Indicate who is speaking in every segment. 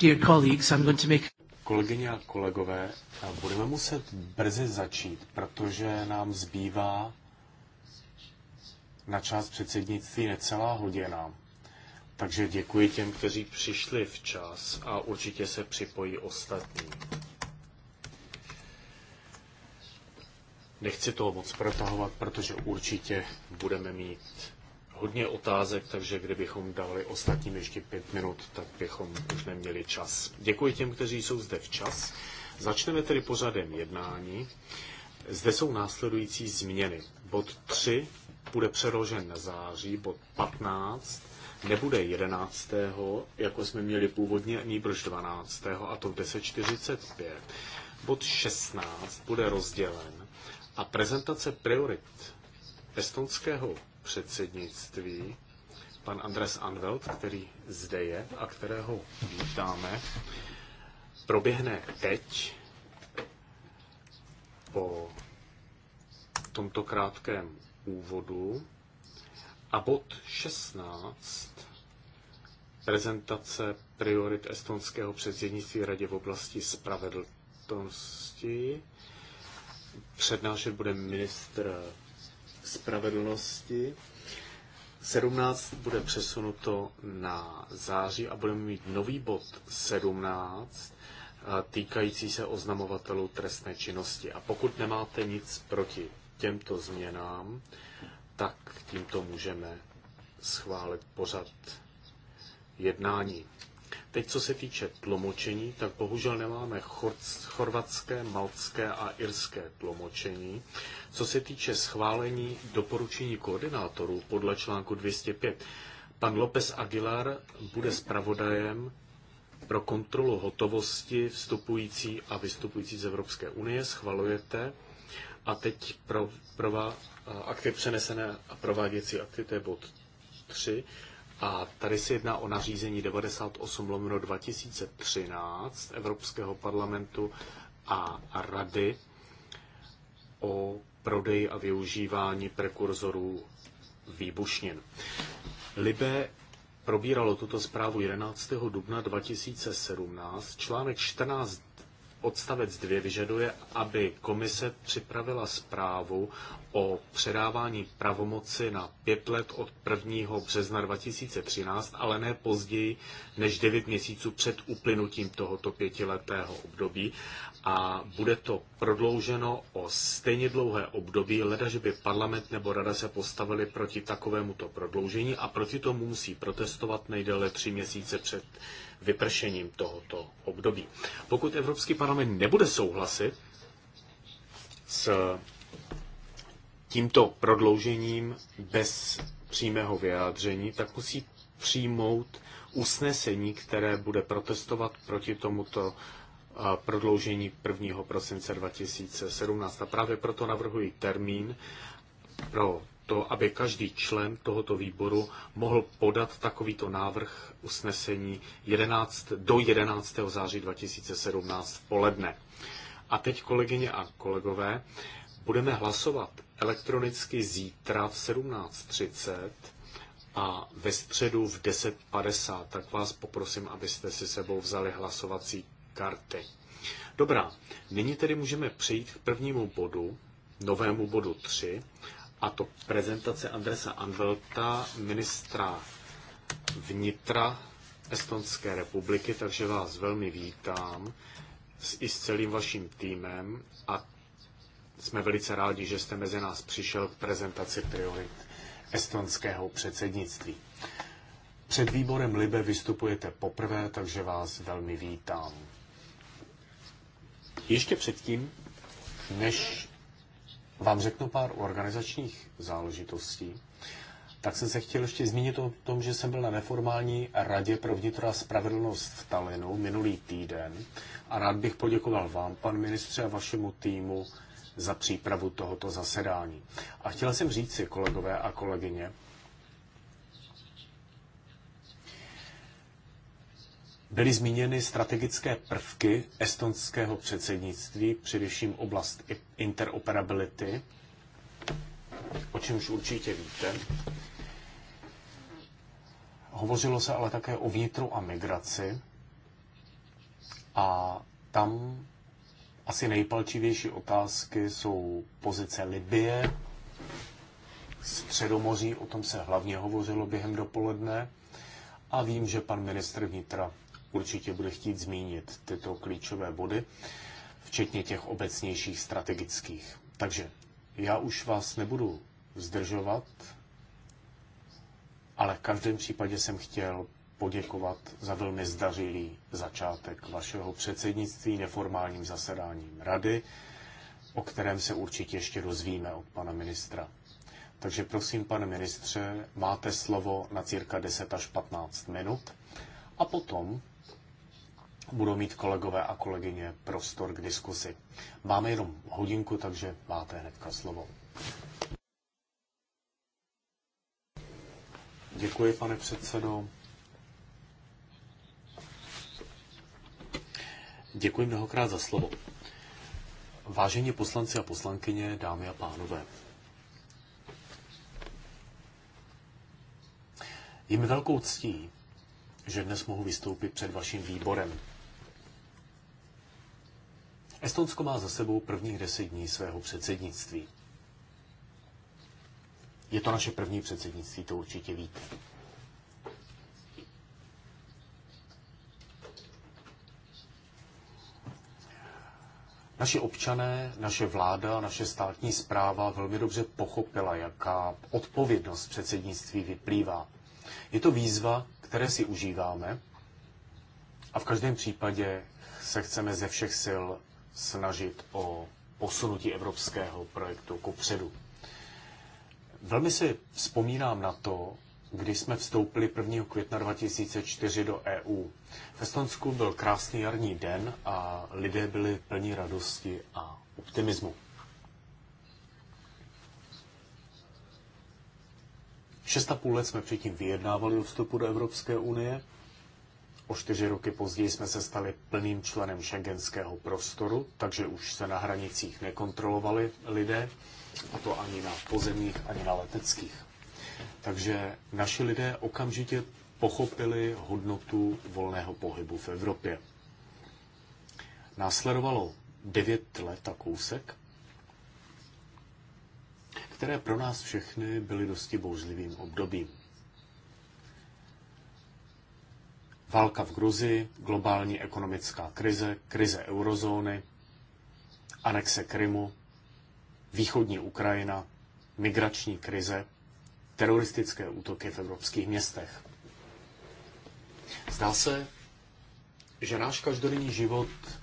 Speaker 1: Dear colleagues, I'm going to make...
Speaker 2: Kolegyně a kolegové, budeme muset brzy začít, protože nám zbývá na čas předsednictví necelá hodina. Takže děkuji těm, kteří přišli včas a určitě se připojí ostatní. Nechci toho moc protahovat, protože určitě budeme mít hodně otázek, takže kdybychom dali ostatním ještě pět minut, tak bychom už neměli čas. Děkuji těm, kteří jsou zde včas. Začneme tedy pořadem jednání. Zde jsou následující změny. Bod 3 bude přeložen na září, bod 15 nebude 11. jako jsme měli původně, nýbrž 12. a to v 10.45. Bod 16 bude rozdělen a prezentace priorit estonského předsednictví pan Andres Anvelt, který zde je a kterého vítáme, proběhne teď po tomto krátkém úvodu a bod 16 prezentace priorit estonského předsednictví radě v oblasti spravedlnosti. Přednášet bude ministr spravedlnosti. 17 bude přesunuto na září a budeme mít nový bod 17 eh, týkající se oznamovatelů trestné činnosti. A pokud nemáte nic proti těmto změnám, tak tímto můžeme schválit pořad jednání. Teď, co se týče tlumočení, tak bohužel nemáme chorvatské, maltské a irské tlumočení. Co se týče schválení doporučení koordinátorů podle článku 205, pan López Aguilar bude zpravodajem pro kontrolu hotovosti vstupující a vystupující z Evropské unie. Schvalujete. A teď pro, pro akty přenesené a prováděcí akty, to je bod 3. A tady se jedná o nařízení 98 lomeno 2013 Evropského parlamentu a Rady o prodeji a využívání prekurzorů výbušnin. Libe probíralo tuto zprávu 11. dubna 2017. Článek 14 odstavec 2 vyžaduje, aby komise připravila zprávu o předávání pravomoci na pět let od 1. března 2013, ale ne později než 9 měsíců před uplynutím tohoto pětiletého období. A bude to prodlouženo o stejně dlouhé období, leda, že by parlament nebo rada se postavili proti takovémuto prodloužení a proti tomu musí protestovat nejdéle tři měsíce před vypršením tohoto období. Pokud Evropský parlament nebude souhlasit s tímto prodloužením bez přímého vyjádření, tak musí přijmout usnesení, které bude protestovat proti tomuto prodloužení 1. prosince 2017. A právě proto navrhuji termín pro to, aby každý člen tohoto výboru mohl podat takovýto návrh usnesení 11, do 11. září 2017 v poledne. A teď, kolegyně a kolegové, Budeme hlasovat elektronicky zítra v 17.30 a ve středu v 10.50, tak vás poprosím, abyste si sebou vzali hlasovací karty. Dobrá, nyní tedy můžeme přejít k prvnímu bodu, novému bodu 3, a to prezentace Andresa Anvelta, ministra vnitra Estonské republiky, takže vás velmi vítám s, i s celým vaším týmem a jsme velice rádi, že jste mezi nás přišel k prezentaci priorit estonského předsednictví. Před výborem Libe vystupujete poprvé, takže vás velmi vítám. Ještě předtím, než vám řeknu pár organizačních záležitostí, tak jsem se chtěl ještě zmínit o tom, že jsem byl na neformální radě pro vnitro a spravedlnost v Talinu minulý týden a rád bych poděkoval vám, pan ministře, a vašemu týmu za přípravu tohoto zasedání. A chtěl jsem říct si, kolegové a kolegyně, Byly zmíněny strategické prvky estonského předsednictví, především oblast interoperability, o čemž určitě víte. Hovořilo se ale také o vnitru a migraci a tam asi nejpalčivější otázky jsou pozice Libie, Středomoří, o tom se hlavně hovořilo během dopoledne. A vím, že pan ministr vnitra určitě bude chtít zmínit tyto klíčové body, včetně těch obecnějších strategických. Takže já už vás nebudu zdržovat, ale v každém případě jsem chtěl poděkovat za velmi zdařilý začátek vašeho předsednictví neformálním zasedáním rady, o kterém se určitě ještě dozvíme od pana ministra. Takže prosím, pane ministře, máte slovo na círka 10 až 15 minut a potom budou mít kolegové a kolegyně prostor k diskusi. Máme jenom hodinku, takže máte hnedka slovo. Děkuji, pane předsedo. Děkuji mnohokrát za slovo. Vážení poslanci a poslankyně, dámy a pánové. Je mi velkou ctí, že dnes mohu vystoupit před vaším výborem. Estonsko má za sebou prvních deset dní svého předsednictví. Je to naše první předsednictví, to určitě víte. Naši občané, naše vláda, naše státní zpráva velmi dobře pochopila, jaká odpovědnost předsednictví vyplývá. Je to výzva, které si užíváme a v každém případě se chceme ze všech sil snažit o posunutí evropského projektu ku předu. Velmi si vzpomínám na to, když jsme vstoupili 1. května 2004 do EU. V Estonsku byl krásný jarní den a lidé byli plní radosti a optimismu. 6,5 let jsme předtím vyjednávali o vstupu do Evropské unie. O čtyři roky později jsme se stali plným členem šengenského prostoru, takže už se na hranicích nekontrolovali lidé, a to ani na pozemních, ani na leteckých. Takže naši lidé okamžitě pochopili hodnotu volného pohybu v Evropě. Následovalo devět let a kousek, které pro nás všechny byly dosti bouřlivým obdobím. Válka v Gruzii, globální ekonomická krize, krize eurozóny, anexe Krymu, východní Ukrajina, migrační krize – teroristické útoky v evropských městech. Zdá se, že náš každodenní život eh,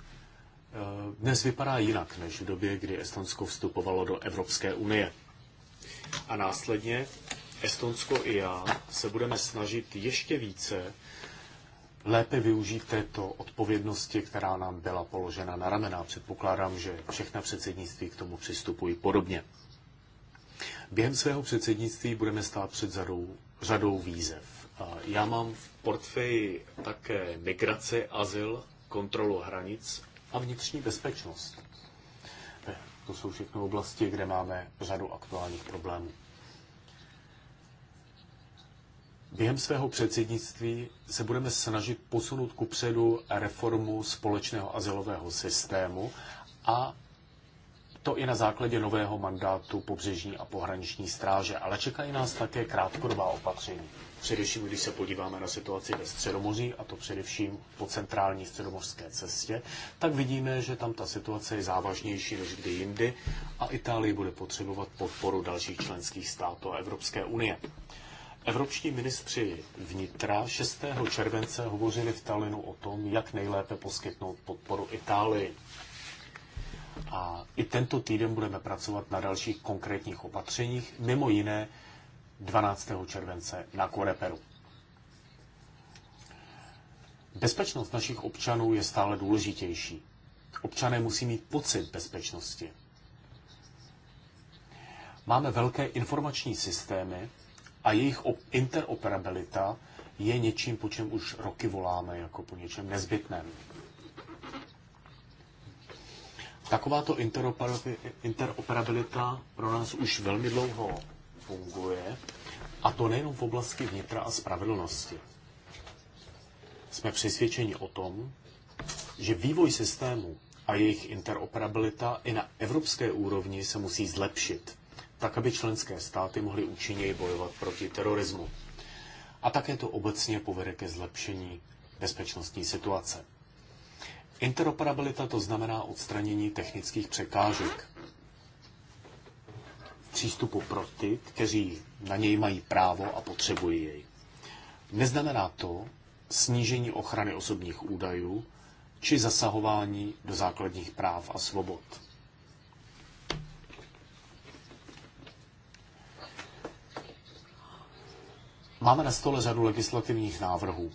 Speaker 2: dnes vypadá jinak než v době, kdy Estonsko vstupovalo do Evropské unie. A následně Estonsko i já se budeme snažit ještě více lépe využít této odpovědnosti, která nám byla položena na ramena. Předpokládám, že všechna předsednictví k tomu přistupují podobně. Během svého předsednictví budeme stát před řadou, řadou výzev. Já mám v portfeji také migrace, azyl, kontrolu hranic a vnitřní bezpečnost. To jsou všechno oblasti, kde máme řadu aktuálních problémů. Během svého předsednictví se budeme snažit posunout kupředu reformu společného azylového systému a to i na základě nového mandátu pobřežní a pohraniční stráže, ale čekají nás také krátkodobá opatření. Především, když se podíváme na situaci ve Středomoří, a to především po centrální středomořské cestě, tak vidíme, že tam ta situace je závažnější než kdy jindy a Itálii bude potřebovat podporu dalších členských států a Evropské unie. Evropští ministři vnitra 6. července hovořili v Talinu o tom, jak nejlépe poskytnout podporu Itálii. A i tento týden budeme pracovat na dalších konkrétních opatřeních, mimo jiné 12. července na Koreperu. Bezpečnost našich občanů je stále důležitější. Občané musí mít pocit bezpečnosti. Máme velké informační systémy a jejich interoperabilita je něčím, po čem už roky voláme, jako po něčem nezbytném. Takováto interoperabilita pro nás už velmi dlouho funguje, a to nejenom v oblasti vnitra a spravedlnosti. Jsme přesvědčeni o tom, že vývoj systému a jejich interoperabilita i na evropské úrovni se musí zlepšit, tak aby členské státy mohly účinněji bojovat proti terorismu. A také to obecně povede ke zlepšení bezpečnostní situace. Interoperabilita to znamená odstranění technických překážek v přístupu pro ty, kteří na něj mají právo a potřebují jej. Neznamená to snížení ochrany osobních údajů či zasahování do základních práv a svobod. Máme na stole řadu legislativních návrhů.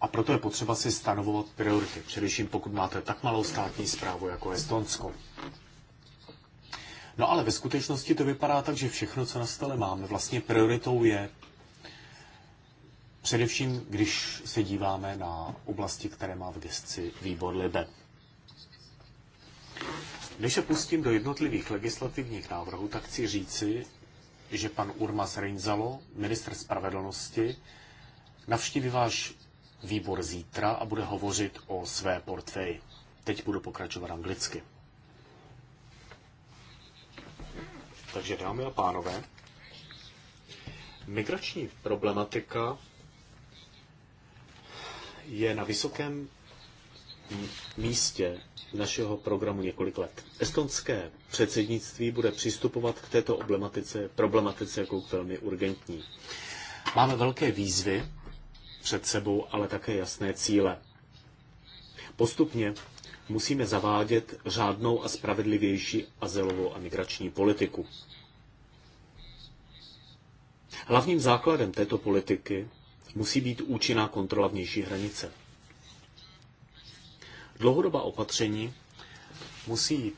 Speaker 2: A proto je potřeba si stanovovat priority, především pokud máte tak malou státní zprávu jako Estonsko. No ale ve skutečnosti to vypadá tak, že všechno, co na stole máme, vlastně prioritou je především, když se díváme na oblasti, které má v gestci výbor Libe. Než se pustím do jednotlivých legislativních návrhů, tak chci říci, že pan Urmas Reinzalo, minister spravedlnosti, navštíví váš výbor zítra a bude hovořit o své portfeji. Teď budu pokračovat anglicky. Takže dámy a pánové, migrační problematika je na vysokém místě našeho programu několik let. Estonské předsednictví bude přistupovat k této problematice, problematice jako velmi urgentní. Máme velké výzvy, před sebou, ale také jasné cíle. Postupně musíme zavádět řádnou a spravedlivější azylovou a migrační politiku. Hlavním základem této politiky musí být účinná kontrola vnější hranice. Dlouhodobá opatření musí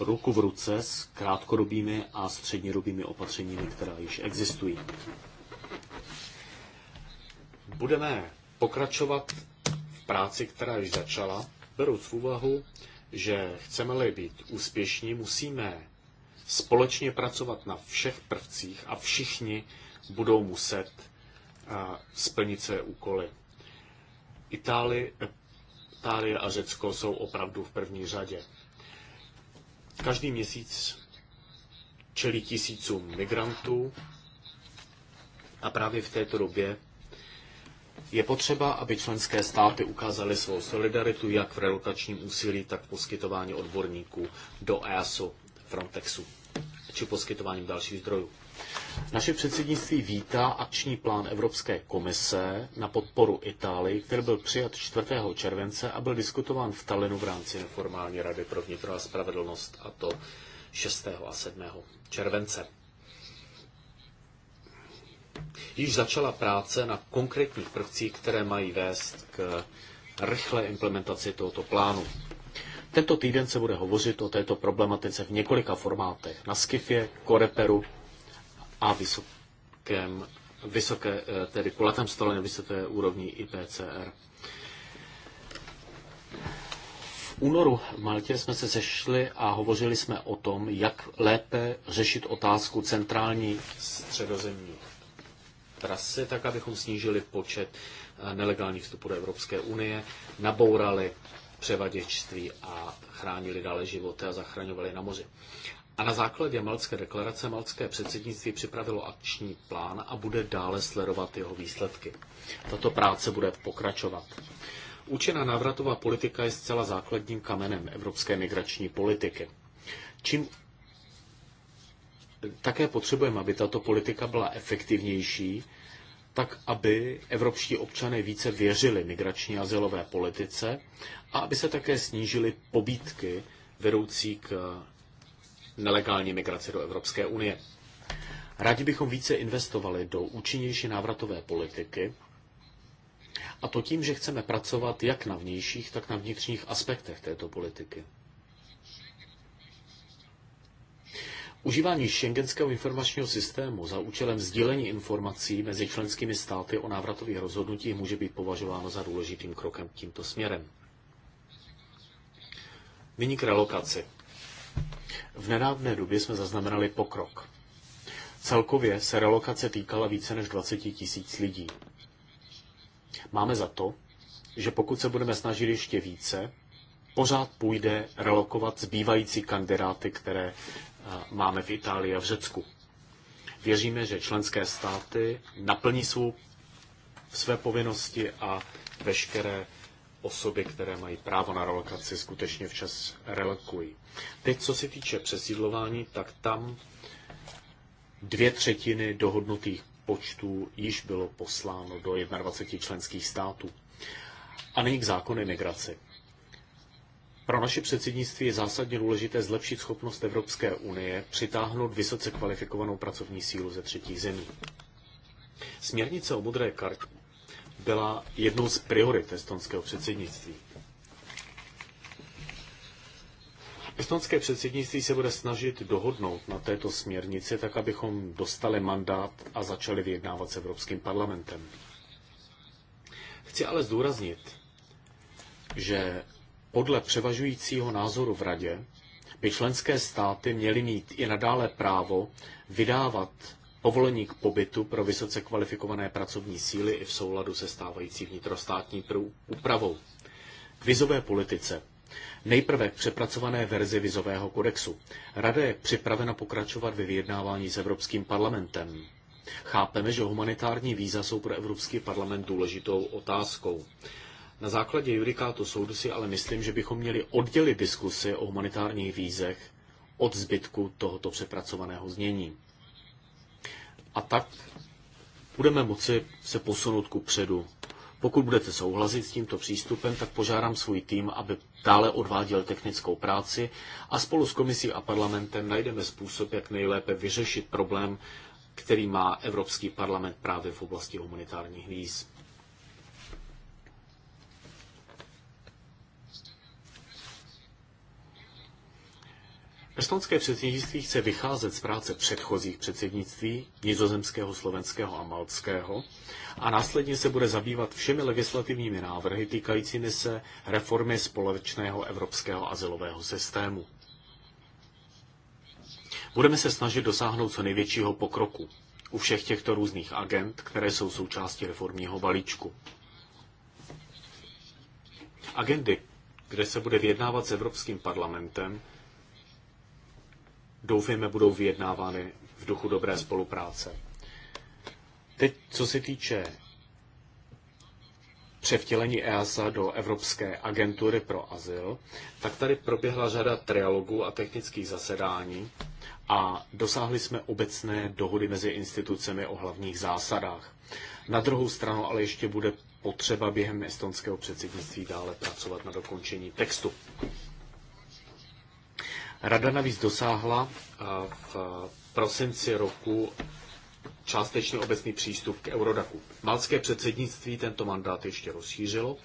Speaker 2: ruku v ruce s krátkodobými a střednědobými opatřeními, která již existují. Budeme pokračovat v práci, která již začala, beru v úvahu, že chceme-li být úspěšní, musíme společně pracovat na všech prvcích a všichni budou muset splnit své úkoly. Itálie, Itálie a Řecko jsou opravdu v první řadě. Každý měsíc čelí tisícům migrantů a právě v této době je potřeba, aby členské státy ukázaly svou solidaritu jak v relokačním úsilí, tak v poskytování odborníků do EASO, Frontexu či poskytováním dalších zdrojů. Naše předsednictví vítá akční plán Evropské komise na podporu Itálii, který byl přijat 4. července a byl diskutován v Talinu v rámci neformální rady pro vnitro a spravedlnost, a to 6. a 7. července již začala práce na konkrétních prvcích, které mají vést k rychlé implementaci tohoto plánu. Tento týden se bude hovořit o této problematice v několika formátech. Na Skifě, Koreperu a vysokém, vysoké, eh, tedy kulatém stole na vysoké úrovni IPCR. V únoru v Maltě jsme se sešli a hovořili jsme o tom, jak lépe řešit otázku centrální středozemní trasy, tak abychom snížili počet eh, nelegálních vstupů do Evropské unie, nabourali převaděčství a chránili dále životy a zachraňovali na moři. A na základě Malcké deklarace Malské předsednictví připravilo akční plán a bude dále sledovat jeho výsledky. Tato práce bude pokračovat. Účinná návratová politika je zcela základním kamenem evropské migrační politiky. Čím také potřebujeme, aby tato politika byla efektivnější, tak aby evropští občané více věřili migrační azylové politice a aby se také snížily pobítky vedoucí k nelegální migraci do Evropské unie. Rádi bychom více investovali do účinnější návratové politiky, a to tím, že chceme pracovat jak na vnějších, tak na vnitřních aspektech této politiky. Užívání šengenského informačního systému za účelem sdílení informací mezi členskými státy o návratových rozhodnutích může být považováno za důležitým krokem tímto směrem. Nyní k relokaci. V nedávné době jsme zaznamenali pokrok. Celkově se relokace týkala více než 20 tisíc lidí. Máme za to, že pokud se budeme snažit ještě více, pořád půjde relokovat zbývající kandidáty, které máme v Itálii a v Řecku. Věříme, že členské státy naplní svou, své povinnosti a veškeré osoby, které mají právo na relokaci, skutečně včas relokují. Teď, co se týče přesídlování, tak tam dvě třetiny dohodnutých počtů již bylo posláno do 21 členských států. A není k zákonu imigraci. Pro naše předsednictví je zásadně důležité zlepšit schopnost Evropské unie přitáhnout vysoce kvalifikovanou pracovní sílu ze třetích zemí. Směrnice o modré kartě byla jednou z priorit estonského předsednictví. Estonské předsednictví se bude snažit dohodnout na této směrnici, tak abychom dostali mandát a začali vyjednávat s Evropským parlamentem. Chci ale zdůraznit, že podle převažujícího názoru v Radě by členské státy měly mít i nadále právo vydávat povolení k pobytu pro vysoce kvalifikované pracovní síly i v souladu se stávající vnitrostátní úpravou. K vizové politice. Nejprve k přepracované verzi vizového kodexu. Rada je připravena pokračovat ve vyjednávání s Evropským parlamentem. Chápeme, že humanitární víza jsou pro Evropský parlament důležitou otázkou. Na základě judikátu soudu si ale myslím, že bychom měli oddělit diskusy o humanitárních vízech od zbytku tohoto přepracovaného znění. A tak budeme moci se posunout ku předu. Pokud budete souhlasit s tímto přístupem, tak požádám svůj tým, aby dále odváděl technickou práci a spolu s komisí a parlamentem najdeme způsob, jak nejlépe vyřešit problém, který má Evropský parlament právě v oblasti humanitárních víz. Estonské předsednictví chce vycházet z práce předchozích předsednictví, nizozemského, slovenského a maltského, a následně se bude zabývat všemi legislativními návrhy týkajícími se reformy společného evropského azylového systému. Budeme se snažit dosáhnout co největšího pokroku u všech těchto různých agent, které jsou součástí reformního balíčku. Agendy, kde se bude vyjednávat s Evropským parlamentem, doufejme, budou vyjednávány v duchu dobré spolupráce. Teď, co se týče převtělení EASA do Evropské agentury pro azyl, tak tady proběhla řada trialogů a technických zasedání a dosáhli jsme obecné dohody mezi institucemi o hlavních zásadách. Na druhou stranu ale ještě bude potřeba během estonského předsednictví dále pracovat na dokončení textu. Rada navíc dosáhla eh, v prosinci roku částečně obecný přístup k Eurodaku. Malské předsednictví tento mandát ještě rozšířilo,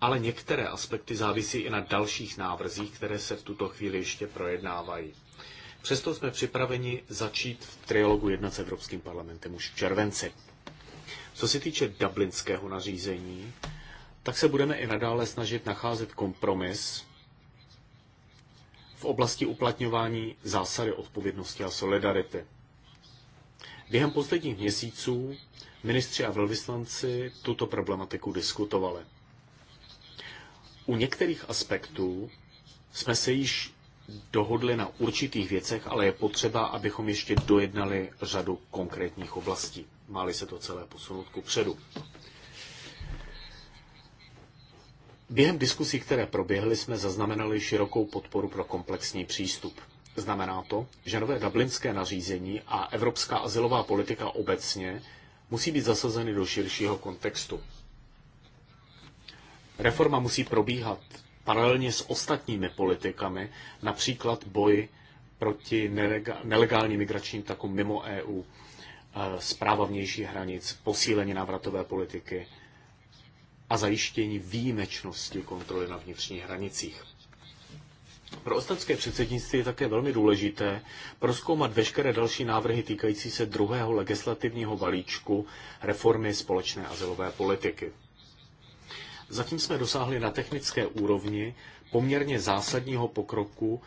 Speaker 2: ale některé aspekty závisí i na dalších návrzích, které se v tuto chvíli ještě projednávají. Přesto jsme připraveni začít v trialogu jednat s Evropským parlamentem už v červenci. Co se týče dublinského nařízení, tak se budeme i nadále snažit nacházet kompromis v oblasti uplatňování zásady odpovědnosti a solidarity. Během posledních měsíců ministři a velvyslanci tuto problematiku diskutovali. U některých aspektů jsme se již dohodli na určitých věcech, ale je potřeba, abychom ještě dojednali řadu konkrétních oblastí. Máli se to celé posunout ku předu. Během diskusí, které proběhly, jsme zaznamenali širokou podporu pro komplexní přístup. Znamená to, že nové dublinské nařízení a evropská asilová politika obecně musí být zasazeny do širšího kontextu. Reforma musí probíhat paralelně s ostatními politikami, například boj proti nelegální migračním takům mimo EU, zpráva eh, vnějších hranic, posílení návratové politiky, a zajištění výjimečnosti kontroly na vnitřních hranicích. Pro ostatské předsednictví je také velmi důležité proskoumat veškeré další návrhy týkající se druhého legislativního balíčku reformy společné azylové politiky. Zatím jsme dosáhli na technické úrovni poměrně zásadního pokroku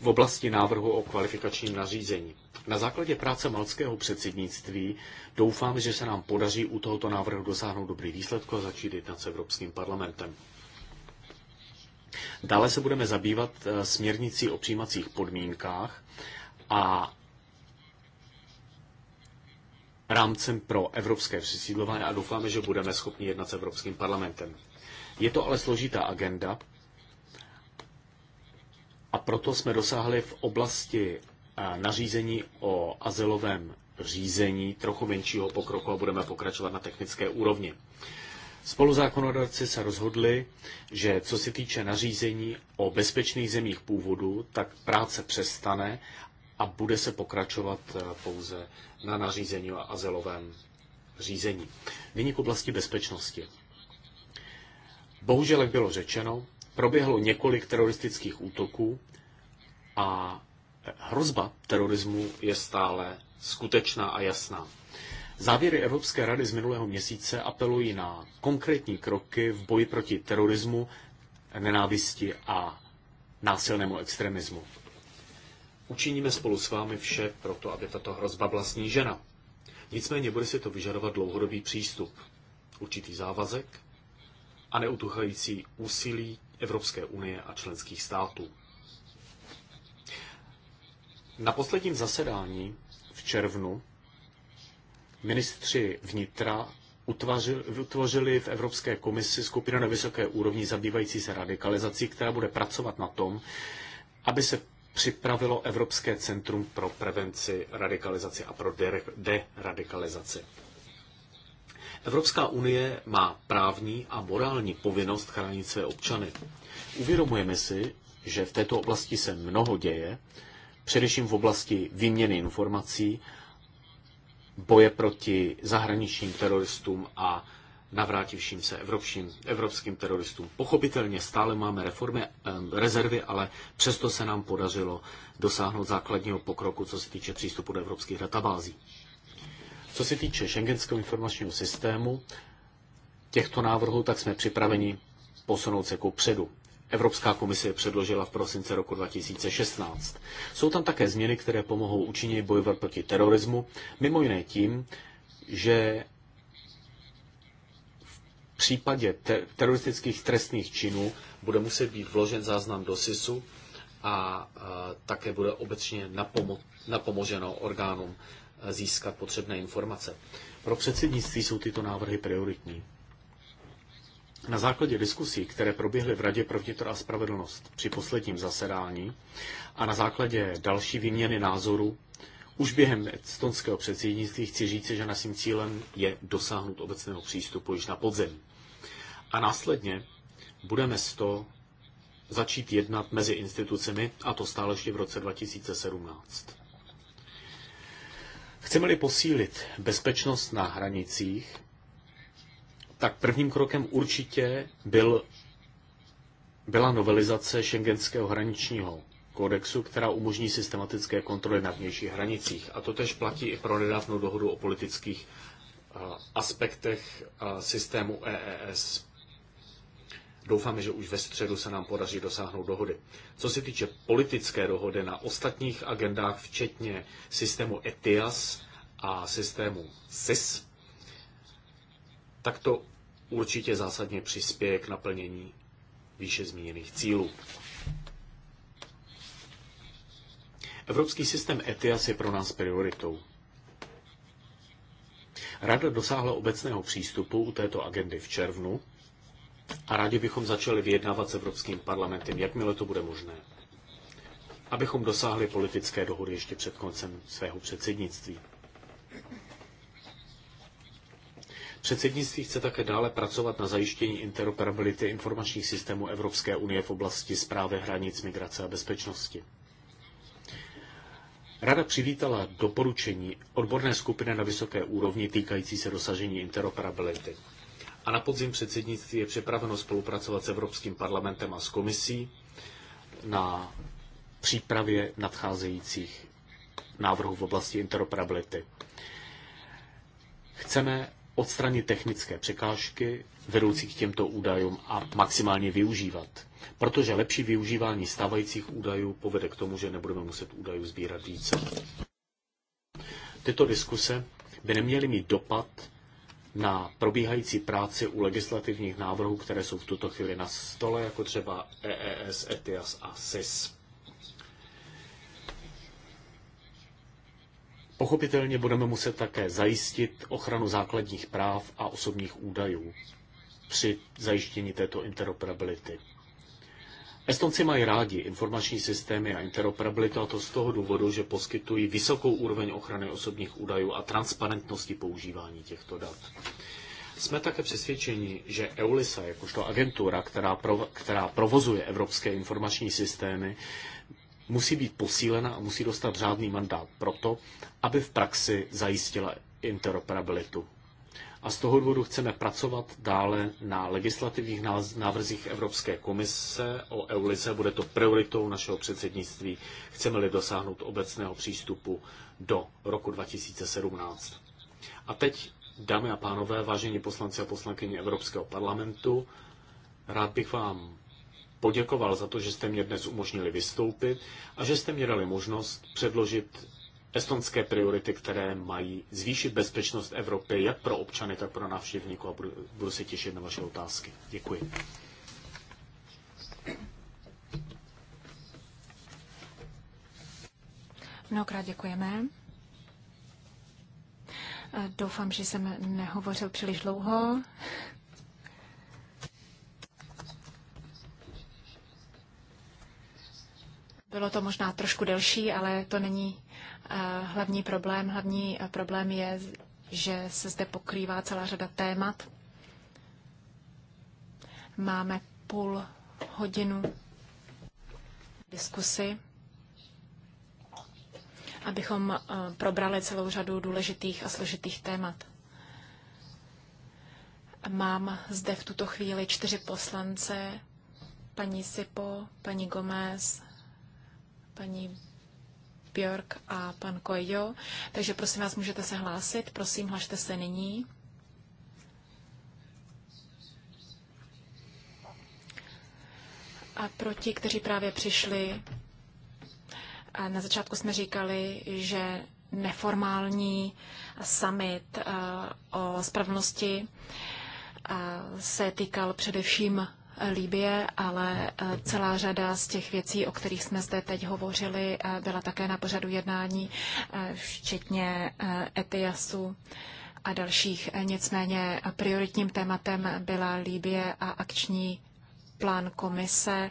Speaker 2: v oblasti návrhu o kvalifikačním nařízení. Na základě práce malckého předsednictví doufám, že se nám podaří u tohoto návrhu dosáhnout dobrý výsledek a začít jednat s Evropským parlamentem. Dále se budeme zabývat eh, směrnicí o přijímacích podmínkách a rámcem pro evropské přesídlování a doufáme, že budeme schopni jednat s Evropským parlamentem. Je to ale složitá agenda, a proto jsme dosáhli v oblasti eh, nařízení o azylovém řízení trochu menšího pokroku a budeme pokračovat na technické úrovni. Spoluzákonodárci se rozhodli, že co se týče nařízení o bezpečných zemích původu, tak práce přestane a bude se pokračovat eh, pouze na nařízení o azylovém řízení. Nyní k oblasti bezpečnosti. Bohužel, jak bylo řečeno, proběhlo několik teroristických útoků a hrozba terorismu je stále skutečná a jasná. Závěry Evropské rady z minulého měsíce apelují na konkrétní kroky v boji proti terorismu, nenávisti a násilnému extremismu. Učiníme spolu s vámi vše pro to, aby tato hrozba byla snížena. Nicméně bude si to vyžadovat dlouhodobý přístup, určitý závazek a neutuchající úsilí Evropské unie a členských států. Na posledním zasedání v červnu ministři vnitra utvořili v Evropské komisi skupinu na vysoké úrovni zabývající se radikalizací, která bude pracovat na tom, aby se připravilo Evropské centrum pro prevenci radikalizace a pro deradikalizaci. De Evropská unie má právní a morální povinnost chránit své občany. Uvědomujeme si, že v této oblasti se mnoho děje, především v oblasti výměny informací, boje proti zahraničním teroristům a navrátivším se evropským, evropským teroristům. Pochopitelně stále máme reformy, rezervy, ale přesto se nám podařilo dosáhnout základního pokroku, co se týče přístupu do evropských databází. Co se týče šengenského informačního systému, těchto návrhů, tak jsme připraveni posunout se ku předu. Evropská komise je předložila v prosince roku 2016. Jsou tam také změny, které pomohou účinněji bojovat proti terorismu, mimo jiné tím, že v případě te- teroristických trestných činů bude muset být vložen záznam do SISu a, a také bude obecně napomo- napomoženo orgánům získat potřebné informace. Pro předsednictví jsou tyto návrhy prioritní. Na základě diskusí, které proběhly v Radě pro vnitro a spravedlnost při posledním zasedání a na základě další výměny názoru už během estonského předsednictví chci říci, že naším cílem je dosáhnout obecného přístupu již na podzim. A následně budeme z toho začít jednat mezi institucemi, a to stále ještě v roce 2017. Chceme-li posílit bezpečnost na hranicích, tak prvním krokem určitě byl, byla novelizace šengenského hraničního kodexu, která umožní systematické kontroly na vnějších hranicích. A to tež platí i pro nedávnou dohodu o politických eh, aspektech eh, systému EES Doufáme, že už ve středu se nám podaří dosáhnout dohody. Co se týče politické dohody na ostatních agendách, včetně systému ETIAS a systému SIS, tak to určitě zásadně přispěje k naplnění výše zmíněných cílů. Evropský systém ETIAS je pro nás prioritou. Rada dosáhla obecného přístupu u této agendy v červnu a rádi bychom začali vyjednávat s Evropským parlamentem, jakmile to bude možné, abychom dosáhli politické dohody ještě před koncem svého předsednictví. Předsednictví chce také dále pracovat na zajištění interoperability informačních systémů Evropské unie v oblasti zprávy hranic migrace a bezpečnosti. Rada přivítala doporučení odborné skupiny na vysoké úrovni týkající se dosažení interoperability. A na podzim předsednictví je připraveno spolupracovat s Evropským parlamentem a s komisí na přípravě nadcházejících návrhů v oblasti interoperability. Chceme odstranit technické překážky vedoucí k těmto údajům a maximálně využívat. Protože lepší využívání stávajících údajů povede k tomu, že nebudeme muset údajů sbírat více. Tyto diskuse by neměly mít dopad na probíhající práci u legislativních návrhů, které jsou v tuto chvíli na stole, jako třeba EES, ETIAS a SIS. Pochopitelně budeme muset také zajistit ochranu základních práv a osobních údajů při zajištění této interoperability. Estonci mají rádi informační systémy a interoperabilitu a to z toho důvodu, že poskytují vysokou úroveň ochrany osobních údajů a transparentnosti používání těchto dat. Jsme také přesvědčeni, že EULISA, jakožto agentura, která, prov- která provozuje evropské informační systémy, musí být posílena a musí dostat řádný mandát proto, aby v praxi zajistila interoperabilitu a z toho důvodu chceme pracovat dále na legislativních návrzích Evropské komise o EULISE. Bude to prioritou našeho předsednictví. Chceme-li dosáhnout obecného přístupu do roku 2017. A teď, dámy a pánové, vážení poslanci a poslankyně Evropského parlamentu, rád bych vám poděkoval za to, že jste mě dnes umožnili vystoupit a že jste mě dali možnost předložit estonské priority, které mají zvýšit bezpečnost Evropy jak pro občany, tak pro návštěvníků a budu, budu se těšit na vaše otázky. Děkuji.
Speaker 1: Mnohokrát děkujeme. Eh, doufám, že jsem nehovořil příliš dlouho. Bylo to možná trošku delší, ale to není Eh, hlavní problém. Hlavní eh, problém je, že se zde pokrývá celá řada témat. Máme půl hodinu diskusy, abychom eh, probrali celou řadu důležitých a složitých témat. Mám zde v tuto chvíli čtyři poslance, paní Sipo, paní Gomez, paní Björk a pan Kojo. Takže prosím vás, můžete se hlásit. Prosím, hlašte se nyní. A pro ti, kteří právě přišli, na začátku jsme říkali, že neformální summit o spravedlnosti se týkal především Líbie, ale eh, celá řada z těch věcí, o kterých jsme zde teď hovořili, eh, byla také na pořadu jednání, eh, včetně Etiasu a dalších. Nicméně prioritním tématem byla Líbie a akční plán komise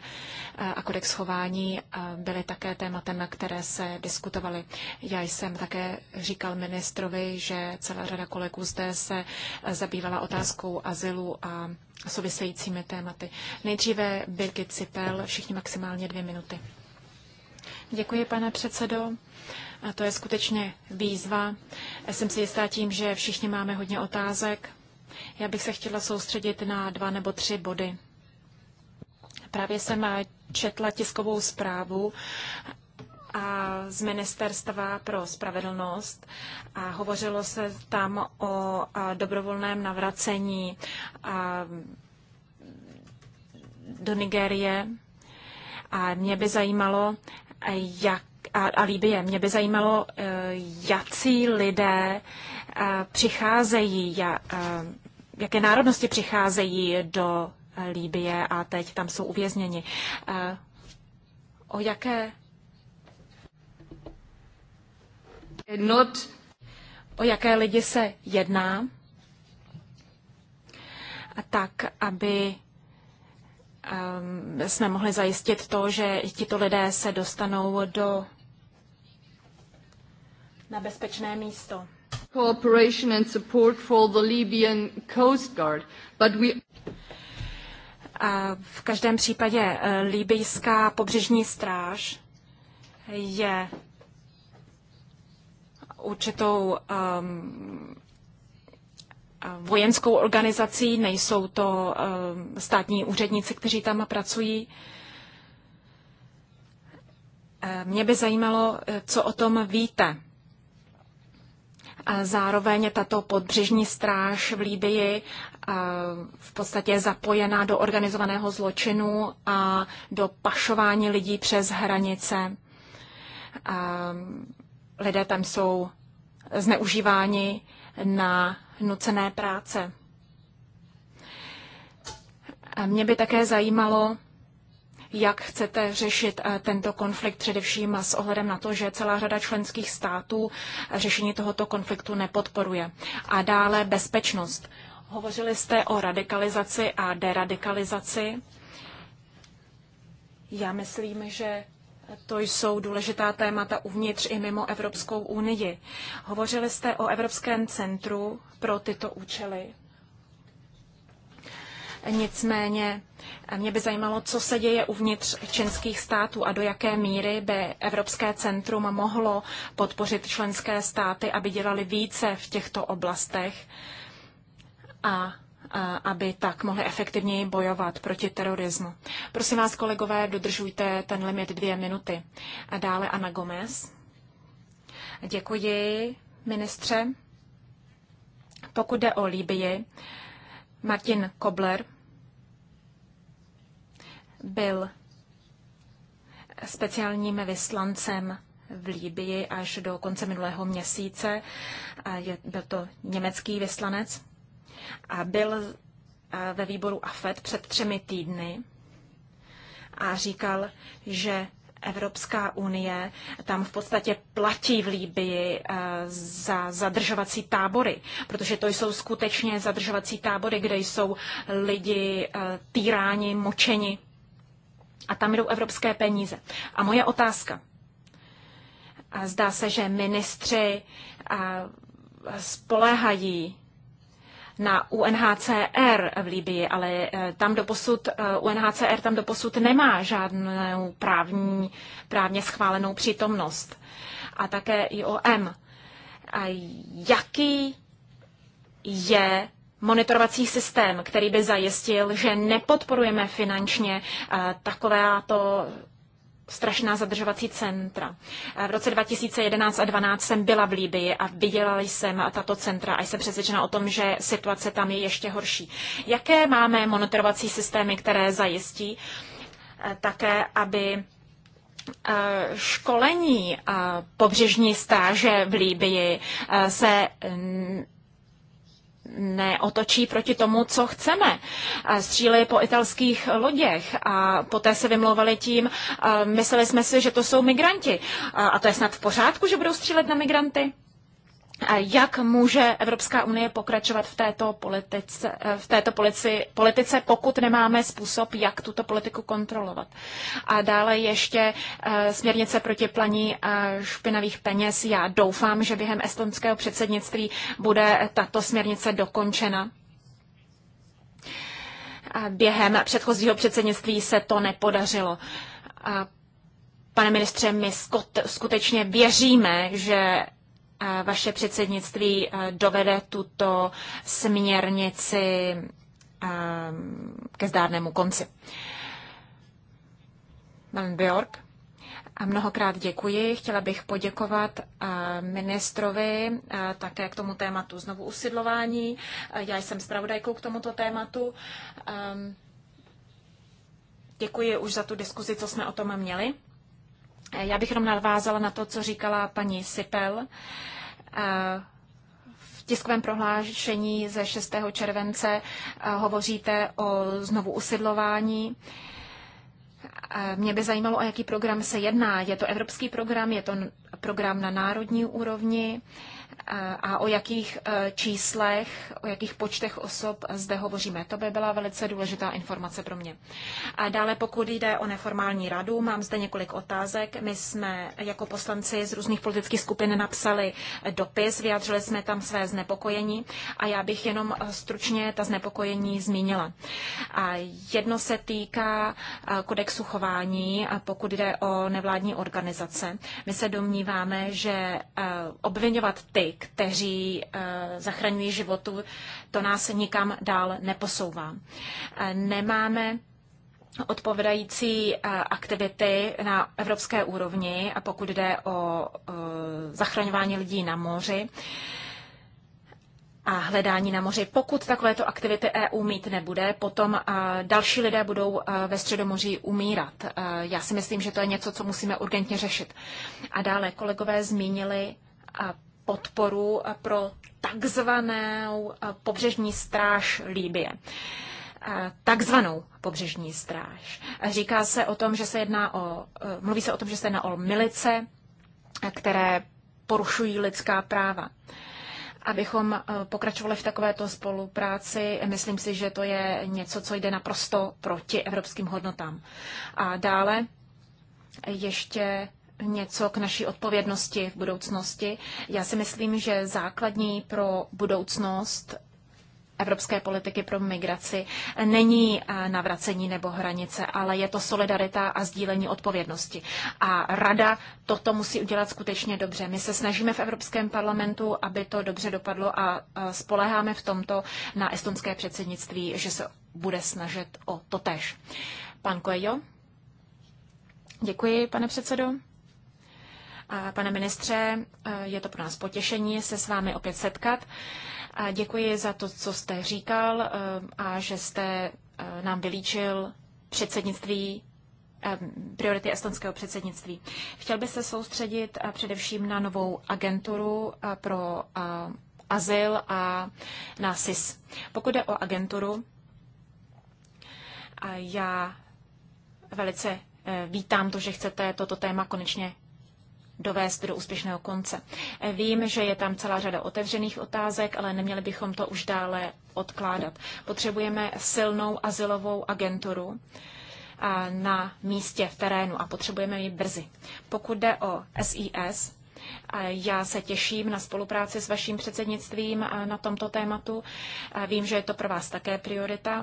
Speaker 1: a kodex chování byly také tématem, na které se diskutovaly. Já jsem také říkal ministrovi, že celá řada kolegů zde se zabývala otázkou azylu a souvisejícími tématy. Nejdříve Birgit Cipel, všichni maximálně dvě minuty. Děkuji, pane předsedo. A to je skutečně výzva. Já jsem si jistá tím, že všichni máme hodně otázek. Já bych se chtěla soustředit na dva nebo tři body. Právě jsem četla tiskovou zprávu z Ministerstva pro spravedlnost a hovořilo se tam o dobrovolném navracení do Nigérie. A mě by zajímalo, jak a, a Líbie. Mě by zajímalo, e, jací lidé e, přicházejí, e, jaké národnosti přicházejí do Líbie a teď tam jsou uvězněni. O jaké Not... O jaké lidi se jedná, A tak aby um, jsme mohli zajistit to, že tito lidé se dostanou do na bezpečné místo. Cooperation and support for the Libyan Coast Guard, but we a v každém případě eh, líbyjská pobřežní stráž je určitou um, uh, vojenskou organizací, nejsou to um, státní úředníci, kteří tam pracují. Eh, mě by zajímalo, eh, co o tom víte. A zároveň tato podbřežní stráž v Líbii eh, v podstatě je zapojená do organizovaného zločinu a do pašování lidí přes hranice lidé tam jsou zneužíváni na nucené práce. A mě by také zajímalo, jak chcete řešit eh, tento konflikt, především s ohledem na to, že celá řada členských států řešení tohoto konfliktu nepodporuje. A dále bezpečnost. Hovořili jste o radikalizaci a deradikalizaci. Já myslím, že to jsou důležitá témata uvnitř i mimo Evropskou unii. Hovořili jste o Evropském centru pro tyto účely. Nicméně mě by zajímalo, co se děje uvnitř členských států a do jaké míry by Evropské centrum mohlo podpořit členské státy, aby dělali více v těchto oblastech a aby tak mohli efektivněji bojovat proti terorismu. Prosím vás, kolegové, dodržujte ten limit dvě minuty. A dále Ana Gomez. Děkuji, ministře. Pokud jde o Líbii, Martin Kobler byl speciálním vyslancem v Líbii až do konce minulého měsíce. Byl to německý vyslanec byl eh, ve výboru AFED před třemi týdny a říkal, že Evropská unie tam v podstatě platí v Líbii eh, za zadržovací tábory, protože to jsou skutečně zadržovací tábory, kde jsou lidi eh, týráni, močeni a tam jdou evropské peníze. A moje otázka. Zdá se, že ministři spoléhají na UNHCR v Libii, ale eh, tam doposud, eh, UNHCR tam doposud nemá žádnou právní, právně schválenou přítomnost. A také IOM. A jaký je monitorovací systém, který by zajistil, že nepodporujeme finančně eh, takovéto strašná zadržovací centra. V roce 2011 a 2012 jsem byla v Líbii a viděla jsem tato centra a jsem přesvědčena o tom, že situace tam je ještě horší. Jaké máme monitorovací systémy, které zajistí eh, také, aby eh, školení eh, pobřežní stáže v Líbii se neotočí proti tomu, co chceme. Stříleli po italských loděch a poté se vymlouvali tím, mysleli jsme si, že to jsou migranti. A to je snad v pořádku, že budou střílet na migranty? Jak může Evropská unie pokračovat v této politice, v této polici, politice, pokud nemáme způsob, jak tuto politiku kontrolovat? A dále ještě eh, směrnice proti planí eh, špinavých peněz. Já doufám, že během estonského předsednictví bude tato směrnice dokončena. Během předchozího předsednictví se to nepodařilo. Pane ministře, my skutečně věříme, že vaše předsednictví eh, dovede tuto směrnici eh, ke zdárnému konci. Pan Bjork. A mnohokrát děkuji. Chtěla bych poděkovat eh, ministrovi také k tomu tématu znovu usidlování. Já jsem zpravodajkou k tomuto tématu. Děkuji už za tu diskuzi, co jsme o tom měli. Já bych jenom navázala na to, co říkala paní Sipel. Eh, v tiskovém prohlášení ze 6. července eh, hovoříte o znovu usidlování. Eh, mě by zajímalo, o jaký program se jedná. Je to evropský program, je to program na národní úrovni. Uh, a o jakých e, číslech, o jakých počtech osob zde hovoříme. To by byla velice důležitá informace pro mě. A dále, pokud jde o neformální radu, mám zde několik otázek. My jsme jako poslanci z různých politických skupin napsali dopis, vyjádřili jsme tam své znepokojení a já bych jenom e, stručně ta znepokojení zmínila. A jedno se týká e, kodexu chování, pokud jde o nevládní organizace. My se domníváme, že obvinovat ty, ty, kteří eh, zachraňují životu, to nás nikam dál neposouvá. Eh, nemáme odpovědající eh, aktivity na evropské úrovni, a pokud jde o zachraňování lidí na moři a hledání na moři. Pokud takovéto aktivity EU mít nebude, potom další lidé budou ve Středomoří umírat. Já si myslím, že to je něco, co musíme urgentně řešit. A dále kolegové zmínili podporu pro takzvanou pobřežní stráž Líbie. Eh, takzvanou pobřežní stráž. Říká se o tom, že se jedná o, eh, mluví se o tom, že se jedná o milice, které porušují lidská práva. Abychom eh, pokračovali v takovéto spolupráci, myslím si, že to je něco, co jde naprosto proti evropským hodnotám. A dále ještě něco k naší odpovědnosti v budoucnosti. Já si myslím, že základní pro budoucnost evropské politiky pro migraci není eh, navracení nebo hranice, ale je to solidarita a sdílení odpovědnosti. A rada toto musí udělat skutečně dobře. My se snažíme v Evropském parlamentu, aby to dobře dopadlo a eh, spoleháme v tomto na estonské předsednictví, že se bude snažit o to tež. Pan Coelho? Děkuji, pane předsedo. Pane ministře, eh, je to pro nás potěšení se s vámi opět setkat. Děkuji za to, co jste říkal eh, a že jste eh, nám vylíčil předsednictví priority estonského předsednictví. Chtěl by se soustředit především na novou agenturu pro azyl a na SIS. Pokud jde o agenturu, já velice vítám to, že chcete toto téma konečně dovést do úspěšného konce. Vím, že je tam celá řada otevřených otázek, ale neměli bychom to už dále odkládat. Potřebujeme silnou azylovou agenturu na místě v terénu a potřebujeme ji brzy. Pokud jde o SIS, já se těším na spolupráci s vaším předsednictvím na tomto tématu. Vím, že je to pro vás také priorita.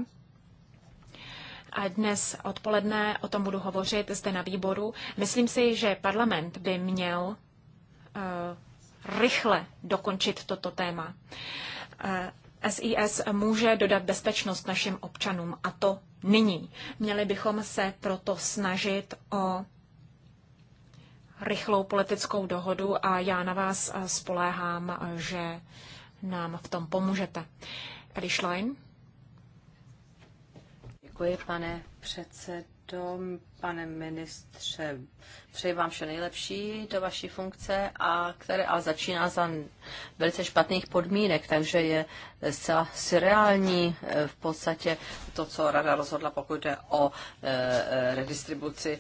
Speaker 1: A Dnes odpoledne o tom budu hovořit zde na výboru. Myslím si, že parlament by měl eh, rychle dokončit toto téma. SIS eh, může dodat bezpečnost našim občanům a to nyní. Měli bychom se proto snažit o rychlou politickou dohodu a já na vás eh, spoléhám, že nám v tom pomůžete. Elišlein? Děkuji, pane předsedo, pane ministře.
Speaker 3: Přeji vám vše nejlepší do vaší funkce, a které ale začíná za velice špatných podmínek, takže je zcela surreální eh, v podstatě to, co rada rozhodla, pokud jde o eh, eh, redistribuci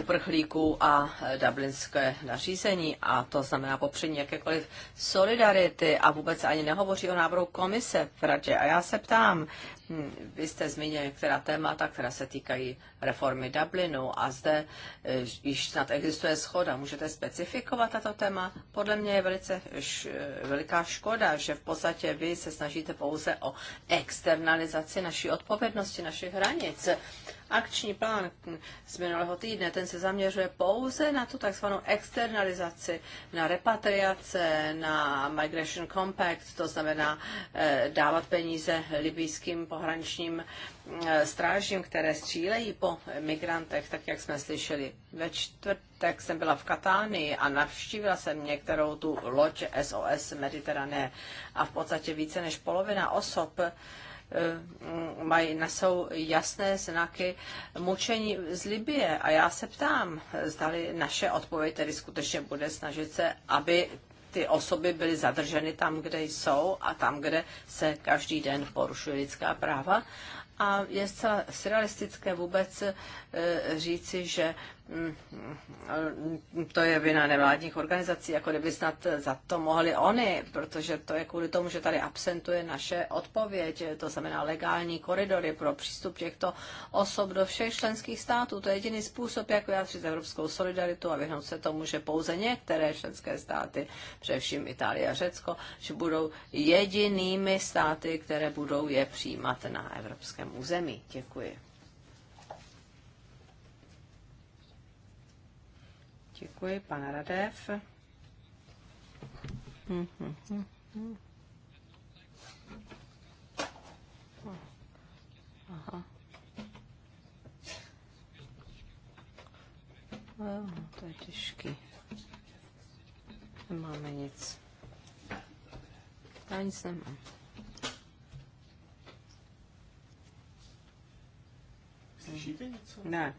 Speaker 3: uprchlíků a dublinské nařízení a to znamená popření jakékoliv solidarity a vůbec ani nehovoří o návrhu komise v radě. A já se ptám, Hm, vy jste zmínil některá témata, která se týkají reformy Dublinu a zde e, již snad existuje schoda. Můžete specifikovat tato téma? Podle mě je velice š, e, veliká škoda, že v podstatě vy se snažíte pouze o externalizaci naší odpovědnosti, našich hranic. Akční plán z minulého týdne, ten se zaměřuje pouze na tu takzvanou externalizaci, na repatriace, na Migration Compact, to znamená eh, dávat peníze libijským pohraničním eh, strážím, které střílejí po migrantech, tak jak jsme slyšeli. Ve čtvrtek jsem byla v Katánii a navštívila jsem některou tu loď SOS Mediterané a v podstatě více než polovina osob eh, mají, nesou jasné znaky mučení z Libie. A já se ptám, zdali naše odpověď tedy skutečně bude snažit se, aby ty osoby byly zadrženy tam, kde jsou a tam, kde se každý den porušují lidská práva. A je zcela surrealistické vůbec eh, říci, že to je vina nevládních organizací, jako kdyby snad za to mohli oni, protože to je kvůli tomu, že tady absentuje naše odpověď, to znamená legální koridory pro přístup těchto osob do všech členských států. To je jediný způsob, jak vyjádřit evropskou solidaritu a vyhnout se tomu, že pouze některé členské státy, především Itálie a Řecko, že budou jedinými státy, které budou je přijímat na evropském území. Děkuji. Děkuji, pan Radev. Hm,
Speaker 1: hm, hm, Aha.
Speaker 3: No, to je těžký. Nemáme nic. Já nic nemám. Slyšíte něco? Ne.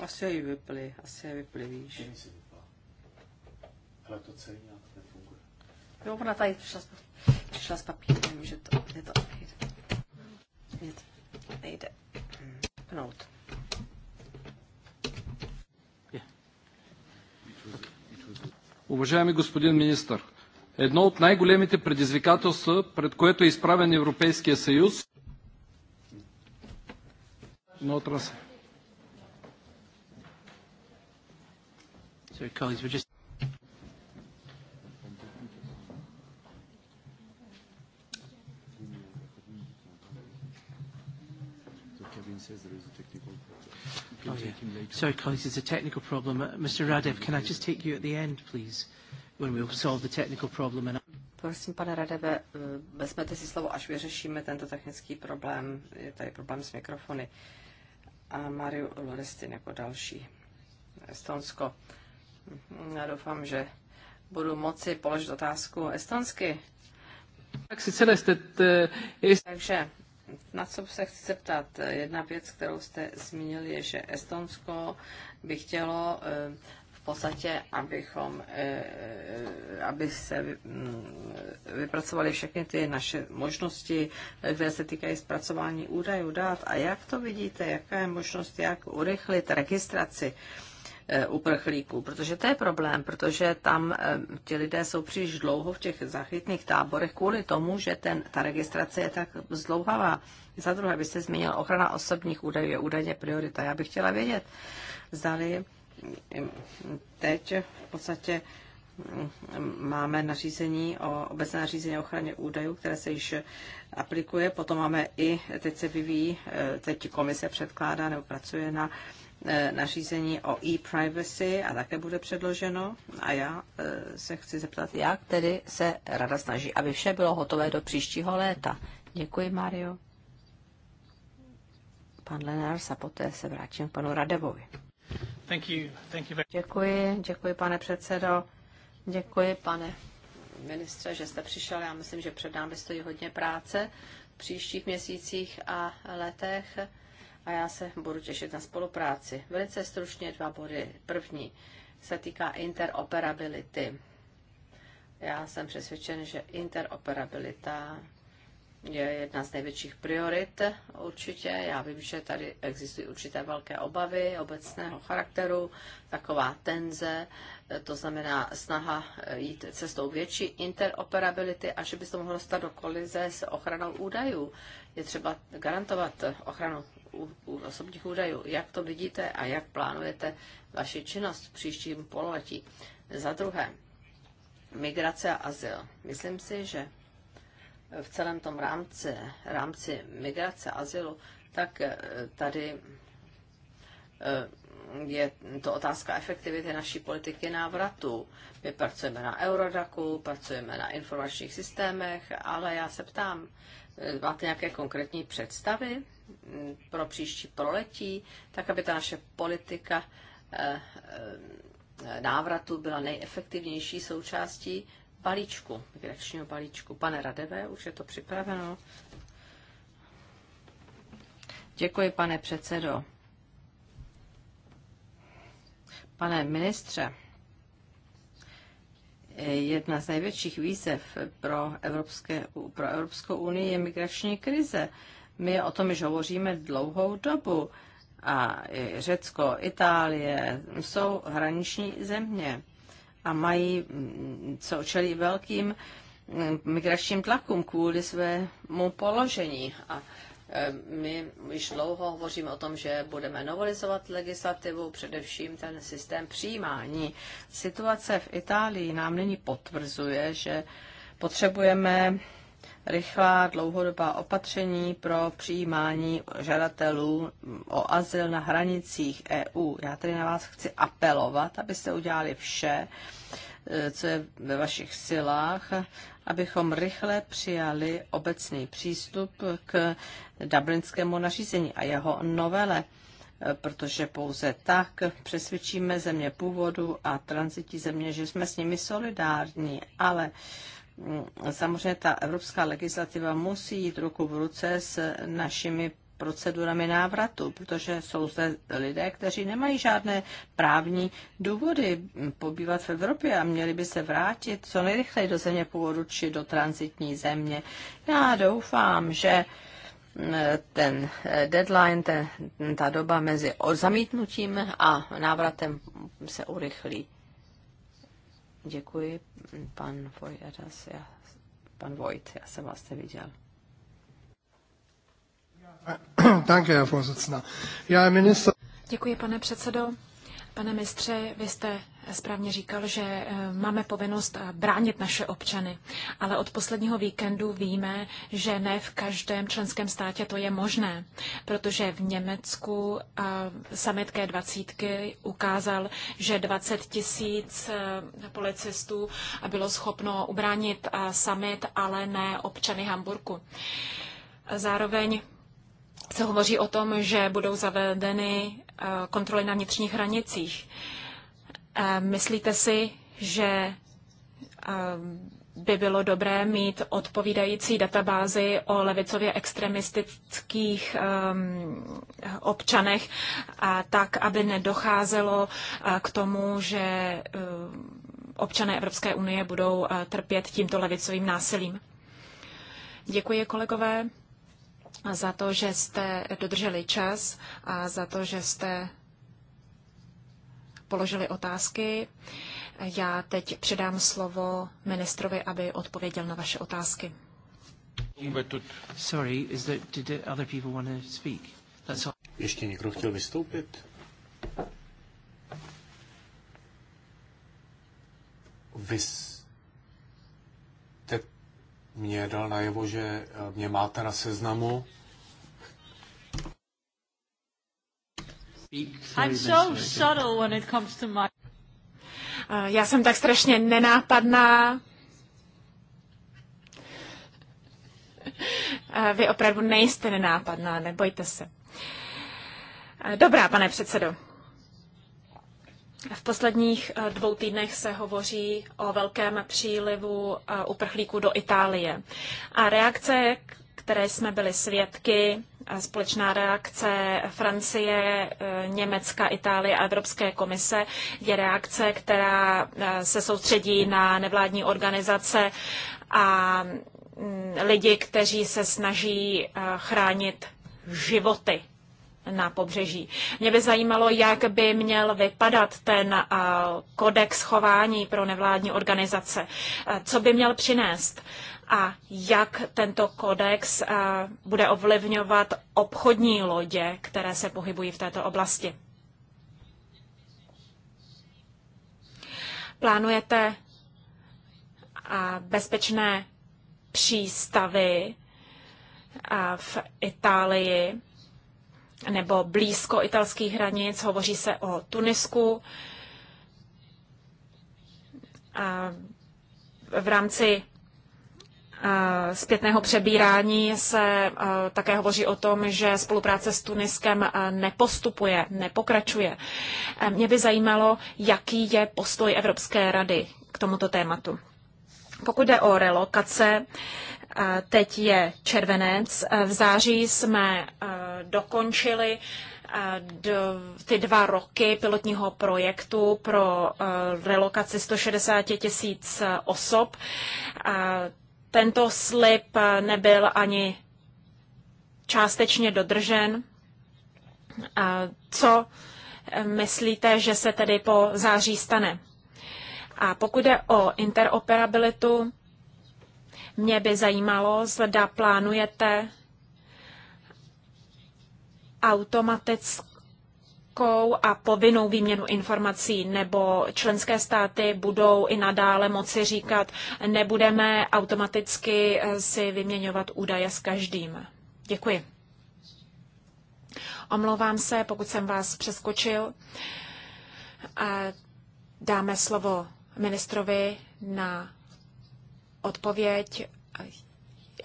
Speaker 3: Asi jej vypli, asi je vypli, víš. Ale to celý nějak nefunguje. Jo, ona tady přišla, s, přišla s papírem, že to, je to, taky. je to, nejde. Pnout.
Speaker 1: Уважаеми господин министр, едно от най-големите предизвикателства, пред което е изправен Европейския съюз, но отрасе. So colleagues, we're just...
Speaker 3: Oh, Sorry, colleagues, there's a technical problem. Uh, Mr. Radev, can I just take you at the end, please, when we'll solve the technical problem? And... Prosím, pane Radeve, eh, vezmete si slovo, až vyřešíme tento technický problém. Je tady problém s mikrofony. A Mariu Lorestin jako další. Estonsko. Já doufám, že budu moci položit otázku estonsky.
Speaker 1: Tak si celé jste...
Speaker 3: Eh, Takže na co se chci zeptat? Jedna věc, kterou jste zmínili, je, že Estonsko by chtělo eh, v podstatě, abychom, eh, aby se mm, vypracovaly všechny ty naše možnosti, které se týkají zpracování údajů, dát. A jak to vidíte? Jaká je možnost, jak urychlit registraci? Eh, uprchlíků, protože to je problém, protože tam eh, ti lidé jsou příliš dlouho v těch zachytných táborech kvůli tomu, že ten, ta registrace je tak zdlouhavá. Za druhé, vy jste zmínil, ochrana osobních údajů je údajně priorita. Já bych chtěla vědět, zdali mm, teď v podstatě mm, máme nařízení o obecné nařízení o ochraně údajů, které se již aplikuje. Potom máme i, teď se vyvíjí, eh, teď komise předkládá nebo pracuje na E, nařízení o e-privacy a také bude předloženo. A já e, se chci zeptat, jak tedy se rada snaží, aby vše bylo hotové do příštího léta. Děkuji, Mario. Pan Lenars a poté se vrátím k panu Radevovi.
Speaker 1: Thank you. Thank you very...
Speaker 3: Děkuji, děkuji, pane předsedo. Děkuji, pane ministře, že jste přišel. Já myslím, že před námi stojí hodně práce v příštích měsících a letech a já se budu těšit na spolupráci. Velice stručně dva body. První se týká interoperability. Já jsem přesvědčen, že interoperabilita je jedna z největších priorit určitě. Já vím, že tady existují určité velké obavy obecného charakteru, taková tenze, to znamená snaha jít cestou větší interoperability a že by se to mohlo dostat do kolize s ochranou údajů. Je třeba garantovat ochranu u osobních údajů. Jak to vidíte a jak plánujete vaši činnost v příštím pololetí? Za druhé, migrace a azyl. Myslím si, že v celém tom rámci, rámci migrace a azylu, tak eh, tady eh, je to otázka efektivity naší politiky návratu. My pracujeme na Eurodaku, pracujeme na informačních systémech, ale já se ptám, eh, máte nějaké konkrétní představy pro příští proletí, tak aby ta naše politika eh, eh, návratu byla nejefektivnější součástí balíčku, migračního balíčku. Pane Radeve, už je to připraveno. Děkuji, pane předsedo. Pane ministře, jedna z největších výzev pro, Evropské, pro Evropskou unii je migrační krize. My o tom již hovoříme dlouhou dobu a Řecko, Itálie jsou hraniční země a mají, mm, co čelí velkým mm, migračním tlakům kvůli svému položení. A e, my již dlouho hovoříme o tom, že budeme novelizovat legislativu, především ten systém přijímání. Situace v Itálii nám nyní potvrzuje, že potřebujeme rychlá dlouhodobá opatření pro přijímání žadatelů o azyl na hranicích EU. Já tedy na vás chci apelovat, abyste udělali vše, e, co je ve vašich silách, abychom rychle přijali obecný přístup k dublinskému nařízení a jeho novele e, protože pouze tak přesvědčíme země původu a transitní země, že jsme s nimi solidární, ale samozřejmě ta evropská legislativa musí jít ruku v ruce s našimi procedurami návratu, protože jsou zde lidé, kteří nemají žádné právní důvody pobývat v Evropě a měli by se vrátit co nejrychleji do země původu či do transitní země. Já doufám, že mm, ten deadline, ten, ta doba mezi zamítnutím a návratem se urychlí. Děkuji, pan Vojeras, já, pan Vojt, já jsem vás neviděl.
Speaker 1: Děkuji, pane předsedo. Pane mistře, vy jste správně říkal, že eh, máme povinnost eh, bránit naše občany, ale od posledního víkendu víme, že ne v každém členském státě to je možné, protože v Německu eh, summit G20 ukázal, že 20 tisíc policistů bylo schopno ubránit summit, ale ne občany Hamburku. Zároveň se hovoří o tom, že budou zavedeny kontroly na vnitřních hranicích. Myslíte si, že eh, by bylo dobré mít odpovídající databázi o levicově extremistických um, občanech, a tak, aby nedocházelo eh, k tomu, že um, občané Evropské unie budou uh, trpět tímto levicovým násilím. Děkuji, kolegové, za to, že jste dodrželi čas a za to, že jste položili otázky. Já teď předám slovo ministrovi, aby odpověděl na vaše otázky. Sorry, is there, did other people want to speak? That's all. Ještě někdo chtěl vystoupit? Vy
Speaker 2: jste mě dal najevo, že mě máte na seznamu.
Speaker 1: Já jsem tak strašně nenápadná. Vy opravdu nejste nenápadná, nebojte se. Dobrá, pane předsedo. V posledních eh, dvou týdnech se hovoří o velkém přílivu eh, uprchlíků do Itálie. A reakce, které jsme byli svědky, Společná reakce Francie, e, Německa, Itálie a Evropské komise je reakce, která e, se soustředí na nevládní organizace a mm, lidi, kteří se snaží e, chránit životy na pobřeží. Mě by zajímalo, jak by měl vypadat ten kodex chování pro nevládní organizace. Co by měl přinést? a jak tento kodex eh, bude ovlivňovat obchodní lodě, které se pohybují v této oblasti. Plánujete eh, bezpečné přístavy eh, v Itálii nebo blízko italských hranic. Hovoří se o Tunisku. V rámci Eh, zpětného přebírání se eh, také hovoří o tom, že spolupráce s Tuniskem eh, nepostupuje, nepokračuje. Mě by zajímalo, jaký je postoj Evropské rady k tomuto tématu. Pokud jde o relokace, teď je červenec. V září jsme dokončili ty dva roky pilotního projektu pro relokaci 160 tisíc osob. Tento slib nebyl ani částečně dodržen. Co myslíte, že se tedy po září stane? A pokud je o interoperabilitu, mě by zajímalo, zda plánujete automaticky lehkou a povinnou výměnu informací, nebo členské státy budou i nadále moci říkat, nebudeme automaticky eh, si vyměňovat údaje s každým. Děkuji. Omlouvám se, pokud jsem vás přeskočil. Eh, dáme slovo ministrovi na odpověď.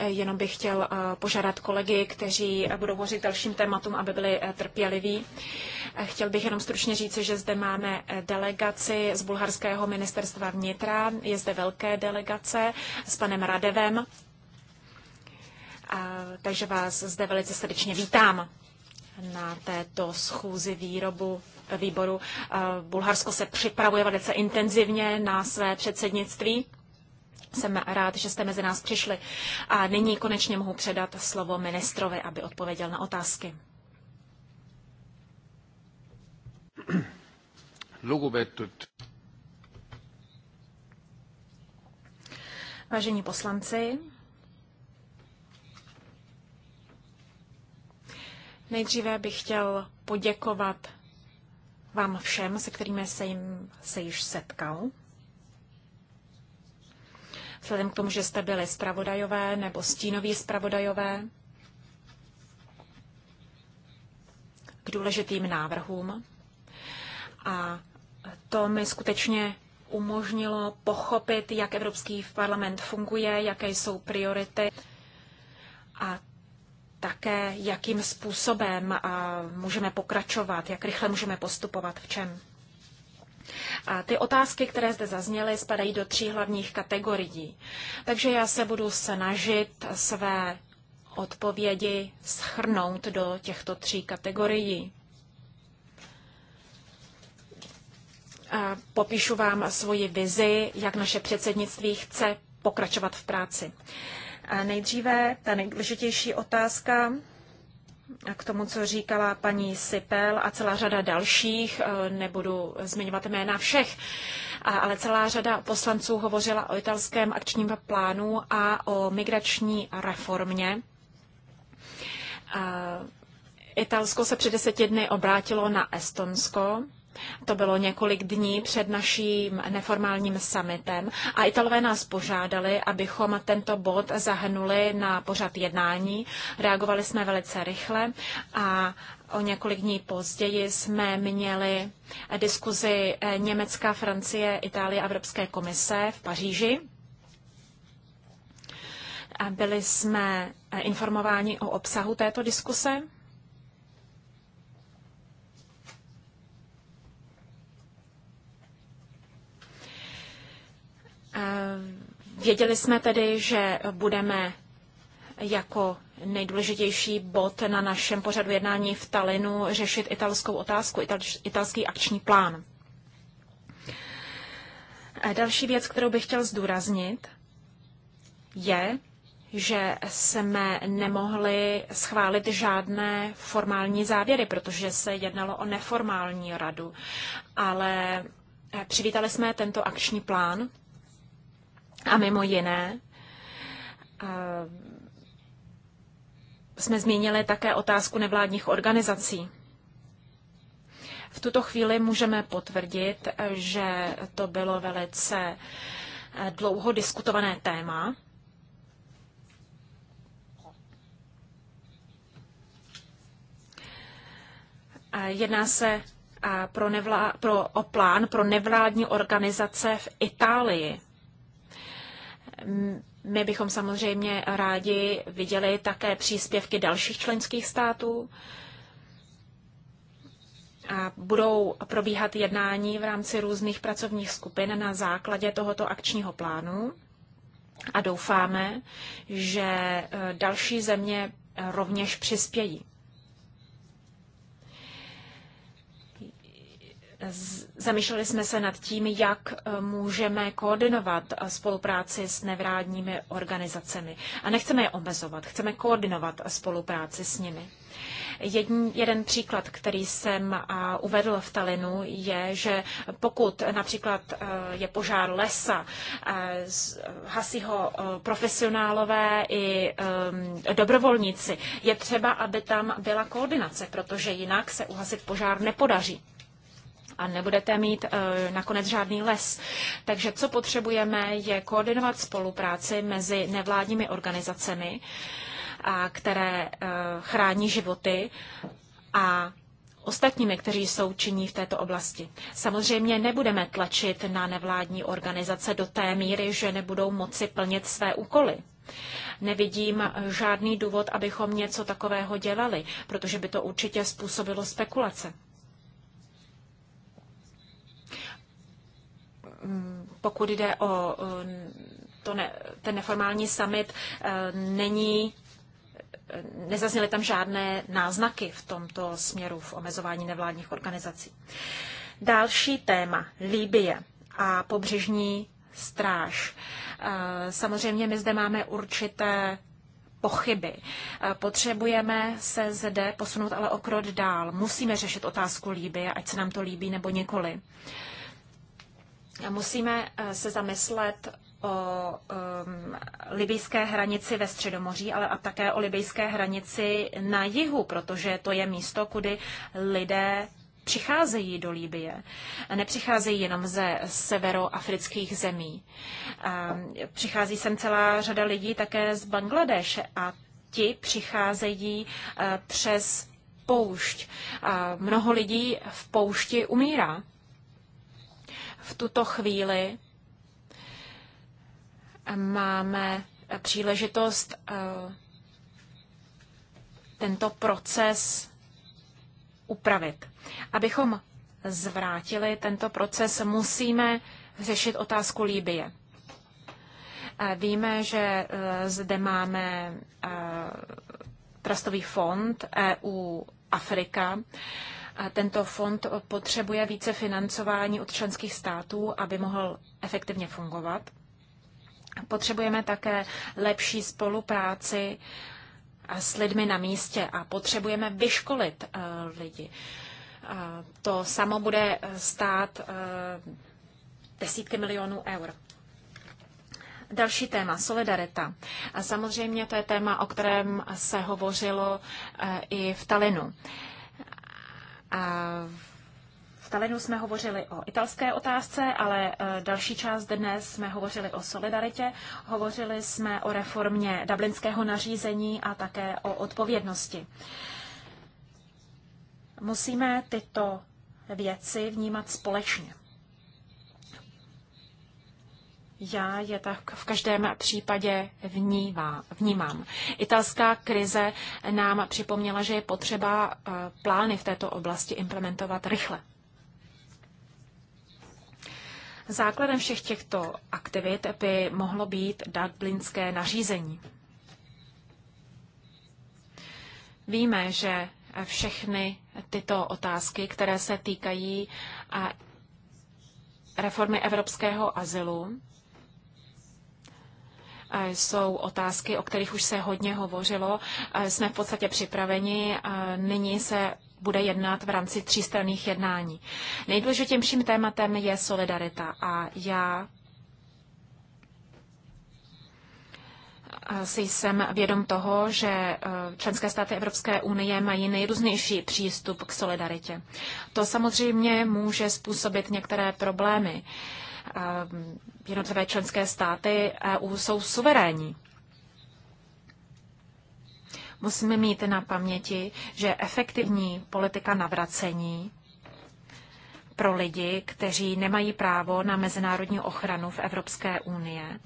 Speaker 1: Jenom bych chtěl eh, požádat kolegy, kteří eh, budou hovořit dalším tématům, aby byli eh, trpěliví. Chtěl bych jenom stručně říct, že zde máme delegaci z bulharského ministerstva vnitra. Je zde velké delegace s panem Radevem. A, takže vás zde velice srdečně vítám na této schůzi výrobu výboru. Bulharsko se připravuje velice intenzivně na své předsednictví. Jsem rád, že jste mezi nás přišli a nyní konečně mohu předat slovo ministrovi, aby odpověděl na otázky.
Speaker 2: Lugupeetud.
Speaker 1: Vážení poslanci, nejdříve bych chtěl poděkovat vám všem, se kterými se jim se již setkal vzhledem k tomu, že jste byli spravodajové nebo stínoví spravodajové, k důležitým návrhům. A to mi skutečně umožnilo pochopit, jak Evropský parlament funguje, jaké jsou priority a také, jakým způsobem můžeme pokračovat, jak rychle můžeme postupovat, v čem. A ty otázky, které zde zazněly, spadají do tří hlavních kategorií. Takže já se budu snažit své odpovědi schrnout do těchto tří kategorií. A popíšu vám svoji vizi, jak naše předsednictví chce pokračovat v práci. A nejdříve ta nejdůležitější otázka k tomu, co říkala paní Sipel a celá řada dalších, eh, nebudu zmiňovat jména všech, ale celá řada poslanců hovořila o italském akčním plánu a o migrační reformě. Eh, Italsko se před deseti dny obrátilo na Estonsko to bylo několik dní před naším neformálním summitem a Italové nás požádali, abychom tento bod zahrnuli na pořad jednání. Reagovali jsme velice rychle a o několik dní později jsme měli diskuzi eh, Německa, Francie, Itálie a Evropské komise v Paříži. byli jsme eh, informováni o obsahu této diskuse. Eh, věděli jsme tedy, že budeme jako nejdůležitější bod na našem pořadu jednání v Talinu řešit italskou otázku, italský akční plán. A eh, další věc, kterou bych chtěl zdůraznit, je, že jsme nemohli schválit žádné formální závěry, protože se jednalo o neformální radu. Ale eh, přivítali jsme tento akční plán a mimo jiné eh, jsme zmínili také otázku nevládních organizací. V tuto chvíli můžeme potvrdit, že to bylo velice eh, dlouho diskutované téma. Jedná se eh, pro, nevlá, pro o plán pro nevládní organizace v Itálii. My bychom samozřejmě rádi viděli také příspěvky dalších členských států. A budou probíhat jednání v rámci různých pracovních skupin na základě tohoto akčního plánu a doufáme, že e, další země rovněž přispějí. Zamýšleli jsme se nad tím, jak eh, můžeme koordinovat eh, spolupráci s nevrádními organizacemi. A nechceme je omezovat, chceme koordinovat eh, spolupráci s nimi. Jedin, jeden příklad, který jsem uvedl v Talinu, je, že pokud například je požár lesa, hasí ho profesionálové i dobrovolníci, je třeba, aby tam byla koordinace, protože jinak se uhasit požár nepodaří a nebudete mít eh, nakonec žádný les. Takže co potřebujeme, je koordinovat spolupráci mezi nevládními organizacemi, které eh, chrání životy a ostatními, kteří jsou činní v této oblasti. Samozřejmě nebudeme tlačit na nevládní organizace do té míry, že nebudou moci plnit své úkoly. Nevidím eh, žádný důvod, abychom něco takového dělali, protože by to určitě způsobilo spekulace. Mm, pokud jde o mm, to ne, ten neformální summit, eh, není, eh, nezazněly tam žádné náznaky v tomto směru v omezování nevládních organizací. Další téma, Líbie a pobřežní stráž. Eh, samozřejmě my zde máme určité pochyby. Potřebujeme se zde posunout ale o krok dál. Musíme řešit otázku Líbie, ať se nám to líbí nebo nikoli musíme eh, se zamyslet o um, libijské hranici ve Středomoří, ale a také o libijské hranici na jihu, protože to je místo, kudy lidé přicházejí do Líbie. Nepřicházejí jenom ze severoafrických zemí. přichází sem celá řada lidí také z Bangladeše a ti přicházejí eh, přes poušť. mnoho lidí v poušti umírá. V tuto chvíli máme příležitost eh, tento proces upravit. Abychom zvrátili tento proces, musíme řešit otázku Líbie. Eh, víme, že eh, zde máme trastový fond EU Afrika. Tento fond potřebuje více financování od členských států, aby mohl efektivně fungovat. Potřebujeme také lepší spolupráci s lidmi na místě a potřebujeme vyškolit eh, lidi. To samo bude eh, stát eh, desítky milionů eur. Další téma, solidarita. Samozřejmě to je téma, o kterém se hovořilo i v Talinu. A v Talinu jsme hovořili o italské otázce, ale e, další část dnes jsme hovořili o solidaritě, hovořili jsme o reformě dublinského nařízení a také o odpovědnosti. Musíme tyto věci vnímat společně já je tak v každém případě vnívá, vnímám. Italská krize nám připomněla, že je potřeba eh, plány v této oblasti implementovat rychle. Základem všech těchto aktivit by mohlo být dublinské nařízení. Víme, že všechny tyto otázky, které se týkají eh, reformy evropského azylu, jsou otázky, o kterých už se hodně hovořilo. Jsme v podstatě připraveni. Nyní se bude jednat v rámci třístranných jednání. Nejdůležitějším tématem je solidarita a já si jsem vědom toho, že eh, členské státy Evropské unie mají nejrůznější přístup k solidaritě. To samozřejmě může způsobit některé problémy. Ehm, jednotlivé členské státy EU jsou suverénní. Musíme mít na paměti, že efektivní politika navracení pro lidi, kteří nemají právo na mezinárodní ochranu v Evropské unii,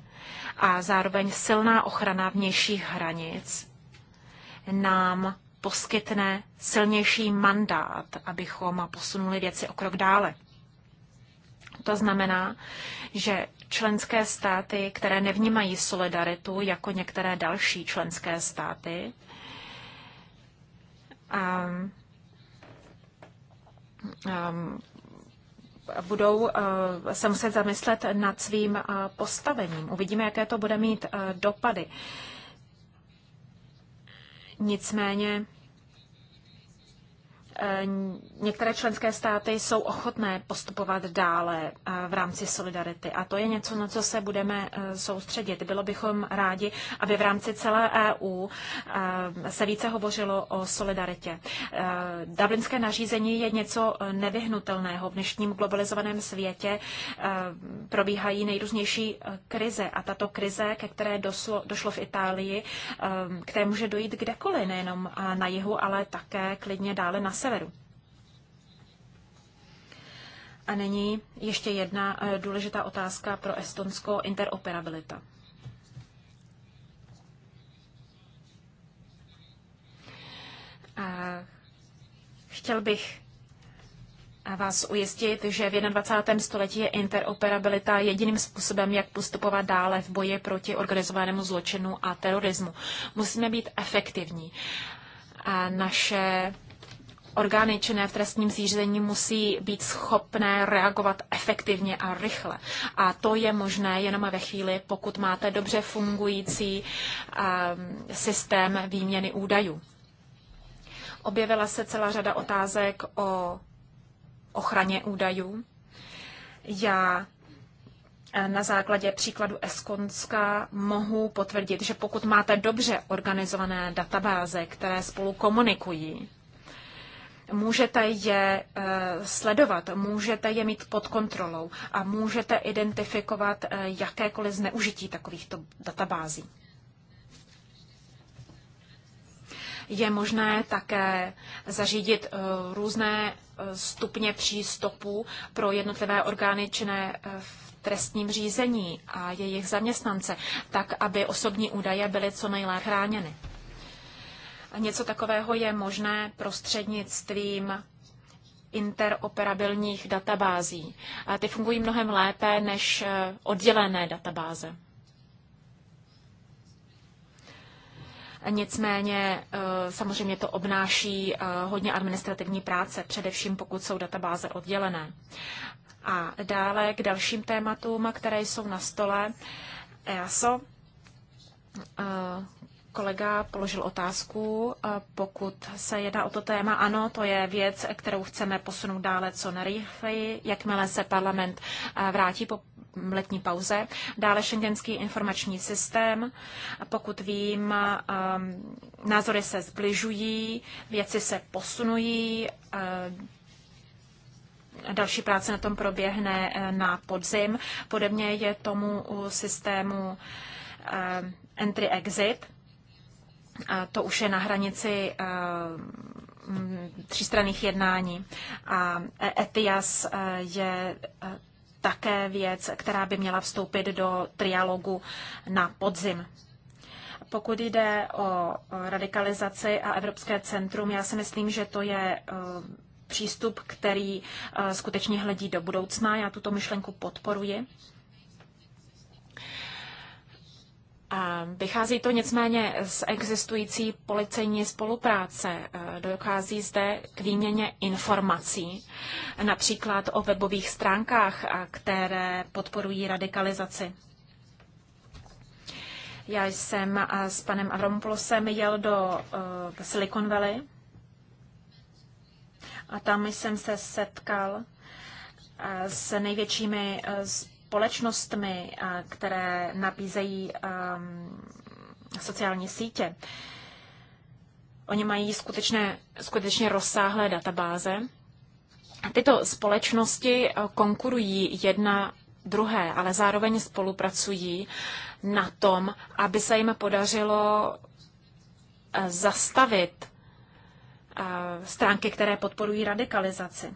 Speaker 1: a zároveň silná ochrana vnějších hranic nám poskytne silnější mandát, abychom posunuli věci o krok dále. To znamená, že členské státy, které nevnímají solidaritu jako některé další členské státy, a, um, a, um, budou uh, se muset zamyslet nad svým uh, postavením. Uvidíme, jaké to bude mít uh, dopady. Nicméně Eh, některé členské státy jsou ochotné postupovat dále eh, v rámci solidarity. A to je něco, na co se budeme eh, soustředit. Bylo bychom rádi, aby v rámci celé EU se více hovořilo o solidaritě. Dublinské nařízení je něco nevyhnutelného. V dnešním globalizovaném světě probíhají nejrůznější krize a tato krize, ke které doslo, došlo v Itálii, které může dojít kdekoliv, nejenom na jihu, ale také klidně dále na severu. A nyní ještě jedna eh, důležitá otázka pro Estonsko interoperabilita. A chtěl bych eh, vás ujistit, že v 21. století je interoperabilita jediným způsobem, jak postupovat dále v boji proti organizovanému zločinu a terorismu. Musíme být efektivní. A naše orgány činné v trestním řízení musí být schopné reagovat efektivně a rychle. A to je možné jenom ve chvíli, pokud máte dobře fungující ehm, systém výměny údajů. Objevila se celá řada otázek o ochraně údajů. Já eh, na základě příkladu Eskonska mohu potvrdit, že pokud máte dobře organizované databáze, které spolu komunikují, Můžete je eh, sledovat, můžete je mít pod kontrolou a můžete identifikovat eh, jakékoliv zneužití takovýchto databází. Je možné také zařídit eh, různé stupně přístupu pro jednotlivé orgány činné v trestním řízení a jejich zaměstnance, tak aby osobní údaje byly co nejlépe chráněny. Něco takového je možné prostřednictvím interoperabilních databází. A ty fungují mnohem lépe než eh, oddělené databáze. Nicméně eh, samozřejmě to obnáší eh, hodně administrativní práce, především pokud jsou databáze oddělené. A dále k dalším tématům, které jsou na stole. EASO kolega položil otázku, eh, pokud se jedná o to téma, ano, to je věc, kterou chceme posunout dále co nejrychleji, jakmile se parlament eh, vrátí po letní pauze. Dále šengenský informační systém. Pokud vím, eh, názory se zbližují, věci se posunují, Další práce na tom proběhne na podzim. Podobně je tomu u systému entry-exit to už je na hranici eh, třístranných jednání. A ETIAS eh, je eh, také věc, která by měla vstoupit do trialogu na podzim. Pokud jde o radikalizaci a Evropské centrum, já si myslím, že to je přístup, který skutečně hledí do budoucna. Já tuto myšlenku podporuji. Vychází to nicméně z existující policejní spolupráce. E, dochází zde k výměně informací, například o webových stránkách, které podporují radikalizaci. Já jsem e, s panem Avramopolosem jel do e, Silicon Valley a tam jsem se setkal s největšími společnostmi, které nabízejí um, sociální sítě. Oni mají skutečné, skutečně rozsáhlé databáze. Tyto společnosti uh, konkurují jedna druhé, ale zároveň spolupracují na tom, aby se jim podařilo uh, zastavit uh, stránky, které podporují radikalizaci.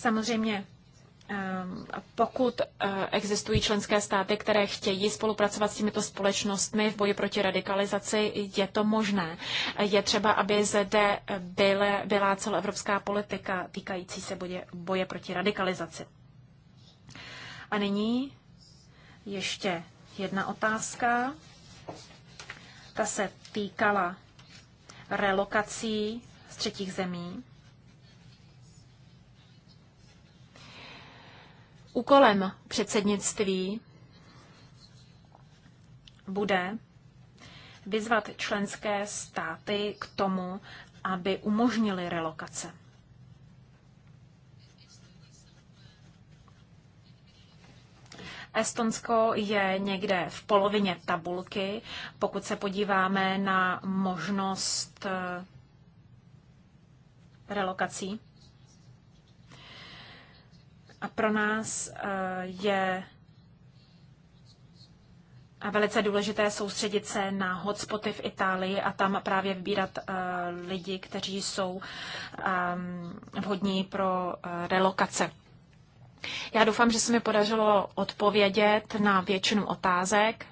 Speaker 1: Samozřejmě ehm, pokud eh, existují členské státy, které chtějí spolupracovat s těmito společnostmi v boji proti radikalizaci, je to možné. Je třeba, aby zde byla, byla celoevropská politika týkající se boje, boje proti radikalizaci. A nyní ještě jedna otázka. Ta se týkala relokací z třetích zemí. Úkolem předsednictví bude vyzvat členské státy k tomu, aby umožnili relokace. Estonsko je někde v polovině tabulky, pokud se podíváme na možnost eh, relokací. A pro nás eh, je velice důležité soustředit se na hotspoty v Itálii a tam právě vybírat eh, lidi, kteří jsou ehm, vhodní pro eh, relokace. Já doufám, že se mi podařilo odpovědět na většinu otázek.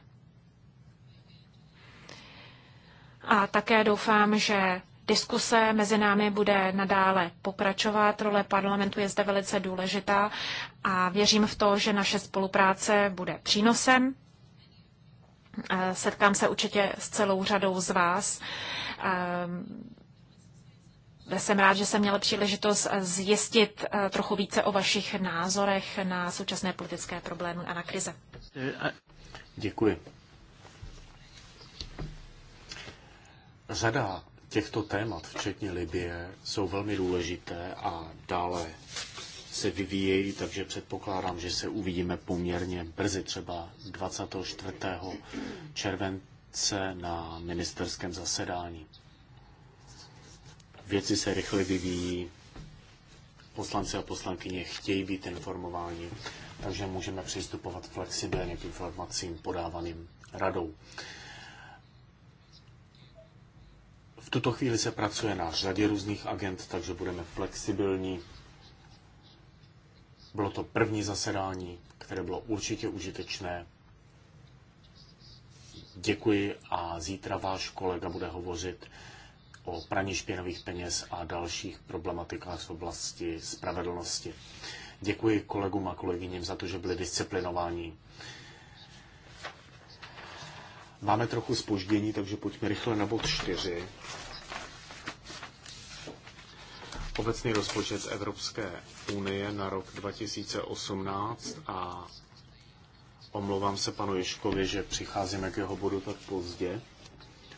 Speaker 1: A také doufám, že Diskuse mezi námi bude nadále pokračovat. Role parlamentu je zde velice důležitá a věřím v to, že naše spolupráce bude přínosem. Setkám se určitě s celou řadou z vás. Ehm, jsem rád, že jsem měla příležitost zjistit eh, trochu více o vašich názorech na současné politické problémy a na krize.
Speaker 2: Děkuji. Řada těchto témat, včetně Libie, jsou velmi důležité a dále se vyvíjejí, takže předpokládám, že se uvidíme poměrně brzy, třeba 24. července na ministerském zasedání. Věci se rychle vyvíjí, poslanci a poslankyně chtějí být informováni, takže můžeme přistupovat flexibilně k informacím podávaným radou. V tuto chvíli se pracuje na řadě různých agent, takže budeme flexibilní. Bylo to první zasedání, které bylo určitě užitečné. Děkuji a zítra váš kolega bude hovořit o praní špinavých peněz a dalších problematikách z oblasti spravedlnosti. Děkuji kolegům a kolegyním za to, že byli disciplinováni Máme trochu spoždění, takže pojďme rychle na bod 4. Obecný rozpočet Evropské unie na rok 2018 a omlouvám se panu Ješkovi, že přicházíme k jeho bodu tak pozdě.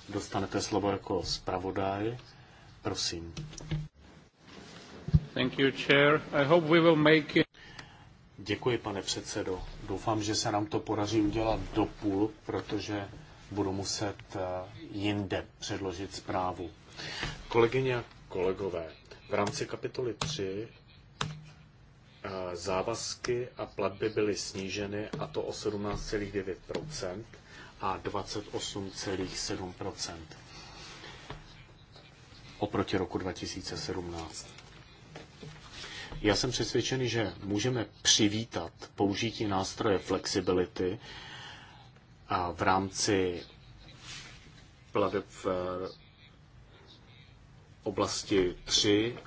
Speaker 2: Dostanete slovo jako zpravodaj. Prosím. Thank you, chair. I hope we will make it... Děkuji, pane předsedo. Doufám, že se nám to podaří udělat do půl, protože budu muset eh, jinde předložit zprávu. Kolegyně a kolegové, v rámci kapitoly 3 eh, závazky a platby byly sníženy a to o 17,9% a 28,7% oproti roku 2017. Já jsem přesvědčený, že můžeme přivítat použití nástroje flexibility, a v rámci pladeb v eh, oblasti 3,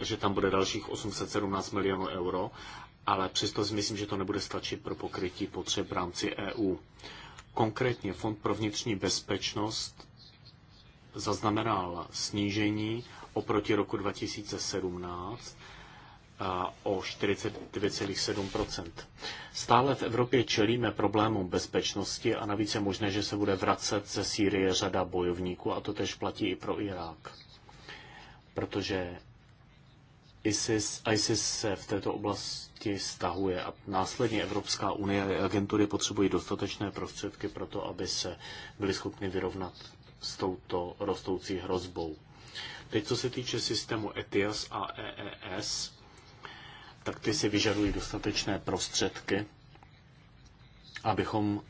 Speaker 2: že tam bude dalších 817 milionů euro, ale přesto si myslím, že to nebude stačit pro pokrytí potřeb v rámci EU. Konkrétně Fond pro vnitřní bezpečnost zaznamenal snížení oproti roku 2017 o 49,7 Stále v Evropě čelíme problémům bezpečnosti a navíc je možné, že se bude vracet ze Sýrie řada bojovníků a to tež platí i pro Irák. Protože ISIS, ISIS se v této oblasti stahuje a následně Evropská unie a agentury potřebují dostatečné prostředky pro to, aby se byly schopny vyrovnat s touto rostoucí hrozbou. Teď, co se týče systému ETIAS a EES, tak ty si vyžadují dostatečné prostředky, abychom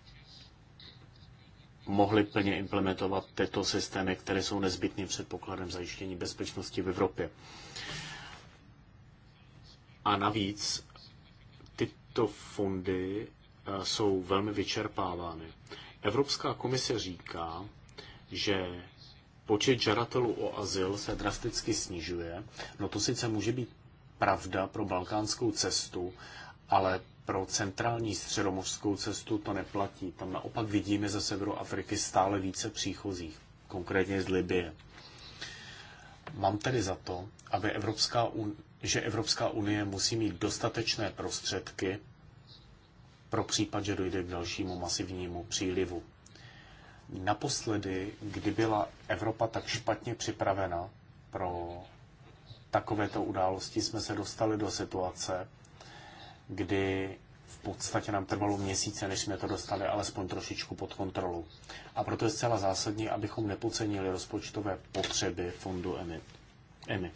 Speaker 2: mohli plně implementovat tyto systémy, které jsou nezbytným předpokladem zajištění bezpečnosti v Evropě. A navíc tyto fondy eh, jsou velmi vyčerpávány. Evropská komise říká, že počet žadatelů o azyl se drasticky snižuje. No to sice může být pravda pro balkánskou cestu, ale pro centrální středomořskou cestu to neplatí. Tam naopak vidíme ze severu Afriky stále více příchozích, konkrétně z Libie. Mám tedy za to, aby Evropská un- že Evropská unie musí mít dostatečné prostředky pro případ, že dojde k dalšímu masivnímu přílivu. Naposledy, kdy byla Evropa tak špatně připravena pro takovéto události jsme se dostali do situace, kdy v podstatě nám trvalo měsíce, než jsme to dostali alespoň trošičku pod kontrolu. A proto je zcela zásadní, abychom nepocenili rozpočtové potřeby fondu EMI. EMI.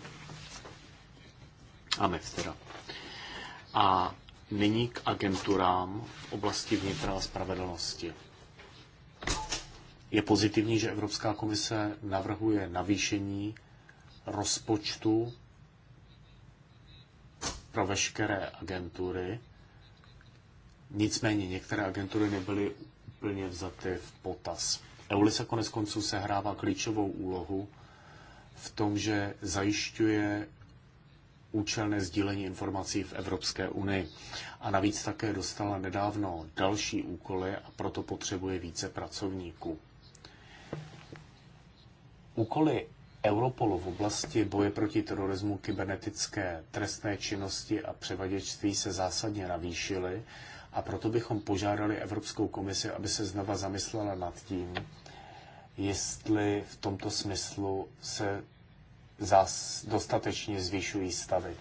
Speaker 2: MEF teda. A nyní k agenturám v oblasti vnitra a spravedlnosti. Je pozitivní, že Evropská komise navrhuje navýšení rozpočtu pro veškeré agentury. Nicméně některé agentury nebyly úplně vzaty v potaz. EULISA konec konců sehrává klíčovou úlohu v tom, že zajišťuje účelné sdílení informací v Evropské unii. A navíc také dostala nedávno další úkoly a proto potřebuje více pracovníků. Úkoly Europolu v oblasti boje proti terorismu, kybernetické trestné činnosti a převaděčství se zásadně navýšily a proto bychom požádali Evropskou komisi, aby se znova zamyslela nad tím, jestli v tomto smyslu se zas dostatečně zvýšují stavy.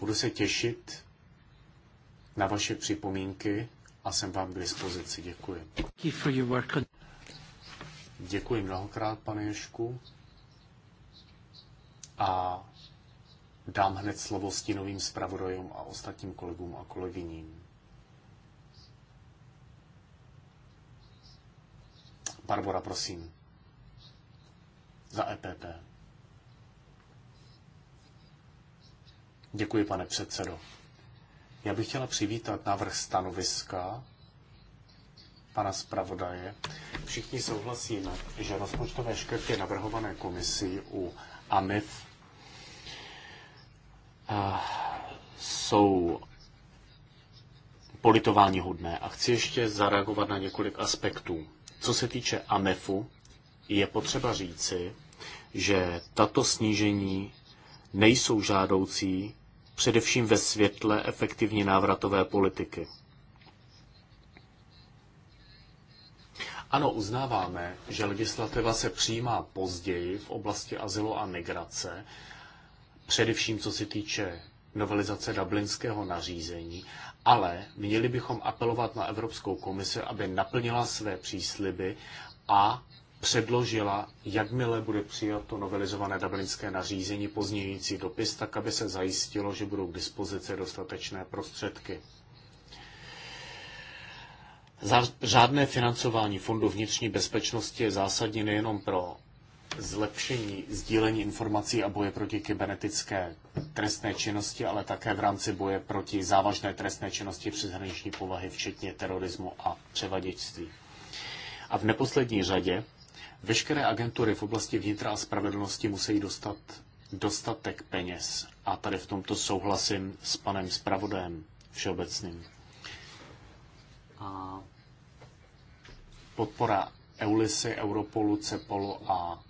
Speaker 2: Budu se těšit na vaše připomínky a jsem vám k dispozici. Děkuji. Děkuji mnohokrát, pane Ješku a dám hned slovo stínovým zpravodajům a ostatním kolegům a kolegyním. Barbora, prosím. Za EPP. Děkuji, pane předsedo. Já bych chtěla přivítat návrh stanoviska pana zpravodaje. Všichni souhlasíme, že rozpočtové škrty navrhované komisí u AMIF jsou politování hodné a chci ještě zareagovat na několik aspektů. Co se týče AMEFu, je potřeba říci, že tato snížení nejsou žádoucí především ve světle efektivní návratové politiky. Ano, uznáváme, že legislativa se přijímá později v oblasti azylu a migrace především co se týče novelizace dublinského nařízení, ale měli bychom apelovat na Evropskou komisi, aby naplnila své přísliby a předložila, jakmile bude přijato novelizované dublinské nařízení pozměňující dopis, tak aby se zajistilo, že budou k dispozici dostatečné prostředky. Řádné financování Fondu vnitřní bezpečnosti je zásadní nejenom pro zlepšení sdílení informací a boje proti kybernetické trestné činnosti, ale také v rámci boje proti závažné trestné činnosti přeshraniční povahy, včetně terorismu a převaděčství. A v neposlední řadě veškeré agentury v oblasti vnitra a spravedlnosti musí dostat dostatek peněz. A tady v tomto souhlasím s panem Spravodajem všeobecným. A podpora Eulisy, Europolu, Cepolu a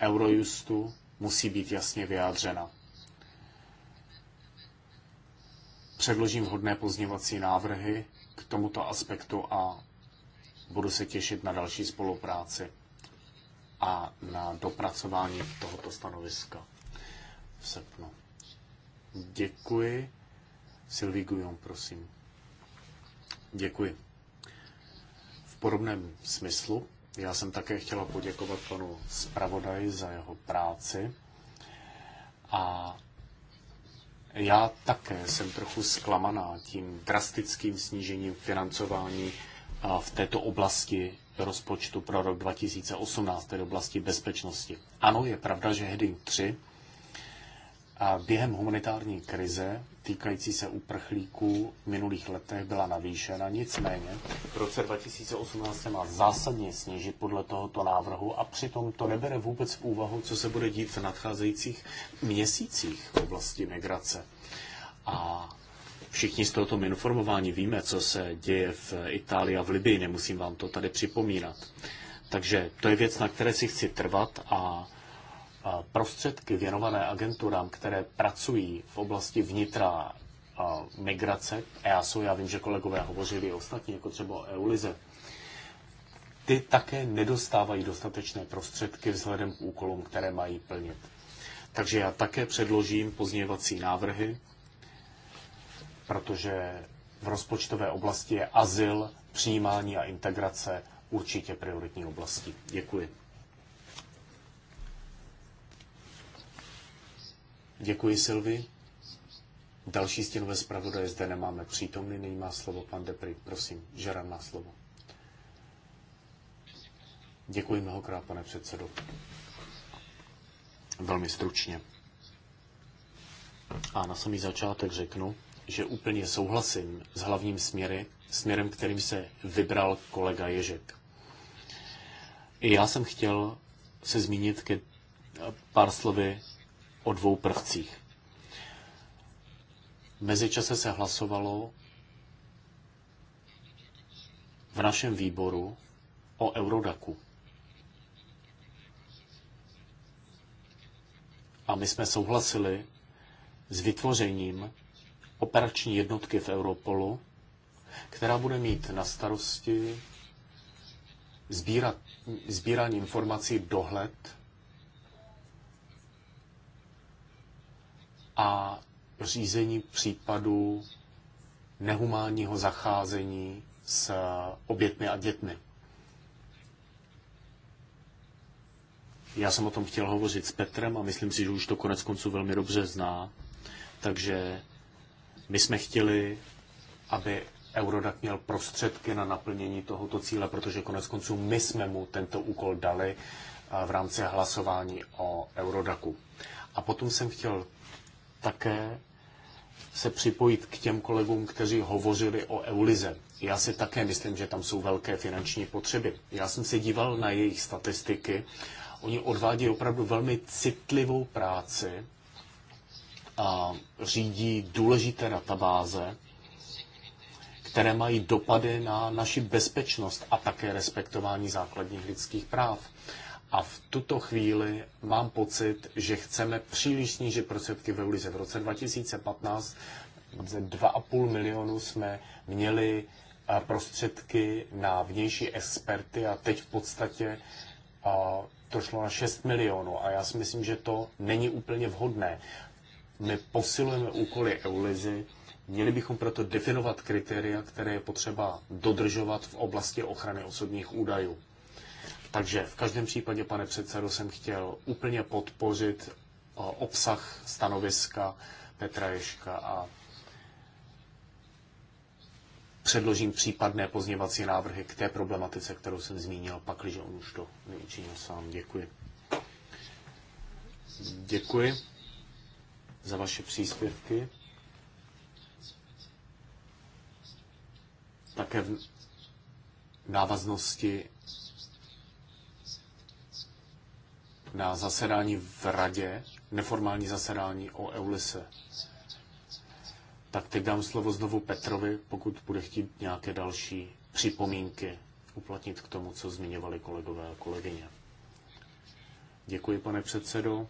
Speaker 2: Eurojustu musí být jasně vyjádřena. Předložím hodné pozněvací návrhy k tomuto aspektu a budu se těšit na další spolupráci a na dopracování tohoto stanoviska v srpnu. Děkuji. Sylvie Guillon, prosím. Děkuji. V podobném smyslu já jsem také chtěla poděkovat panu zpravodaji za jeho práci. A já také jsem trochu zklamaná tím drastickým snížením financování v této oblasti rozpočtu pro rok 2018, tedy oblasti bezpečnosti. Ano, je pravda, že heading 3 a během humanitární krize týkající se uprchlíků v minulých letech byla navýšena. Nicméně v roce 2018 se má zásadně snížit podle tohoto návrhu a přitom to nebere vůbec v úvahu, co se bude dít v nadcházejících měsících v oblasti migrace. A všichni z tohoto informování víme, co se děje v Itálii a v Libii, nemusím vám to tady připomínat. Takže to je věc, na které si chci trvat a prostředky věnované agenturám, které pracují v oblasti vnitra a migrace, EASO, já vím, že kolegové hovořili ostatní, jako třeba o EULIZE, ty také nedostávají dostatečné prostředky vzhledem k úkolům, které mají plnit. Takže já také předložím pozměňovací návrhy, protože v rozpočtové oblasti je azyl, přijímání a integrace určitě prioritní oblasti. Děkuji. Děkuji, Silvi. Další stěnové zpravodaje zde nemáme přítomný, nyní má slovo pan Depry. Prosím, Žeran má slovo. Děkuji mnohokrát, pane předsedo. Velmi stručně. A na samý začátek řeknu, že úplně souhlasím s hlavním směry, směrem, kterým se vybral kolega Ježek. I já jsem chtěl se zmínit ke pár slovy o dvou prvcích. V mezičase se hlasovalo v našem výboru o Eurodaku. A my jsme souhlasili s vytvořením operační jednotky v Europolu, která bude mít na starosti sbírat, sbírání informací, dohled a řízení případů nehumánního zacházení s obětmi a dětmi. Já jsem o tom chtěl hovořit s Petrem a myslím si, že už to konec konců velmi dobře zná. Takže my jsme chtěli, aby Eurodac měl prostředky na naplnění tohoto cíle, protože konec konců my jsme mu tento úkol dali eh, v rámci hlasování o Eurodacu. A potom jsem chtěl také se připojit k těm kolegům, kteří hovořili o Eulize. Já si také myslím, že tam jsou velké finanční potřeby. Já jsem se díval na jejich statistiky. Oni odvádějí opravdu velmi citlivou práci a řídí důležité databáze, které mají dopady na naši bezpečnost a také respektování základních lidských práv. A v tuto chvíli mám pocit, že chceme příliš snížit prostředky ve Eulize. V roce 2015 ze 2,5 milionu jsme měli eh, prostředky na vnější experty a teď v podstatě eh, to šlo na 6 milionů a já si myslím, že to není úplně vhodné. My posilujeme úkoly EULIZY, měli bychom proto definovat kritéria, které je potřeba dodržovat v oblasti ochrany osobních údajů. Takže v každém případě, pane předsedo, jsem chtěl úplně podpořit eh, obsah stanoviska Petra Ješka a předložím případné pozněvací návrhy k té problematice, kterou jsem zmínil, pakliže on už to neučinil sám. Děkuji. Děkuji za vaše příspěvky. Také v návaznosti na zasedání v radě, neformální zasedání o EULISE. Tak teď dám slovo znovu Petrovi, pokud bude chtít nějaké další připomínky uplatnit k tomu, co zmiňovali kolegové a kolegyně. Děkuji, pane předsedo.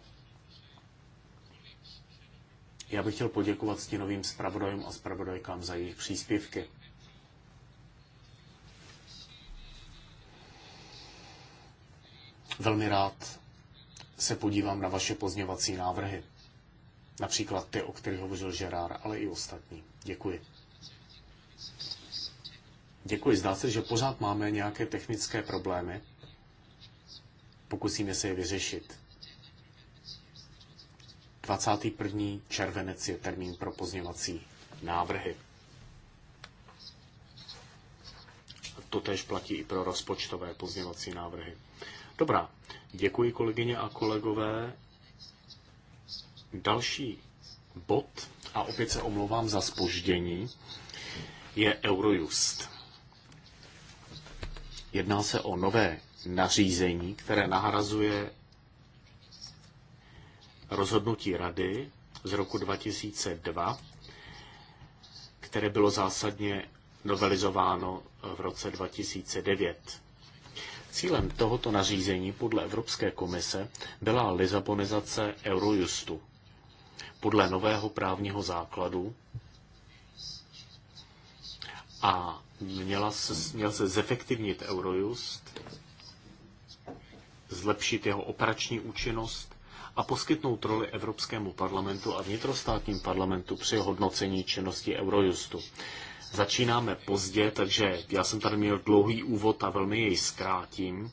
Speaker 2: Já bych chtěl poděkovat stínovým zpravodajům a zpravodajkám za jejich příspěvky. Velmi rád se podívám na vaše pozněvací návrhy. Například ty, o kterých hovořil Žerár, ale i ostatní. Děkuji. Děkuji. Zdá se, že pořád máme nějaké technické problémy. Pokusíme se je vyřešit. 21. červenec je termín pro pozněvací návrhy. Totež platí i pro rozpočtové pozněvací návrhy. Dobrá, děkuji kolegyně a kolegové. Další bod, a opět se omlouvám za spoždění, je Eurojust. Jedná se o nové nařízení, které nahrazuje rozhodnutí Rady z roku 2002, které bylo zásadně novelizováno v roce 2009. Cílem tohoto nařízení podle Evropské komise byla lizabonizace Eurojustu. Podle nového právního základu a měla se, měl se zefektivnit Eurojust, zlepšit jeho operační účinnost a poskytnout roli Evropskému parlamentu a vnitrostátním parlamentu při hodnocení činnosti Eurojustu. Začínáme pozdě, takže já jsem tady měl dlouhý úvod a velmi jej zkrátím.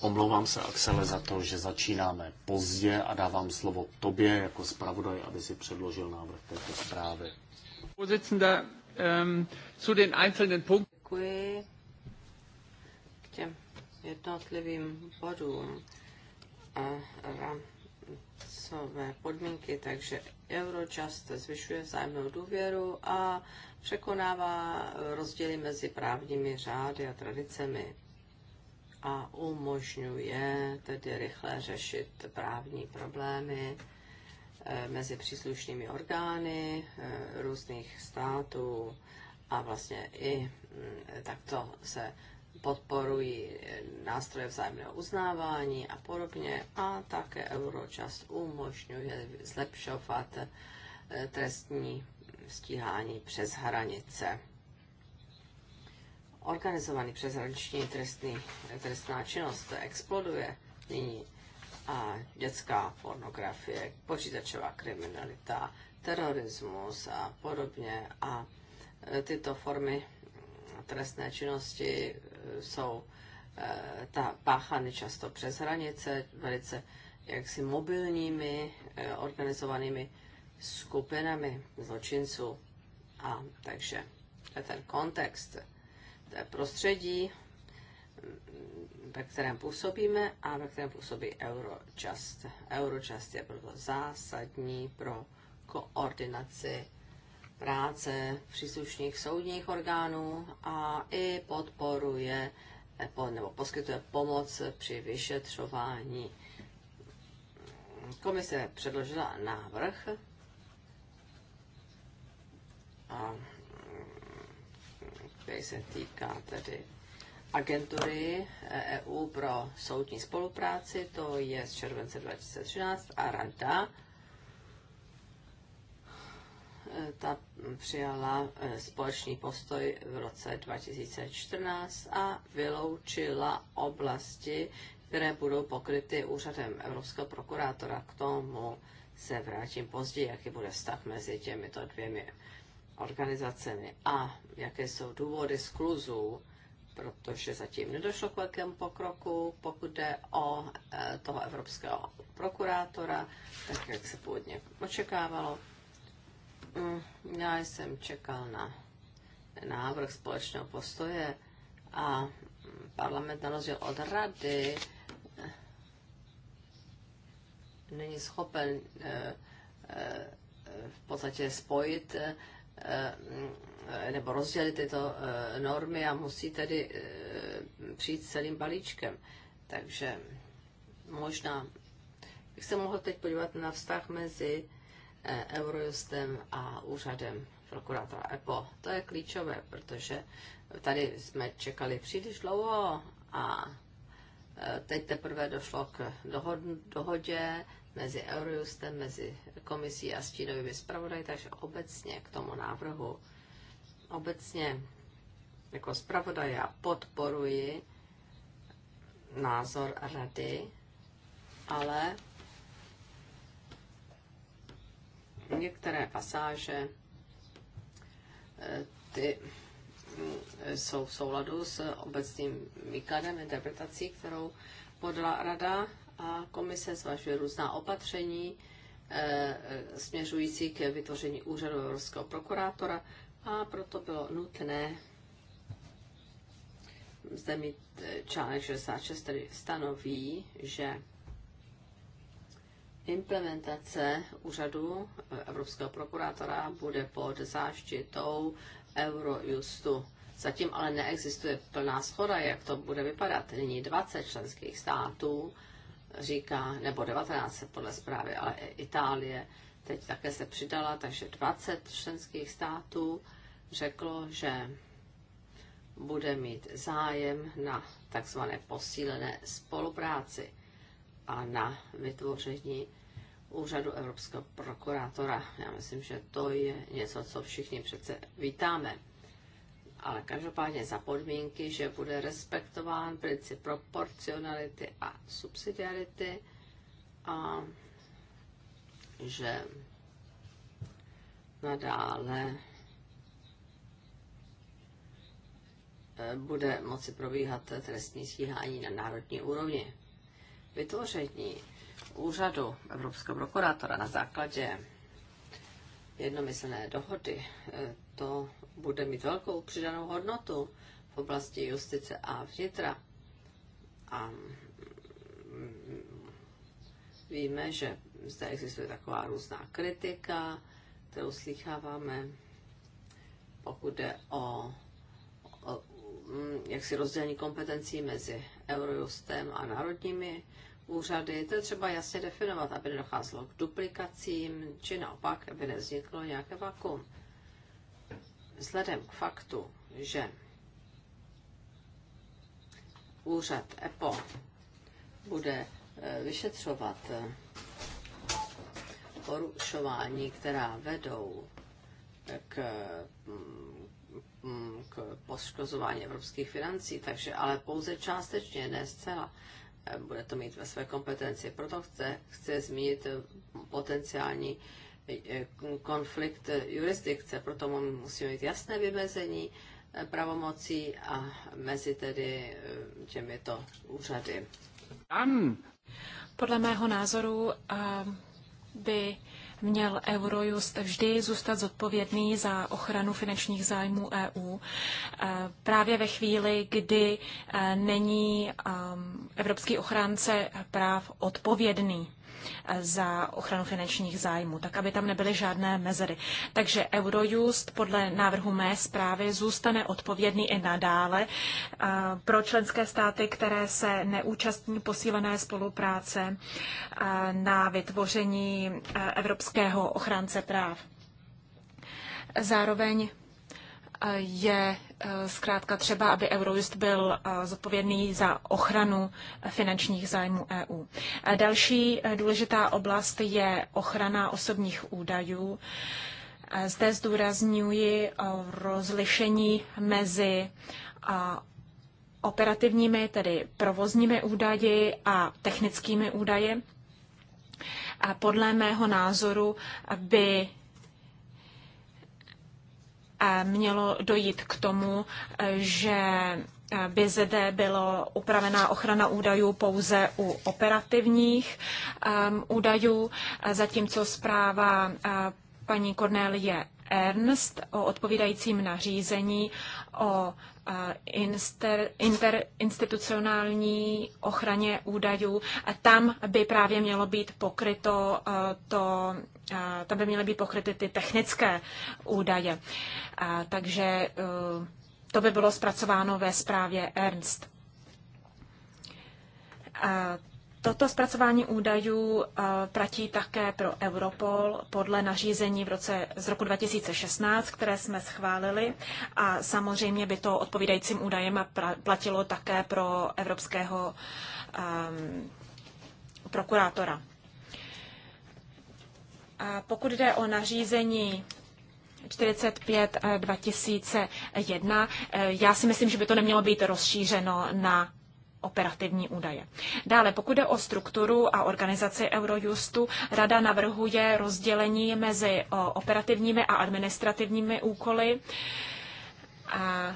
Speaker 2: Omlouvám se, Axele, za to, že začínáme pozdě a dávám slovo tobě jako zpravodaj, aby si předložil návrh této zprávy. Ähm,
Speaker 3: Děkuji k těm jednotlivým bodům rámcové podmínky, takže Eurojust zvyšuje zájemnou důvěru a překonává rozdíly mezi právními řády a tradicemi a umožňuje tedy rychle řešit právní problémy eh, mezi příslušnými orgány eh, různých států a vlastně i mm, takto se podporují eh, nástroje vzájemného uznávání a podobně a také Euročast umožňuje zlepšovat trestní stíhání přes hranice. Organizovaný přeshraniční trestný, trestná činnost exploduje nyní a dětská pornografie, počítačová kriminalita, terorismus a podobně. A e, tyto formy trestné činnosti e, jsou e, ta páchány často přes hranice, velice jaksi mobilními, organizovanými skupinami zločinců. A takže to je ten kontext, to je prostředí, ve kterém působíme a ve kterém působí Eurojust. Eurojust je proto zásadní pro koordinaci práce příslušných soudních orgánů a i podporuje nebo poskytuje pomoc při vyšetřování. Komise předložila návrh a eh, který se týká tedy agentury EU eh, e pro soudní spolupráci, to je z července 2013 a rada eh, ta přijala společný postoj v roce 2014 a vyloučila oblasti, které budou pokryty úřadem Evropského prokurátora. K tomu se vrátím později, jaký bude vztah mezi těmito dvěmi organizacemi a jaké jsou důvody skluzů, protože zatím nedošlo k velkému pokroku, pokud jde o eh, toho evropského prokurátora, tak jak se původně očekávalo. Mm, já jsem čekal na návrh společného postoje a parlament na rozdíl od rady eh, není schopen eh, v podstatě spojit Eh, nebo rozdělit tyto eh, normy a musí tedy eh, přijít celým balíčkem. Takže možná bych se mohl teď podívat na vztah mezi Eurojustem a úřadem prokurátora EPO. To je klíčové, protože tady jsme čekali příliš dlouho a teď teprve došlo k dohodě mezi Eurojustem, mezi komisí a stínovými zpravodaji, takže obecně k tomu návrhu, obecně jako zpravodaj já podporuji názor rady, ale některé pasáže eh, ty mm, jsou v souladu s obecným výkladem interpretací, kterou podala rada a komise zvažuje různá opatření eh, eh, směřující k vytvoření úřadu Evropského prokurátora a proto bylo nutné zde mít eh, článek 66, který stanoví, že implementace úřadu Evropského prokurátora bude pod záštitou Eurojustu. Zatím ale neexistuje plná schoda, jak to bude vypadat. Nyní 20 členských států říká, nebo 19 podle zprávy, ale Itálie teď také se přidala, takže 20 členských států řeklo, že bude mít zájem na takzvané posílené spolupráci a na vytvoření úřadu Evropského prokurátora. Já myslím, že to je něco, co všichni přece vítáme ale každopádně za podmínky, že bude respektován princip proporcionality a subsidiarity a že nadále eh, bude moci probíhat trestní stíhání na národní úrovni. Vytvoření úřadu Evropského prokurátora na základě jednomyslné dohody, eh, to bude mít velkou přidanou hodnotu v oblasti justice a vnitra. A mm, víme, že zde existuje taková různá kritika, kterou slycháváme, pokud jde o, o mm, jaksi rozdělení kompetencí mezi Eurojustem a národními úřady. To je třeba jasně definovat, aby nedocházelo k duplikacím, či naopak, aby nevzniklo nějaké vakuum vzhledem k faktu, že úřad EPO bude eh, vyšetřovat eh, porušování, která vedou eh, k, mm, mm, k poškozování evropských financí, takže ale pouze částečně, ne zcela, bude to mít ve své kompetenci. Proto chce, chce zmínit potenciální konflikt jurisdikce, proto musí mít jasné vymezení eh, pravomocí a mezi tedy eh, těmito úřady.
Speaker 1: Podle mého názoru eh, by měl Eurojust vždy zůstat zodpovědný za ochranu finančních zájmů EU. Právě ve chvíli, kdy není evropský ochránce práv odpovědný za ochranu finančních zájmů, tak aby tam nebyly žádné mezery. Takže Eurojust podle návrhu mé zprávy zůstane odpovědný i nadále pro členské státy, které se neúčastní posílené spolupráce na vytvoření Evropského ochránce práv. Zároveň je eh, zkrátka třeba, aby Eurojust byl eh, zodpovědný za ochranu finančních zájmů EU. Eh, další důležitá oblast je ochrana osobních údajů. Zde zdůrazňuji rozlišení mezi operativními, tedy provozními údaji a technickými údaji. Podle mého názoru by Eh, mělo dojít k tomu, eh, že eh, by zde byla upravená ochrana údajů pouze u operativních údajů, zatímco zpráva paní Cornelie Ernst o odpovídajícím nařízení o inster, interinstitucionální ochraně údajů. Tam by právě mělo být pokryto to, tam by měly být pokryty ty technické údaje. Takže e, to by bylo zpracováno ve zprávě Ernst. Toto zpracování údajů platí eh, také pro Europol podle nařízení v roce, z roku 2016, které jsme schválili a samozřejmě by to odpovídajícím údajem platilo také pro evropského um, prokurátora. A pokud jde o nařízení 45 2001, eh, eh, já si myslím, že by to nemělo být rozšířeno na operativní údaje. Dále, pokud jde o strukturu a organizaci Eurojustu, rada navrhuje rozdělení mezi operativními a administrativními úkoly. A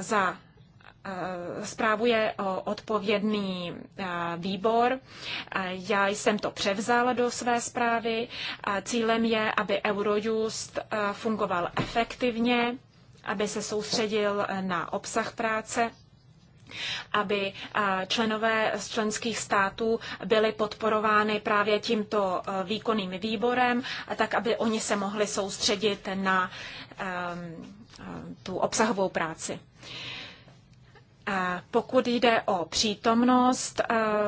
Speaker 1: za zprávu je odpovědný výbor. Já jsem to převzala do své zprávy. Cílem je, aby Eurojust fungoval efektivně, aby se soustředil na obsah práce aby členové z členských států byly podporovány právě tímto e, výkonným výborem, tak aby oni se mohli soustředit na e, tu obsahovou práci. Pokud jde o přítomnost e,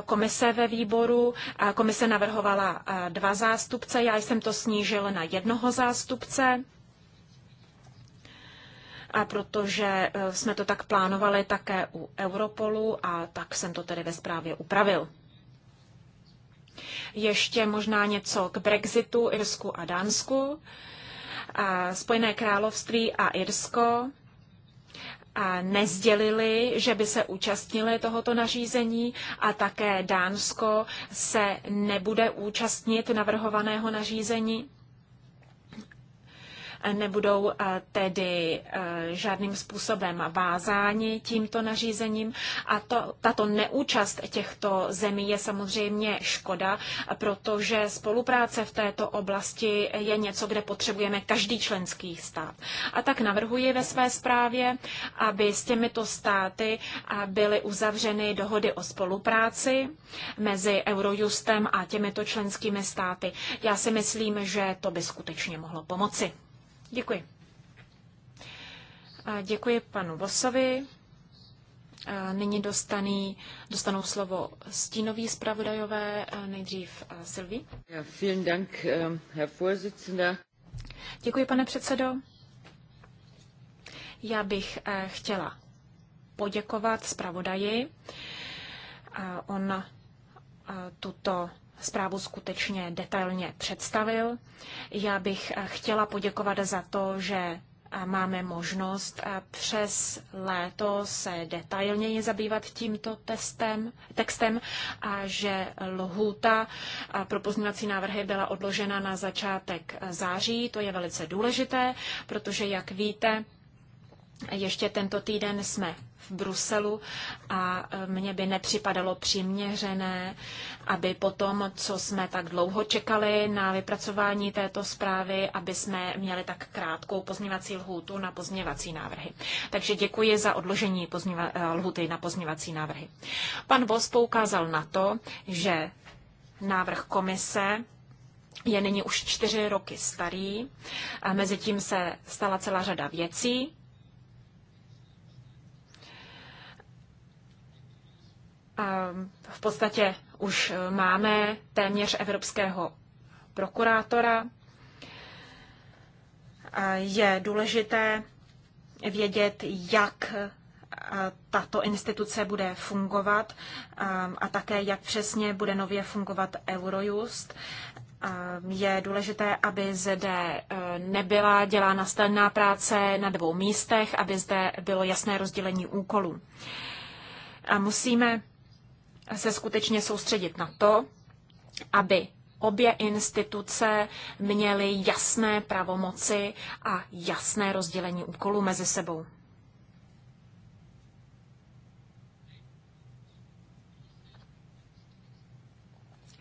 Speaker 1: komise ve výboru, komise navrhovala dva zástupce, já jsem to snížil na jednoho zástupce a protože e, jsme to tak plánovali také u Europolu a tak jsem to tedy ve zprávě upravil. Ještě možná něco k Brexitu, Irsku a Dánsku. A Spojené království a Irsko a nezdělili, že by se účastnili tohoto nařízení a také Dánsko se nebude účastnit navrhovaného nařízení nebudou eh, tedy eh, žádným způsobem vázáni tímto nařízením a to, tato neúčast těchto zemí je samozřejmě škoda, protože spolupráce v této oblasti je něco, kde potřebujeme každý členský stát. A tak navrhuji ve své zprávě, aby s těmito státy eh, byly uzavřeny dohody o spolupráci mezi Eurojustem a těmito členskými státy. Já si myslím, že to by skutečně mohlo pomoci. Děkuji. Děkuji panu Vosovi. Nyní dostaný, dostanou slovo stínoví zpravodajové, nejdřív Silví.
Speaker 3: Ja, vielen Dank, ähm, Herr Vorsitzender.
Speaker 1: Děkuji, pane předsedo. Já bych e, chtěla poděkovat zpravodaji. On e, tuto zprávu skutečně detailně představil. Já bych eh, chtěla poděkovat za to, že eh, máme možnost eh, přes léto se detailněji zabývat tímto testem, textem a že lhůta pro pozměňovací návrhy byla odložena na začátek září. To je velice důležité, protože, jak víte, ještě tento týden jsme v Bruselu a e, mně by nepřipadalo přiměřené, aby po tom, co jsme tak dlouho čekali na vypracování této zprávy, aby jsme měli tak krátkou pozměvací lhůtu na pozměvací návrhy. Takže děkuji za odložení pozměva, e, lhuty na pozměvací návrhy. Pan Vos poukázal na to, že návrh komise je nyní už čtyři roky starý. A mezi tím se stala celá řada věcí. v podstatě už e, máme téměř evropského prokurátora. Je důležité vědět, jak e, tato instituce bude fungovat a také jak přesně bude nově fungovat Eurojust. Je důležité, aby zde e, nebyla dělána stejná práce na dvou místech, aby zde bylo jasné rozdělení úkolů. A musíme se skutečně soustředit na to, aby obě instituce měly jasné pravomoci a jasné rozdělení úkolů mezi sebou.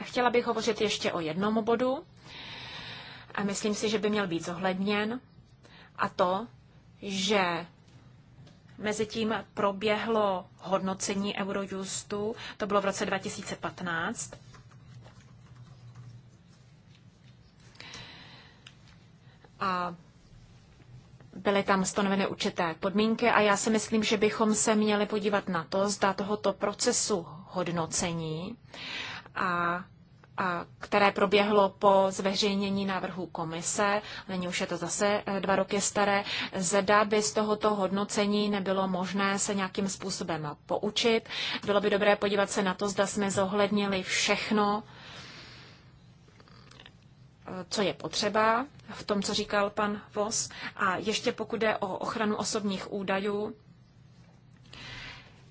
Speaker 1: Chtěla bych hovořit ještě o jednom bodu a myslím si, že by měl být zohledněn a to, že Mezitím proběhlo hodnocení Eurojustu, to bylo v roce 2015. A byly tam stanoveny určité podmínky a já si myslím, že bychom se měli podívat na to, zda tohoto procesu hodnocení a které proběhlo po zveřejnění návrhu komise, není už je to zase eh, dva roky staré, zda by z tohoto hodnocení nebylo možné se nějakým způsobem poučit. Bylo by dobré podívat se na to, zda jsme zohlednili všechno, eh, co je potřeba v tom, co říkal pan Vos. A ještě pokud jde o ochranu osobních údajů,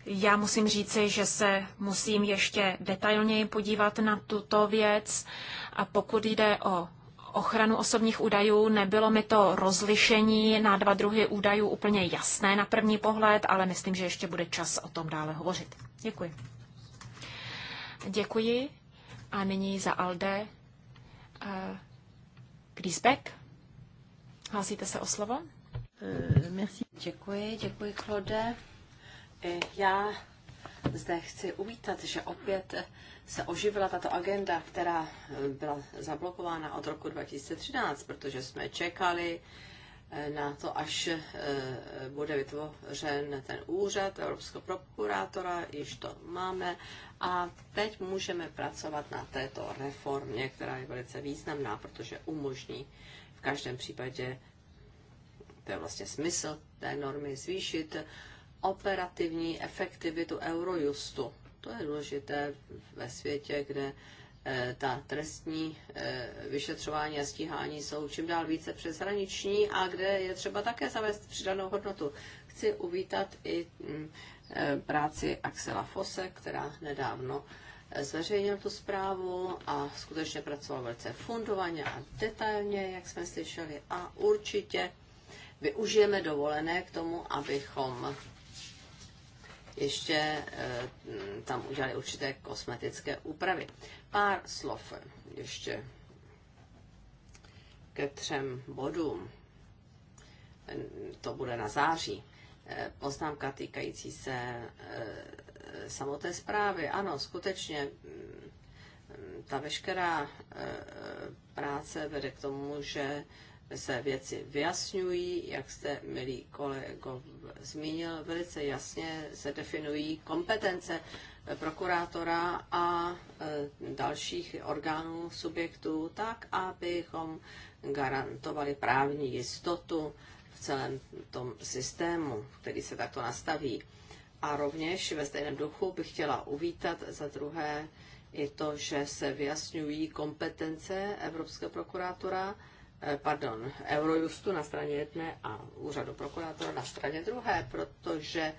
Speaker 1: já musím říci, že se musím ještě detailněji podívat na tuto věc. A pokud jde o ochranu osobních údajů, nebylo mi to rozlišení na dva druhy údajů úplně jasné na první pohled, ale myslím, že ještě bude čas o tom dále hovořit. Děkuji. Děkuji. A nyní za Alde uh, Hlásíte se o slovo? Eh, merci. Děkuji, děkuji, Klode. I eh, já zde chci uvítat, že
Speaker 3: opět se oživila tato agenda, která eh, byla zablokována od roku 2013, protože jsme čekali eh, na to, až bude vytvořen ten úřad Evropského prokurátora, již to máme a teď můžeme pracovat na této reformě, která je velice významná, protože umožní v každém případě, to je vlastně smysl té normy, zvýšit operativní efektivitu Eurojustu. To je důležité ve světě, kde eh, ta trestní eh, vyšetřování a stíhání jsou čím dál více přeshraniční a kde je třeba také zavést přidanou hodnotu. Chci uvítat i mm, eh, práci Axela Fose, která nedávno zveřejnil tu zprávu a skutečně pracoval velice fundovaně a detailně, jak jsme slyšeli, a určitě využijeme dovolené k tomu, abychom ještě eh, tam udělali určité kosmetické úpravy. Pár slov ještě ke třem bodům. To bude na září. Eh, poznámka týkající se eh, samotné zprávy. Ano, skutečně mm, ta veškerá práce vede k tomu, že se věci vyjasňují, jak jste, milí kolego, zmínil, velice jasně se definují kompetence prokurátora a e, dalších orgánů, subjektů, tak, abychom garantovali právní jistotu v celém tom systému, který se takto nastaví. A rovněž ve stejném duchu bych chtěla uvítat za druhé i to, že se vyjasňují kompetence Evropského prokurátora, Eh, pardon, Eurojustu na straně jedné a úřadu prokurátora na straně druhé, protože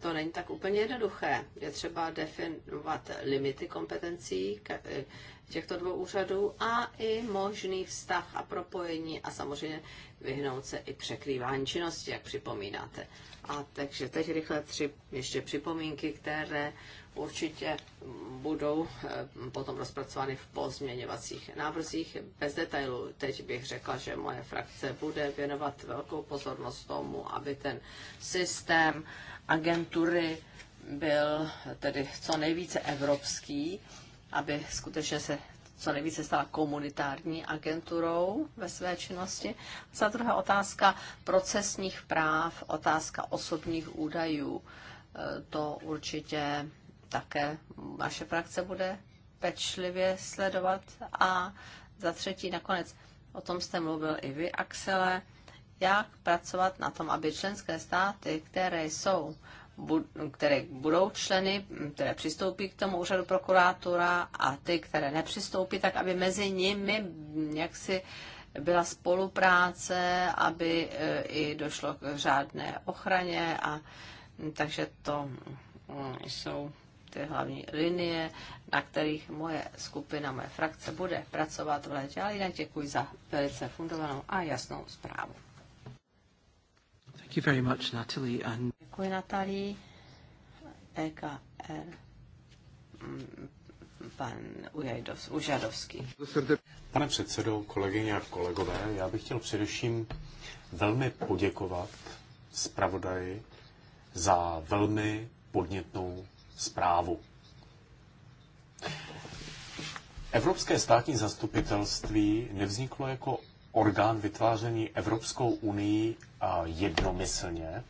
Speaker 3: to není tak úplně jednoduché. Je třeba definovat limity kompetencí eh, těchto dvou úřadů a i možný vztah a propojení a samozřejmě vyhnout se i překrývání činnosti, jak připomínáte. A takže teď rychle tři ještě připomínky, které určitě budou eh, potom rozpracovány v pozměňovacích návrzích. Bez detailu teď bych řekla, že moje frakce bude věnovat velkou pozornost tomu, aby ten systém agentury byl tedy co nejvíce evropský, aby skutečně se co nejvíce stala komunitární agenturou ve své činnosti. Za druhé otázka procesních práv, otázka osobních údajů. Eh, to určitě také vaše frakce bude pečlivě sledovat. A za třetí nakonec, o tom jste mluvil i vy, Axele, jak pracovat na tom, aby členské státy, které jsou které budou členy, které přistoupí k tomu úřadu prokurátora a ty, které nepřistoupí, tak aby mezi nimi jaksi byla spolupráce, aby e, i došlo k řádné ochraně a takže to mm, jsou ty hlavní linie, na kterých moje skupina, moje frakce bude pracovat v létě. Ale jinak děkuji za velice fundovanou a jasnou zprávu.
Speaker 1: Thank you very much, Natalie. And...
Speaker 3: Děkuji, Natalie. EKR. Mm, pan Ujajdov, Užadovský.
Speaker 2: Pane předsedo, kolegyně a kolegové, já bych chtěl především velmi poděkovat zpravodaji za velmi podnětnou zprávu. Evropské státní zastupitelství nevzniklo jako orgán vytváření Evropskou unii jednomyslně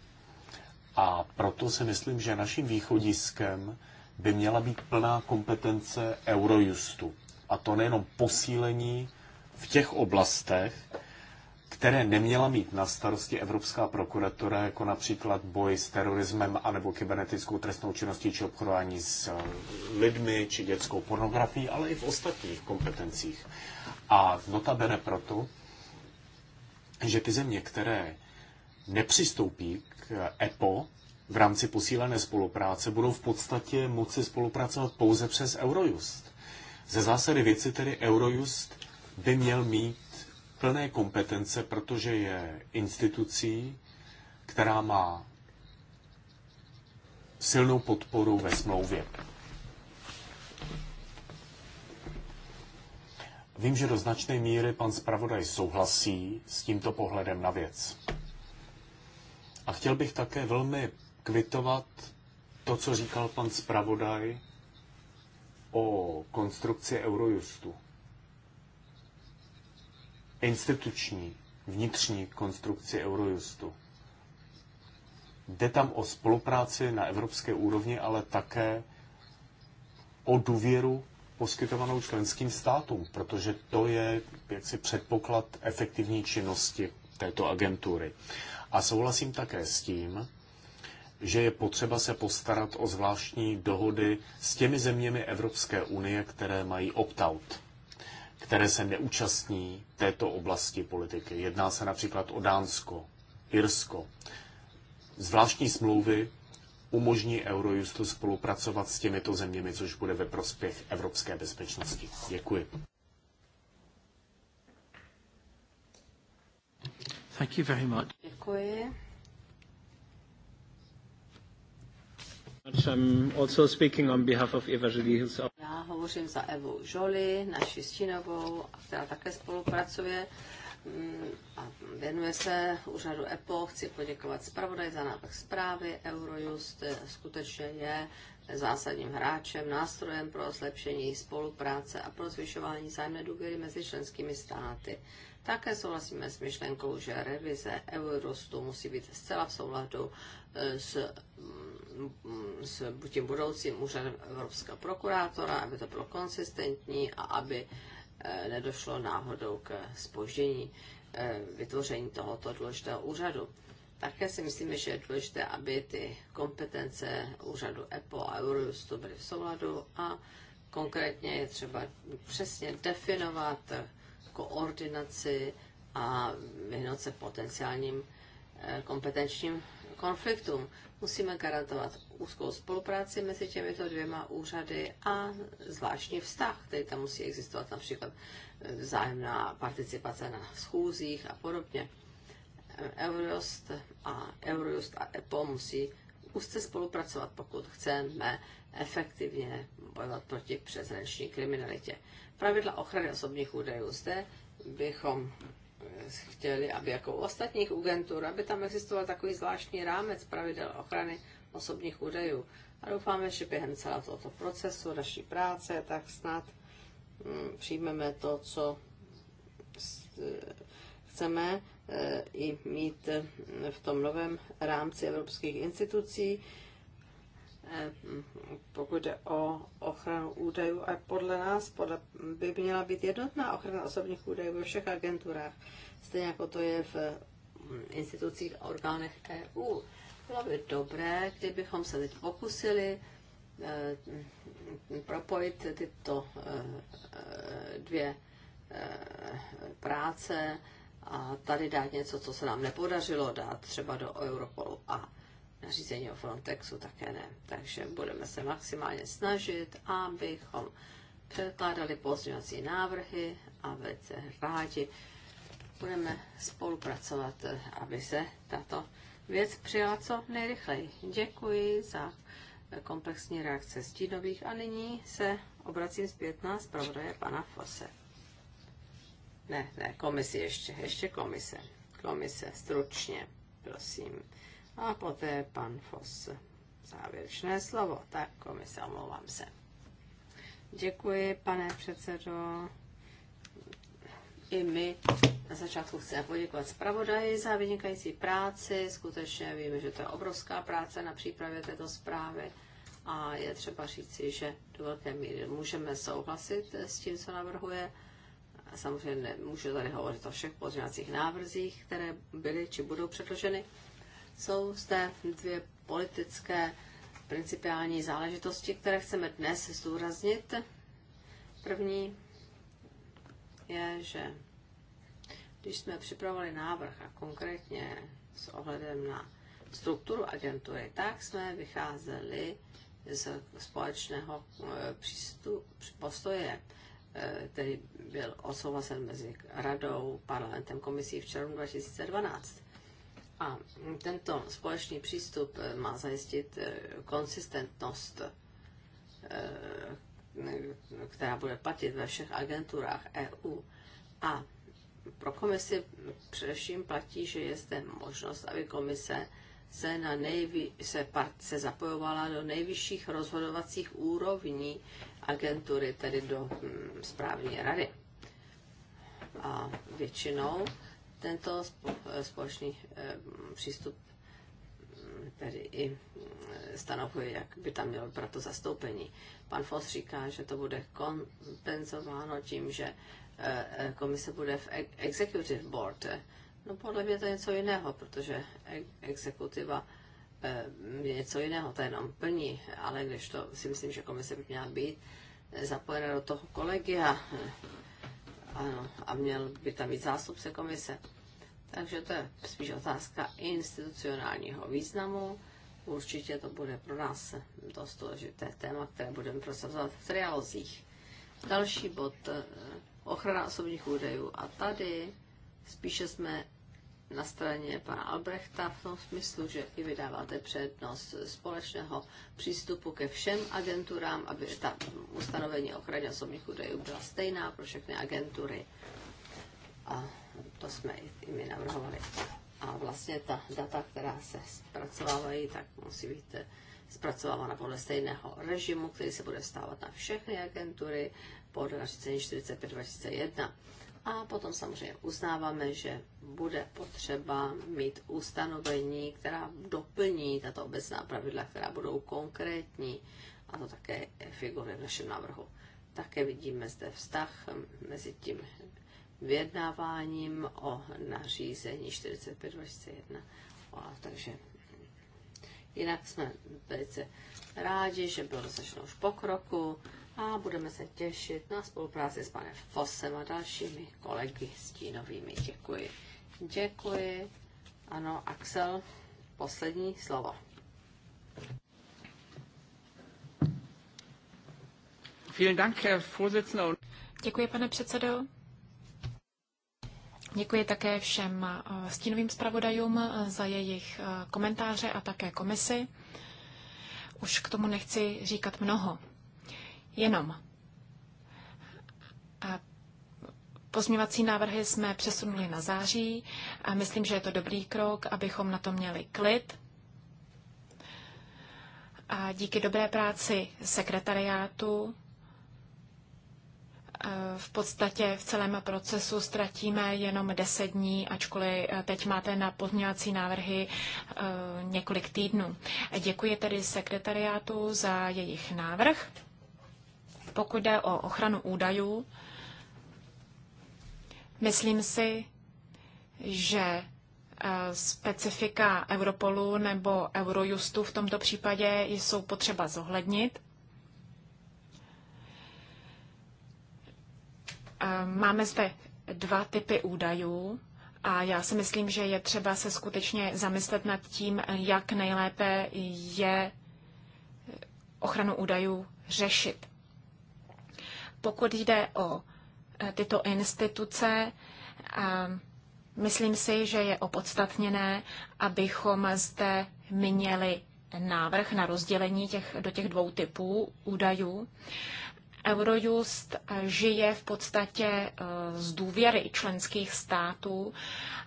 Speaker 2: a proto si myslím, že naším východiskem by měla být plná kompetence Eurojustu. A to nejenom posílení v těch oblastech, které neměla mít na starosti Evropská prokuratura, jako například boj s terorismem anebo kybernetickou trestnou činností či obchodování s eh, lidmi či dětskou pornografií, ale i v ostatních kompetencích. A notabene proto, že ty země, které nepřistoupí k EPO v rámci posílené spolupráce, budou v podstatě moci spolupracovat pouze přes Eurojust. Ze zásady věci tedy Eurojust by měl mít plné kompetence, protože je institucí, která má silnou podporu ve smlouvě. Vím, že do značné míry pan zpravodaj souhlasí s tímto pohledem na věc. A chtěl bych také velmi kvitovat to, co říkal pan zpravodaj o konstrukci Eurojustu instituční vnitřní konstrukci Eurojustu. Jde tam o spolupráci na evropské úrovni, ale také o důvěru poskytovanou členským státům, protože to je jaksi předpoklad efektivní činnosti této agentury. A souhlasím také s tím, že je potřeba se postarat o zvláštní dohody s těmi zeměmi Evropské unie, které mají opt-out které se neúčastní této oblasti politiky. Jedná se například o Dánsko, Irsko. Zvláštní smlouvy umožní Eurojustu spolupracovat s těmito zeměmi, což bude ve prospěch evropské bezpečnosti. Děkuji.
Speaker 1: Thank you very much.
Speaker 3: Děkuji. Já hovořím za Evu Žoli, naši stínovou, která také spolupracuje mm, a věnuje se úřadu EPO. Chci poděkovat zpravodaj za návrh zprávy. Eurojust eh, skutečně je zásadním hráčem, nástrojem pro zlepšení spolupráce a pro zvyšování zájemné důvěry mezi členskými státy. Také souhlasíme s myšlenkou, že revize Eurostu musí být zcela v souladu eh, s mm, s tím budoucím úřadem Evropského prokurátora, aby to bylo konsistentní a aby eh, nedošlo náhodou k spoždění eh, vytvoření tohoto důležitého úřadu. Také si myslíme, že je důležité, aby ty kompetence úřadu EPO a Eurojustu byly v souladu a konkrétně je třeba přesně definovat koordinaci a vyhnout se potenciálním eh, kompetenčním konfliktům. Musíme garantovat úzkou spolupráci mezi těmito dvěma úřady a zvláštní vztah, který tam musí existovat, například vzájemná participace na schůzích a podobně. Eurojust a Eurojust a EPO musí úzce spolupracovat, pokud chceme efektivně bojovat proti přeshraniční kriminalitě. Pravidla ochrany osobních údajů zde bychom chtěli, aby jako u ostatních agentur, aby tam existoval takový zvláštní rámec pravidel ochrany osobních údajů. A doufáme, že během celého tohoto procesu naší práce, tak snad mm, přijmeme to, co eh, chceme eh, i mít mm, v tom novém rámci evropských institucí, Eh, pokud jde o ochranu údajů. A podle nás podle, by měla být jednotná ochrana osobních údajů ve všech agenturách, stejně jako to je v mm, institucích a orgánech EU. Bylo by dobré, kdybychom se teď pokusili eh, propojit tyto eh, dvě práce a tady dát něco, co se nám nepodařilo dát třeba do Europolu a řízení o Frontexu také ne. Takže budeme se maximálně snažit, abychom předkládali pozměňovací návrhy a velice rádi budeme spolupracovat, aby se tato věc přijala co nejrychleji. Děkuji za komplexní reakce stínových a nyní se obracím zpět na zpravodaje pana Fose. Ne, ne, komisi ještě, ještě komise. Komise, stručně, prosím. A poté pan Foss. Závěrečné slovo. Tak, komise, omlouvám se. Děkuji, pane předsedo. I my na začátku chceme poděkovat zpravodaji za vynikající práci. Skutečně víme, že to je obrovská práce na přípravě této zprávy a je třeba říci, že do velké míry můžeme souhlasit s tím, co navrhuje. Samozřejmě nemůžu tady hovořit o všech pozměňovacích návrzích, které byly či budou předloženy. Jsou zde dvě politické principiální záležitosti, které chceme dnes zdůraznit. První je, že když jsme připravovali návrh a konkrétně s ohledem na strukturu agentury, tak jsme vycházeli z společného eh, přístupu, postoje, eh, který byl odsouhlasen mezi radou, parlamentem, komisí v červnu 2012. A tento společný přístup eh, má zajistit eh, konsistentnost, eh, která bude platit ve všech agenturách EU. A pro komisi především platí, že je zde možnost, aby komise se, na nejvy, se, part, se zapojovala do nejvyšších rozhodovacích úrovní agentury, tedy do hm, správní rady. A většinou tento eh, společný eh, přístup mm, tedy i eh, stanovuje, jak by tam mělo to zastoupení. Pan Foss říká, že to bude kompenzováno tím, že komise bude v executive board. No podle mě to je něco jiného, protože exekutiva je něco jiného, to jenom plní, ale když to si myslím, že komise by měla být zapojena do toho kolegia, ano, a měl by tam být zástupce komise. Takže to je spíš otázka institucionálního významu. Určitě to bude pro nás dost důležité téma, které budeme prosazovat v trialozích. Další bod, eh, ochrana osobních údajů. A tady spíše jsme na straně pana Albrechta v tom smyslu, že i vydáváte přednost společného přístupu ke všem agenturám, aby ta ustanovení ochrany osobních údajů byla stejná pro všechny agentury. A to jsme i my navrhovali. A vlastně ta data, která se zpracovávají, tak musí být eh, zpracovávána podle stejného režimu, který se bude stávat na všechny agentury podle nařízení 45 2001 a potom samozřejmě uznáváme, že bude potřeba mít ustanovení, která doplní tato obecná pravidla, která budou konkrétní. A to také figuruje v našem návrhu. Také vidíme zde vztah mezi tím vyjednáváním o nařízení 45.21. Takže jinak jsme velice rádi, že bylo dosaženo už pokroku a budeme se těšit na spolupráci s panem Fosem a dalšími kolegy stínovými. Děkuji. Děkuji. Ano, Axel, poslední
Speaker 1: slovo. Vielen Dank, Herr Vorsitzender. Děkuji, pane předsedo. Děkuji také všem eh, stínovým zpravodajům eh, za jejich eh, komentáře a také komisi. Už k tomu nechci říkat mnoho jenom. A pozměvací návrhy jsme přesunuli na září a myslím, že je to dobrý krok, abychom na to měli klid. A díky dobré práci sekretariátu eh, v podstatě v celém procesu ztratíme jenom 10 dní, ačkoliv eh, teď máte na pozměňovací návrhy eh, několik týdnů. Děkuji tedy sekretariátu za jejich návrh. Pokud jde o ochranu údajů, myslím si, že eh, specifika Europolu nebo Eurojustu v tomto případě jsou potřeba zohlednit. Eh, máme zde dva typy údajů a já si myslím, že je třeba se skutečně zamyslet nad tím, jak nejlépe je ochranu údajů řešit. Pokud jde o eh, tyto instituce, eh, myslím si, že je opodstatněné, abychom zde měli návrh na rozdělení těch, do těch dvou typů údajů. Eurojust žije v podstatě eh, z důvěry členských států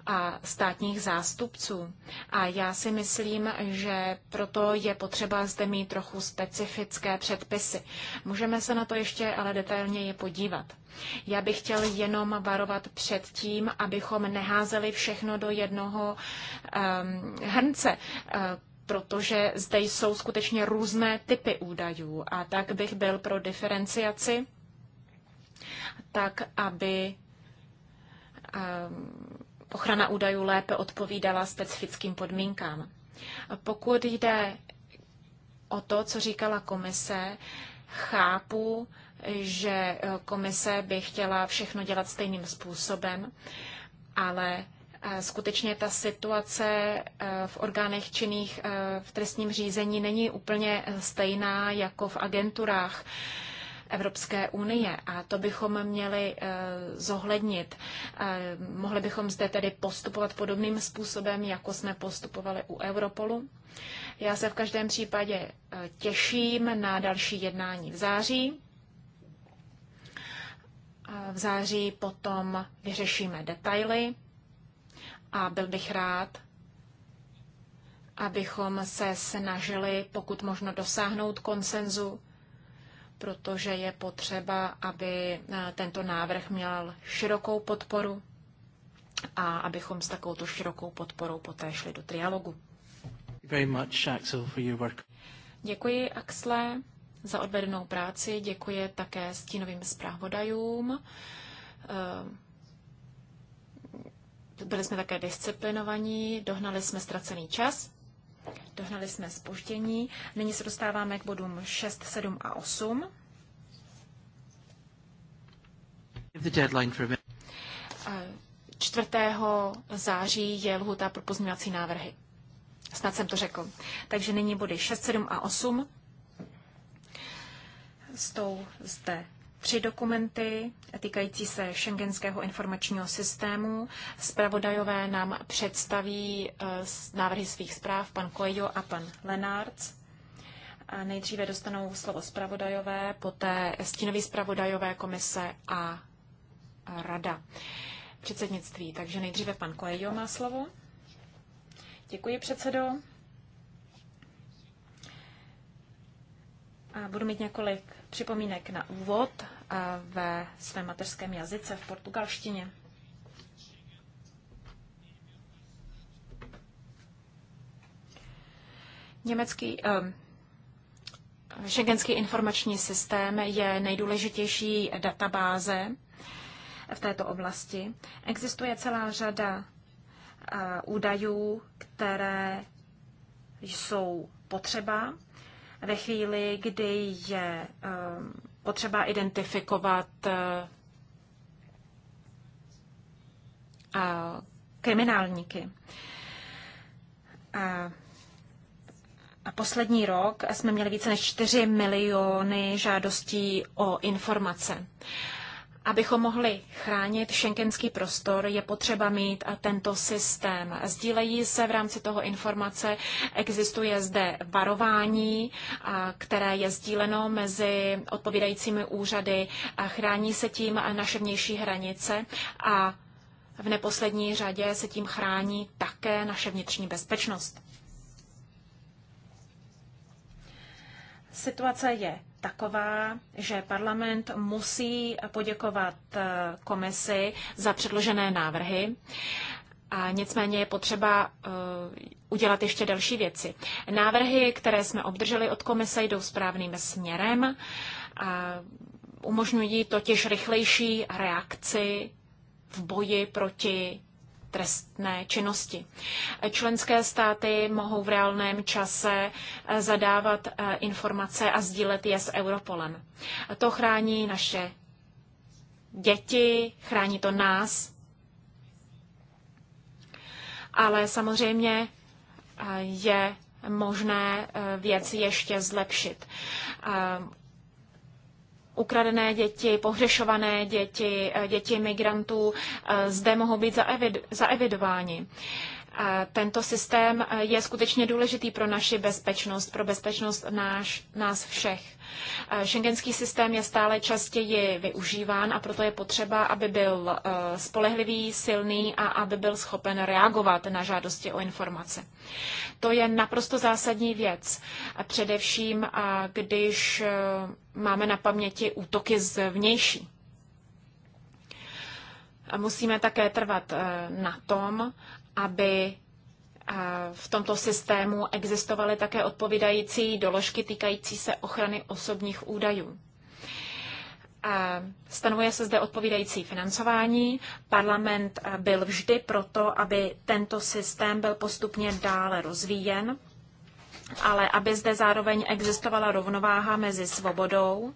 Speaker 1: a státních zástupců. A já si myslím, že proto je potřeba zde mít trochu specifické předpisy. Můžeme se na to ještě ale detailněji podívat. Já bych chtěl jenom varovat před tím, abychom neházeli všechno do jednoho um, hrnce. Eh, protože zde jsou skutečně různé typy údajů a tak bych byl pro diferenciaci, tak aby eh, ochrana údajů lépe odpovídala specifickým podmínkám. Pokud jde o to, co říkala komise, chápu, že komise by chtěla všechno dělat stejným způsobem, ale skutečně ta situace eh, v orgánech činných eh, v trestním řízení není úplně eh, stejná jako v agenturách. Evropské unie a to bychom měli zohlednit. Mohli bychom zde tedy postupovat podobným způsobem, jako jsme postupovali u Europolu. Já se v každém případě těším na další jednání v září. V září potom vyřešíme detaily a byl bych rád, abychom se snažili pokud možno dosáhnout konsenzu, protože je potřeba, aby eh, tento návrh měl širokou podporu a abychom s takovouto širokou podporou poté šli do trialogu. Very much, Axel, for your work. Děkuji, Axle, za odvedenou práci. Děkuji také stínovým zpravodajům eh, byli jsme také disciplinovaní, dohnali jsme ztracený čas, dohnali jsme spoždění. Nyní se dostáváme k bodům 6, 7 a 8. A 4. září je lhuta pro pozměňovací návrhy. Snad jsem to řekl. Takže nyní body 6, 7 a 8 s tou zde tři dokumenty týkající se šengenského informačního systému. Spravodajové nám představí eh, návrhy svých zpráv pan Kojo a pan Lenárc. A nejdříve dostanou slovo spravodajové, poté stínový spravodajové komise a rada předsednictví. Takže nejdříve pan Coelho má slovo. Děkuji předsedo. Budu mít několik připomínek na úvod ve svém mateřském jazyce v portugalštině. Německý eh, informační systém je nejdůležitější databáze v této oblasti. Existuje celá řada eh, údajů, které jsou potřeba ve chvíli, kdy je um, potřeba identifikovat uh, kriminálníky. A poslední rok jsme měli více než 4 miliony žádostí o informace. Abychom mohli chránit šenkenský prostor, je potřeba mít tento systém. Sdílejí se v rámci toho informace, existuje zde varování, které je sdíleno mezi odpovídajícími úřady, chrání se tím naše vnější hranice a v neposlední řadě se tím chrání také naše vnitřní bezpečnost. Situace je taková, že parlament musí poděkovat eh, komisi za předložené návrhy. A nicméně je potřeba eh, udělat ještě další věci. Návrhy, které jsme obdrželi od komise, jdou správným směrem. A umožňují totiž rychlejší reakci v boji proti trestné činnosti. Členské státy mohou v reálném čase eh, zadávat eh, informace a sdílet je s Europolem. To chrání naše děti, chrání to nás, ale samozřejmě eh, je možné věci ještě zlepšit ukradené děti, pohřešované děti, eh, děti migrantů eh, zde mohou být zaevidováni. Eh, tento systém je skutečně důležitý pro naši bezpečnost, pro bezpečnost náš, nás všech. Eh, Schengenský systém je stále častěji využíván a proto je potřeba, aby byl eh, spolehlivý, silný a aby byl schopen reagovat na žádosti o informace. To je naprosto zásadní věc, a především eh, když máme na paměti útoky zvnější. vnější. musíme také trvat na tom, aby v tomto systému existovaly také odpovídající doložky týkající se ochrany osobních údajů. Stanovuje se zde odpovídající financování. Parlament byl vždy proto, aby tento systém byl postupně dále rozvíjen, ale aby zde zároveň existovala rovnováha mezi svobodou,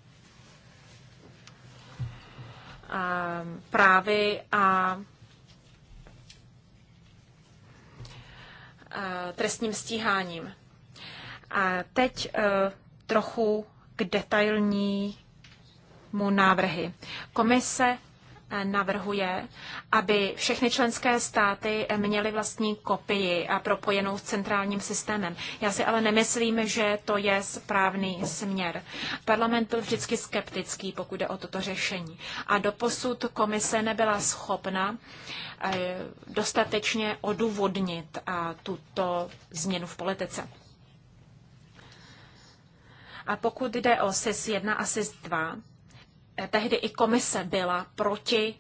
Speaker 1: právy a trestním stíháním. A teď e, trochu k detailnímu návrhy. Komise navrhuje, aby všechny členské státy měly vlastní kopii a propojenou s centrálním systémem. Já si ale nemyslím, že to je správný směr. Parlament byl vždycky skeptický, pokud jde o toto řešení. A doposud komise nebyla schopna eh, dostatečně odůvodnit eh, tuto změnu v politice. A pokud jde o SIS 1 e a SIS 2, e Eh, tehdy i komise byla proti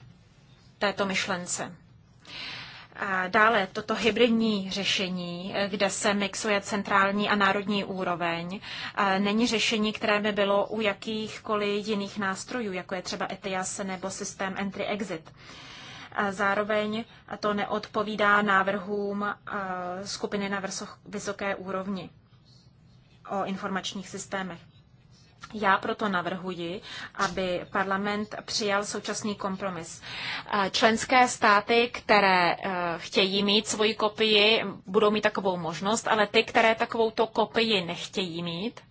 Speaker 1: této myšlence. A dále toto hybridní řešení, eh, kde se mixuje centrální a národní úroveň, není řešení, které by bylo u jakýchkoliv jiných nástrojů, jako je třeba ETIAS nebo systém Entry-Exit. Zároveň to neodpovídá návrhům eh, skupiny na vysoké úrovni o informačních systémech. Já proto navrhuji, aby parlament přijal současný kompromis. Eh, členské státy, které eh, chtějí mít svoji kopii, budou mít takovou možnost, ale ty, které takovouto kopii nechtějí mít,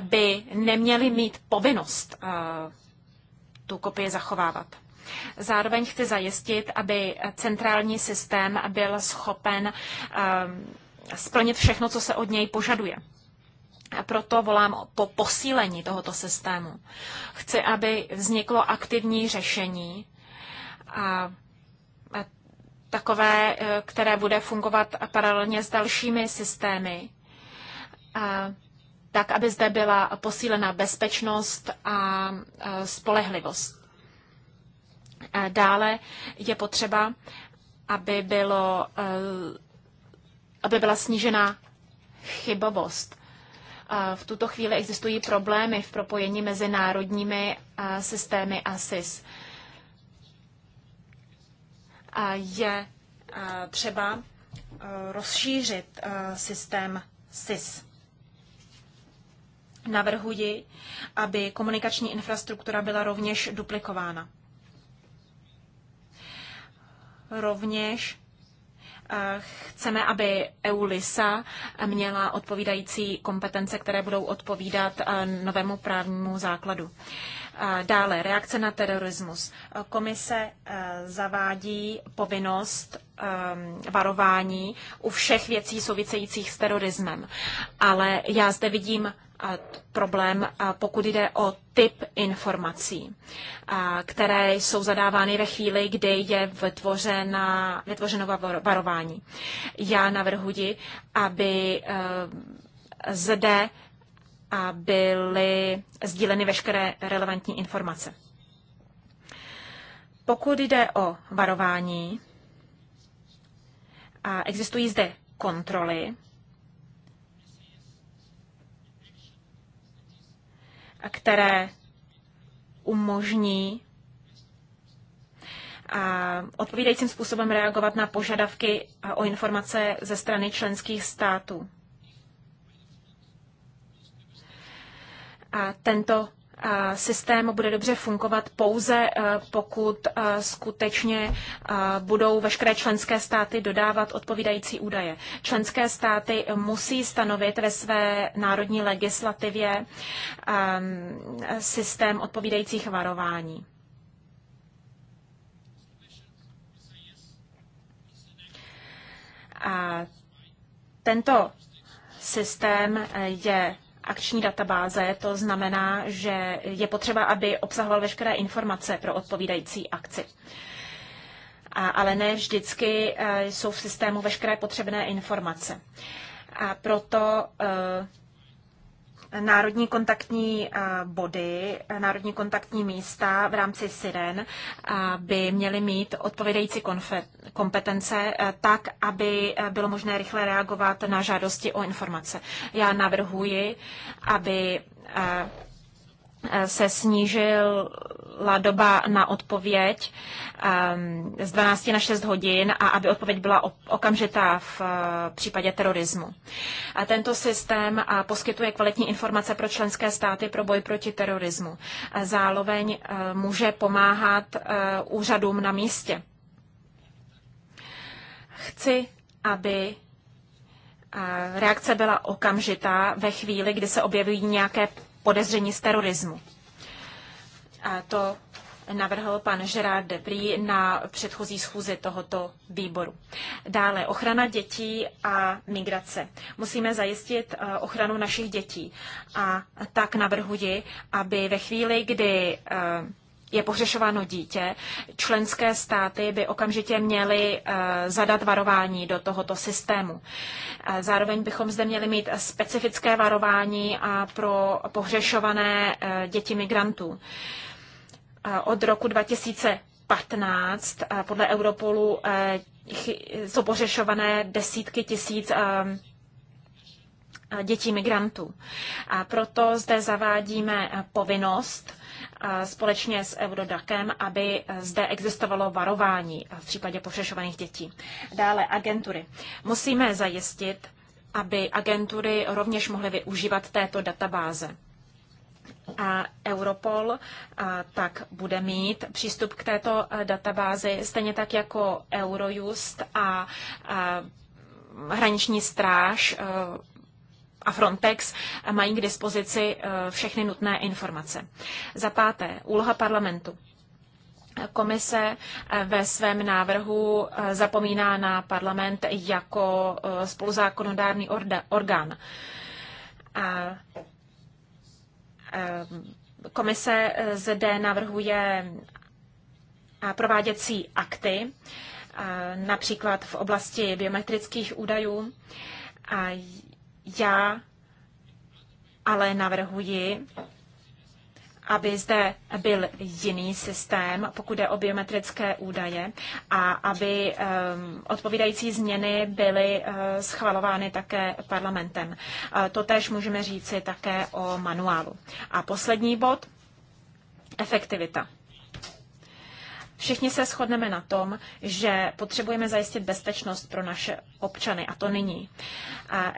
Speaker 1: by neměly mít povinnost eh, tu kopii zachovávat. Zároveň chci zajistit, aby centrální systém byl schopen splnit všechno, co se od něj požaduje a proto volám po posílení tohoto systému. Chci, aby vzniklo aktivní řešení, a, a takové, e, které bude fungovat paralelně s dalšími systémy, a, tak aby zde byla posílena bezpečnost a, a spolehlivost. A dále je potřeba, aby, bylo, e, aby byla snížena chybovost v tuto chvíli existují problémy v propojení mezi národními systémy a SIS. je třeba rozšířit systém SIS. Navrhuji, aby komunikační infrastruktura byla rovněž duplikována. Rovněž Chceme, aby EULISA měla odpovídající kompetence, které budou odpovídat e, novému právnímu základu. E, dále, reakce na terorismus. E, komise zavádí povinnost varování u všech věcí souvisejících s terorismem. Ale já zde vidím problém, pokud jde o typ informací, které jsou zadávány ve chvíli, kdy je vytvořena, vytvořeno varování. Já navrhuji, aby eh, zde byly sdíleny veškeré relevantní informace. Pokud jde o varování, existují zde kontroly, a které umožní a odpovídajícím způsobem reagovat na požadavky o informace ze strany členských států. A tento systém bude dobře fungovat pouze, eh, pokud eh, skutečně eh, budou veškeré členské státy dodávat odpovídající údaje. Členské státy musí stanovit ve své národní legislativě ehm, systém odpovídajících varování. A tento systém je akční databáze, to znamená, že je potřeba, aby obsahoval veškeré informace pro odpovídající akci. A, ale ne vždycky eh, jsou v systému veškeré potřebné informace. A proto eh, národní kontaktní eh, body, národní kontaktní místa v rámci SIREN eh, by měly mít odpovědející kompetence eh, tak, aby bylo možné rychle reagovat na žádosti o informace. Já navrhuji, aby Eh, se snížila doba na odpověď ehm, z 12 na 6 hodin a aby odpověď byla okamžitá v eh, případě terorismu. A tento systém eh, poskytuje kvalitní informace pro členské státy pro boj proti terorismu. Zároveň může pomáhat úřadům na místě. Chci, aby reakce byla okamžitá ve chvíli, kdy se objeví nějaké podezření z terorismu. A to navrhl pan Gerard Debrý na předchozí schůzi tohoto výboru. Dále ochrana dětí a migrace. Musíme zajistit eh, ochranu našich dětí. A tak navrhuji, aby ve chvíli, kdy eh, je pohřešováno dítě, členské státy by okamžitě měly eh, zadat varování do tohoto systému. Eh, zároveň bychom zde měli mít specifické varování a pro pohřešované eh, děti migrantů. Od roku 2015 podle Europolu jsou pohřešované desítky tisíc dětí migrantů. A proto zde zavádíme povinnost, společně s Eurodakem, aby zde existovalo varování v případě pošešovaných dětí. Dále agentury. Musíme zajistit, aby agentury rovněž mohly využívat této databáze. A Europol a tak bude mít přístup k této databázi, stejně tak jako Eurojust a, a hraniční stráž a Frontex mají k dispozici eh, všechny nutné informace. Za páté, úloha parlamentu. Komise eh, ve svém návrhu eh, zapomíná na parlament jako spoluzákonodárný orgán. A komise zde navrhuje prováděcí akty, například v oblasti biometrických údajů. A já ale navrhuji, aby zde byl jiný systém, pokud jde o biometrické údaje, a aby um, odpovídající změny byly uh, schvalovány také parlamentem. Uh, eh, totež můžeme říci také o manuálu. A poslední bod, efektivita. Všichni se shodneme na tom, že potřebujeme zajistit bezpečnost pro naše občany a to nyní.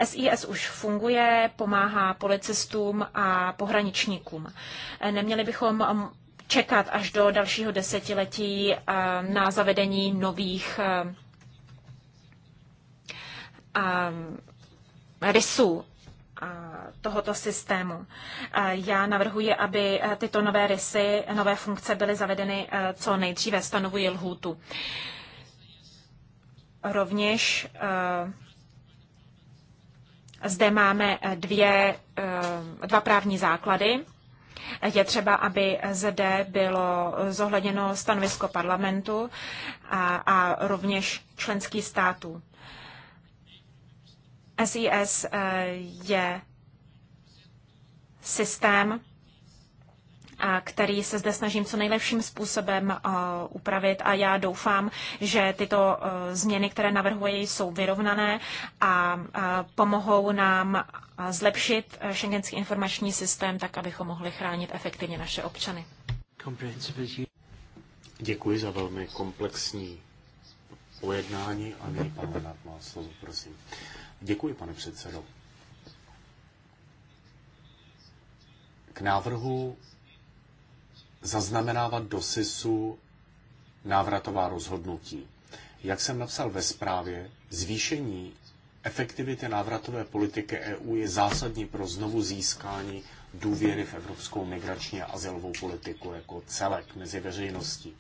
Speaker 1: SIS už funguje, pomáhá policistům a pohraničníkům. Neměli bychom um, čekat až do dalšího desetiletí uh, na zavedení nových uh, um, rysů tohoto systému. Já navrhuji, aby e, tyto nové rysy, nové funkce byly zavedeny e, co nejdříve, stanovuji lhůtu. Rovněž e, zde máme dvě, dva právní základy. Je třeba, aby zde bylo zohledněno stanovisko parlamentu a, a rovněž členských států. SIS eh, je systém, eh, který se zde snažím co nejlepším způsobem eh, upravit a já doufám, že tyto změny, které navrhuji, jsou vyrovnané a pomohou nám zlepšit šengenský informační systém tak, abychom mohli chránit efektivně naše občany.
Speaker 2: Děkuji za velmi komplexní pojednání a nyní má slovo, prosím. Děkuji, pane předsedo. K návrhu zaznamenávat do SISu návratová rozhodnutí. Jak jsem napsal ve zprávě, zvýšení efektivity návratové politiky EU je zásadní pro znovu získání důvěry v evropskou migrační a azylovou politiku jako celek mezi veřejností.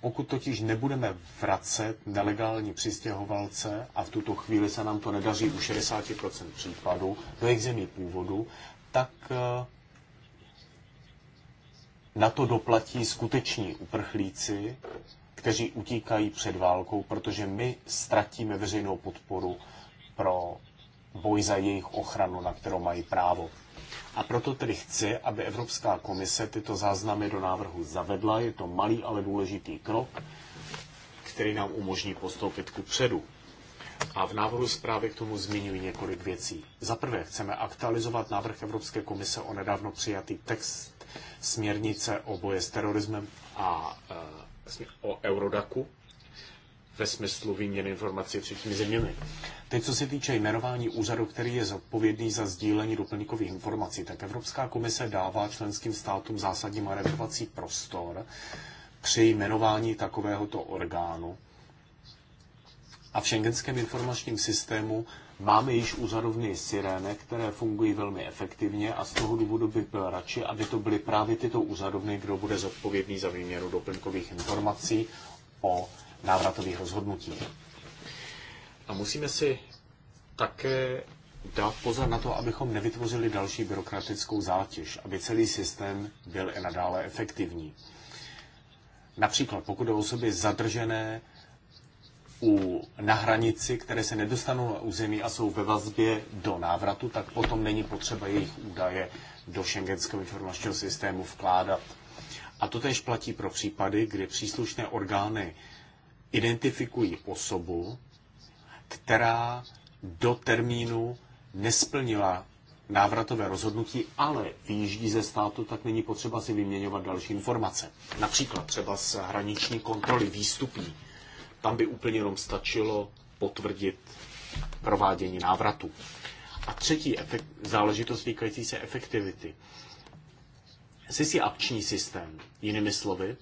Speaker 2: Pokud totiž nebudeme vracet nelegální přistěhovalce, a v tuto chvíli se nám to nedaří u 60% případů do jejich zemí původu, tak eh, na to doplatí skuteční uprchlíci, kteří utíkají před válkou, protože my ztratíme veřejnou podporu pro boj za jejich ochranu, na kterou mají právo. A proto tedy chci, aby Evropská komise tyto záznamy do návrhu zavedla. Je to malý, ale důležitý krok, který nám umožní postoupit ku předu. A v návrhu zprávy k tomu zmiňuji několik věcí. Za prvé, chceme aktualizovat návrh Evropské komise o nedávno přijatý text směrnice o boje s terorismem a e, o Eurodaku ve smyslu výměny informací třetími zeměmi. Teď, co se týče jmenování úřadu, který je zodpovědný za sdílení doplňkových informací, tak Evropská komise dává členským státům zásadní manevrovací prostor při jmenování takovéhoto orgánu. A v šengenském informačním systému máme již úřadovny Sirene, které fungují velmi efektivně a z toho důvodu bych byl radši, aby to byly právě tyto úřadovny, kdo bude zodpovědný za výměru doplňkových informací o návratových rozhodnutí. A musíme si také dát pozor na to, abychom nevytvořili další byrokratickou zátěž, aby celý systém byl i nadále efektivní. Například pokud o osoby zadržené u, na hranici, které se nedostanou na území a jsou ve vazbě do návratu, tak potom není potřeba jejich údaje do šengenského informačního systému vkládat. A to tež platí pro případy, kdy příslušné orgány identifikují osobu, která do termínu nesplnila návratové rozhodnutí, ale výjíždí ze státu, tak není potřeba si vyměňovat další informace. Například třeba z hraniční kontroly výstupí. Tam by úplně jenom stačilo potvrdit provádění návratu. A třetí efekt, záležitost týkající se efektivity. SISI akční systém. Jinými slovy,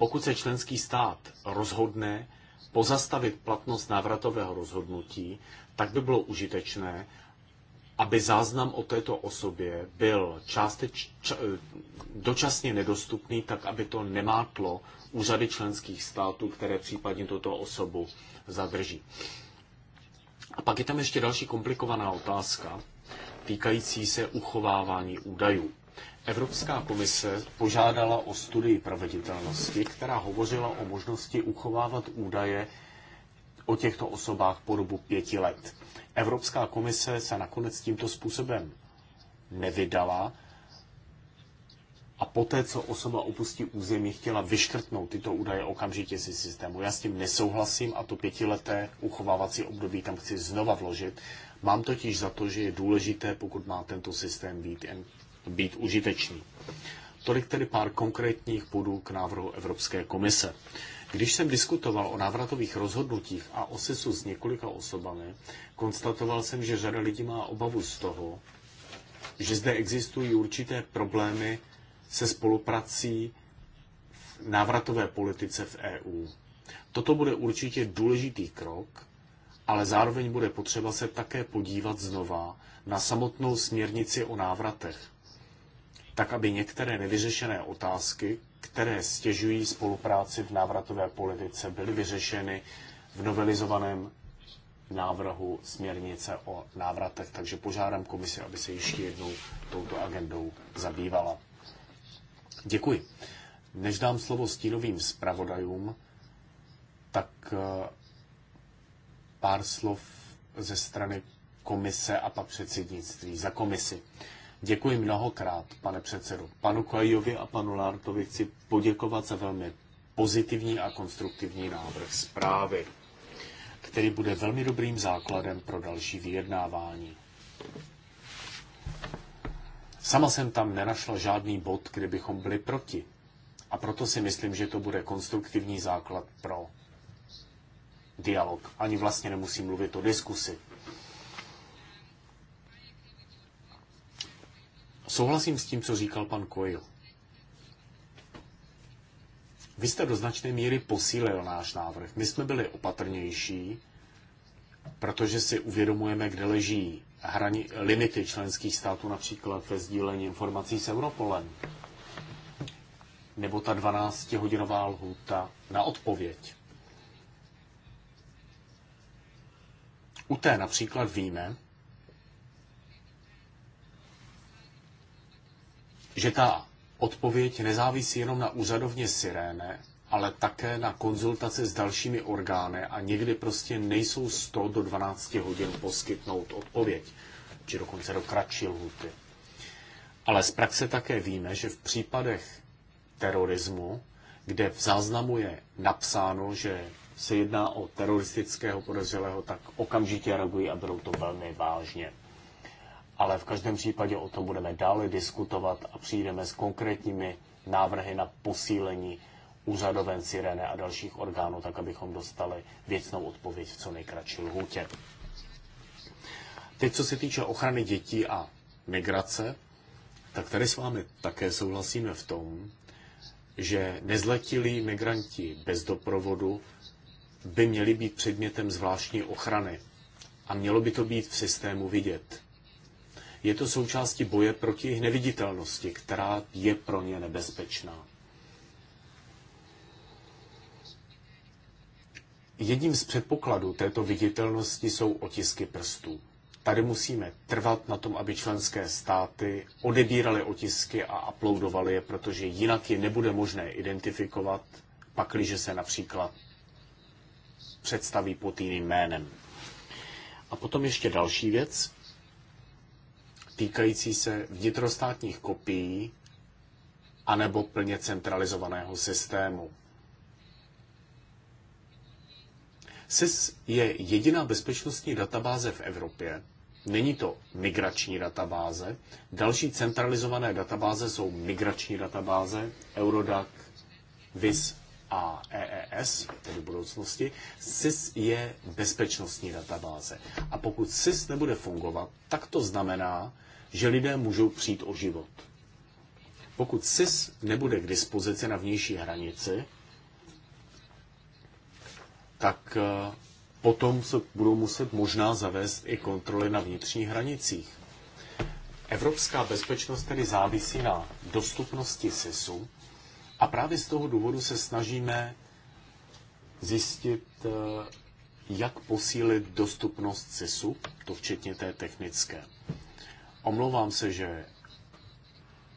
Speaker 2: pokud se členský stát rozhodne pozastavit platnost návratového rozhodnutí, tak by bylo užitečné, aby záznam o této osobě byl částeč, č, eh, dočasně nedostupný, tak aby to nemátlo úřady členských států, které případně tuto osobu zadrží. A pak je tam ještě další komplikovaná otázka týkající se uchovávání údajů. Evropská komise požádala o studii proveditelnosti, která hovořila o možnosti uchovávat údaje o těchto osobách po dobu pěti let. Evropská komise se nakonec tímto způsobem nevydala a poté, co osoba opustí území, chtěla vyškrtnout tyto údaje okamžitě si systému. Já s tím nesouhlasím a to pětileté uchovávací období tam chci znova vložit. Mám totiž za to, že je důležité, pokud má tento systém být být užitečný. Tolik tedy pár konkrétních bodů k návrhu Evropské komise. Když jsem diskutoval o návratových rozhodnutích a o sesu s několika osobami, konstatoval jsem, že řada lidí má obavu z toho, že zde existují určité problémy se spoluprací v návratové politice v EU. Toto bude určitě důležitý krok, ale zároveň bude potřeba se také podívat znova na samotnou směrnici o návratech, tak aby některé nevyřešené otázky, které stěžují spolupráci v návratové politice, byly vyřešeny v novelizovaném návrhu směrnice o návratech, takže požádám komisi, aby se ještě jednou touto agendou zabývala. Děkuji. Než dám slovo stínovým zpravodajům, tak eh, pár slov ze strany komise a pak předsednictví za komisi. Děkuji mnohokrát, pane předsedu. Panu Kajovi a panu Lártovi chci poděkovat za velmi pozitivní a konstruktivní návrh zprávy, který bude velmi dobrým základem pro další vyjednávání. Sama jsem tam nenašla žádný bod, kde bychom byli proti. A proto si myslím, že to bude konstruktivní základ pro dialog. Ani vlastně nemusím mluvit o diskusi. Souhlasím s tím, co říkal pan Coil. Vy jste do značné míry posílil náš návrh. My jsme byli opatrnější, protože si uvědomujeme, kde leží hrani, limity členských států, například ve sdílení informací s Europolem, nebo ta 12-hodinová lhůta na odpověď. U té například víme, že ta odpověď nezávisí jenom na úřadovně Siréne, ale také na konzultaci s dalšími orgány a někdy prostě nejsou 100 do 12 hodin poskytnout odpověď, či dokonce do kratší lhuty. Ale z praxe také víme, že v případech terorismu, kde v záznamu je napsáno, že se jedná o teroristického podezřelého, tak okamžitě reagují a berou to velmi vážně ale v každém případě o tom budeme dále diskutovat a přijdeme s konkrétními návrhy na posílení úřadoven Sirene a dalších orgánů, tak abychom dostali věcnou odpověď v co nejkratší lhůtě. Teď, co se týče ochrany dětí a migrace, tak tady s vámi také souhlasíme v tom, že nezletilí migranti bez doprovodu by měli být předmětem zvláštní ochrany a mělo by to být v systému vidět. Je to součástí boje proti jejich neviditelnosti, která je pro ně nebezpečná. Jedním z předpokladů této viditelnosti jsou otisky prstů. Tady musíme trvat na tom, aby členské státy odebíraly otisky a uploadovaly je, protože jinak je nebude možné identifikovat, pakliže se například představí pod jiným jménem. A potom ještě další věc týkající se vnitrostátních kopií anebo plně centralizovaného systému. SIS je jediná bezpečnostní databáze v Evropě. Není to migrační databáze. Další centralizované databáze jsou migrační databáze, Eurodac, VIS a EES, tedy budoucnosti. SIS je bezpečnostní databáze. A pokud SIS nebude fungovat, tak to znamená, že lidé můžou přijít o život. Pokud SIS nebude k dispozici na vnější hranici, tak eh, potom se budou muset možná zavést i kontroly na vnitřních hranicích. Evropská bezpečnost tedy závisí na dostupnosti SISu a právě z toho důvodu se snažíme zjistit, eh, jak posílit dostupnost SISu, to včetně té technické. Omlouvám se, že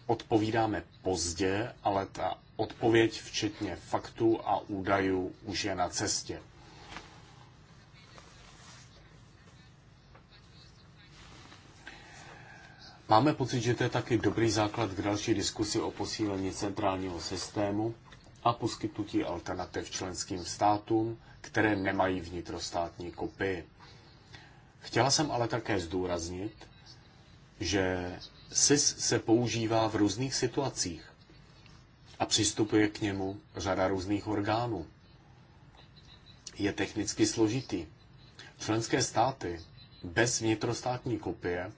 Speaker 2: odpovídáme pozdě, ale ta odpověď včetně faktů a údajů už je na cestě. Máme pocit, že to je taky dobrý základ k další diskusi o posílení centrálního systému a poskytnutí alternativ členským státům, které nemají vnitrostátní kopii. Chtěla jsem ale také zdůraznit, že SIS se používá v různých situacích a přistupuje k němu řada různých orgánů. Je technicky složitý. Členské státy bez vnitrostátní kopie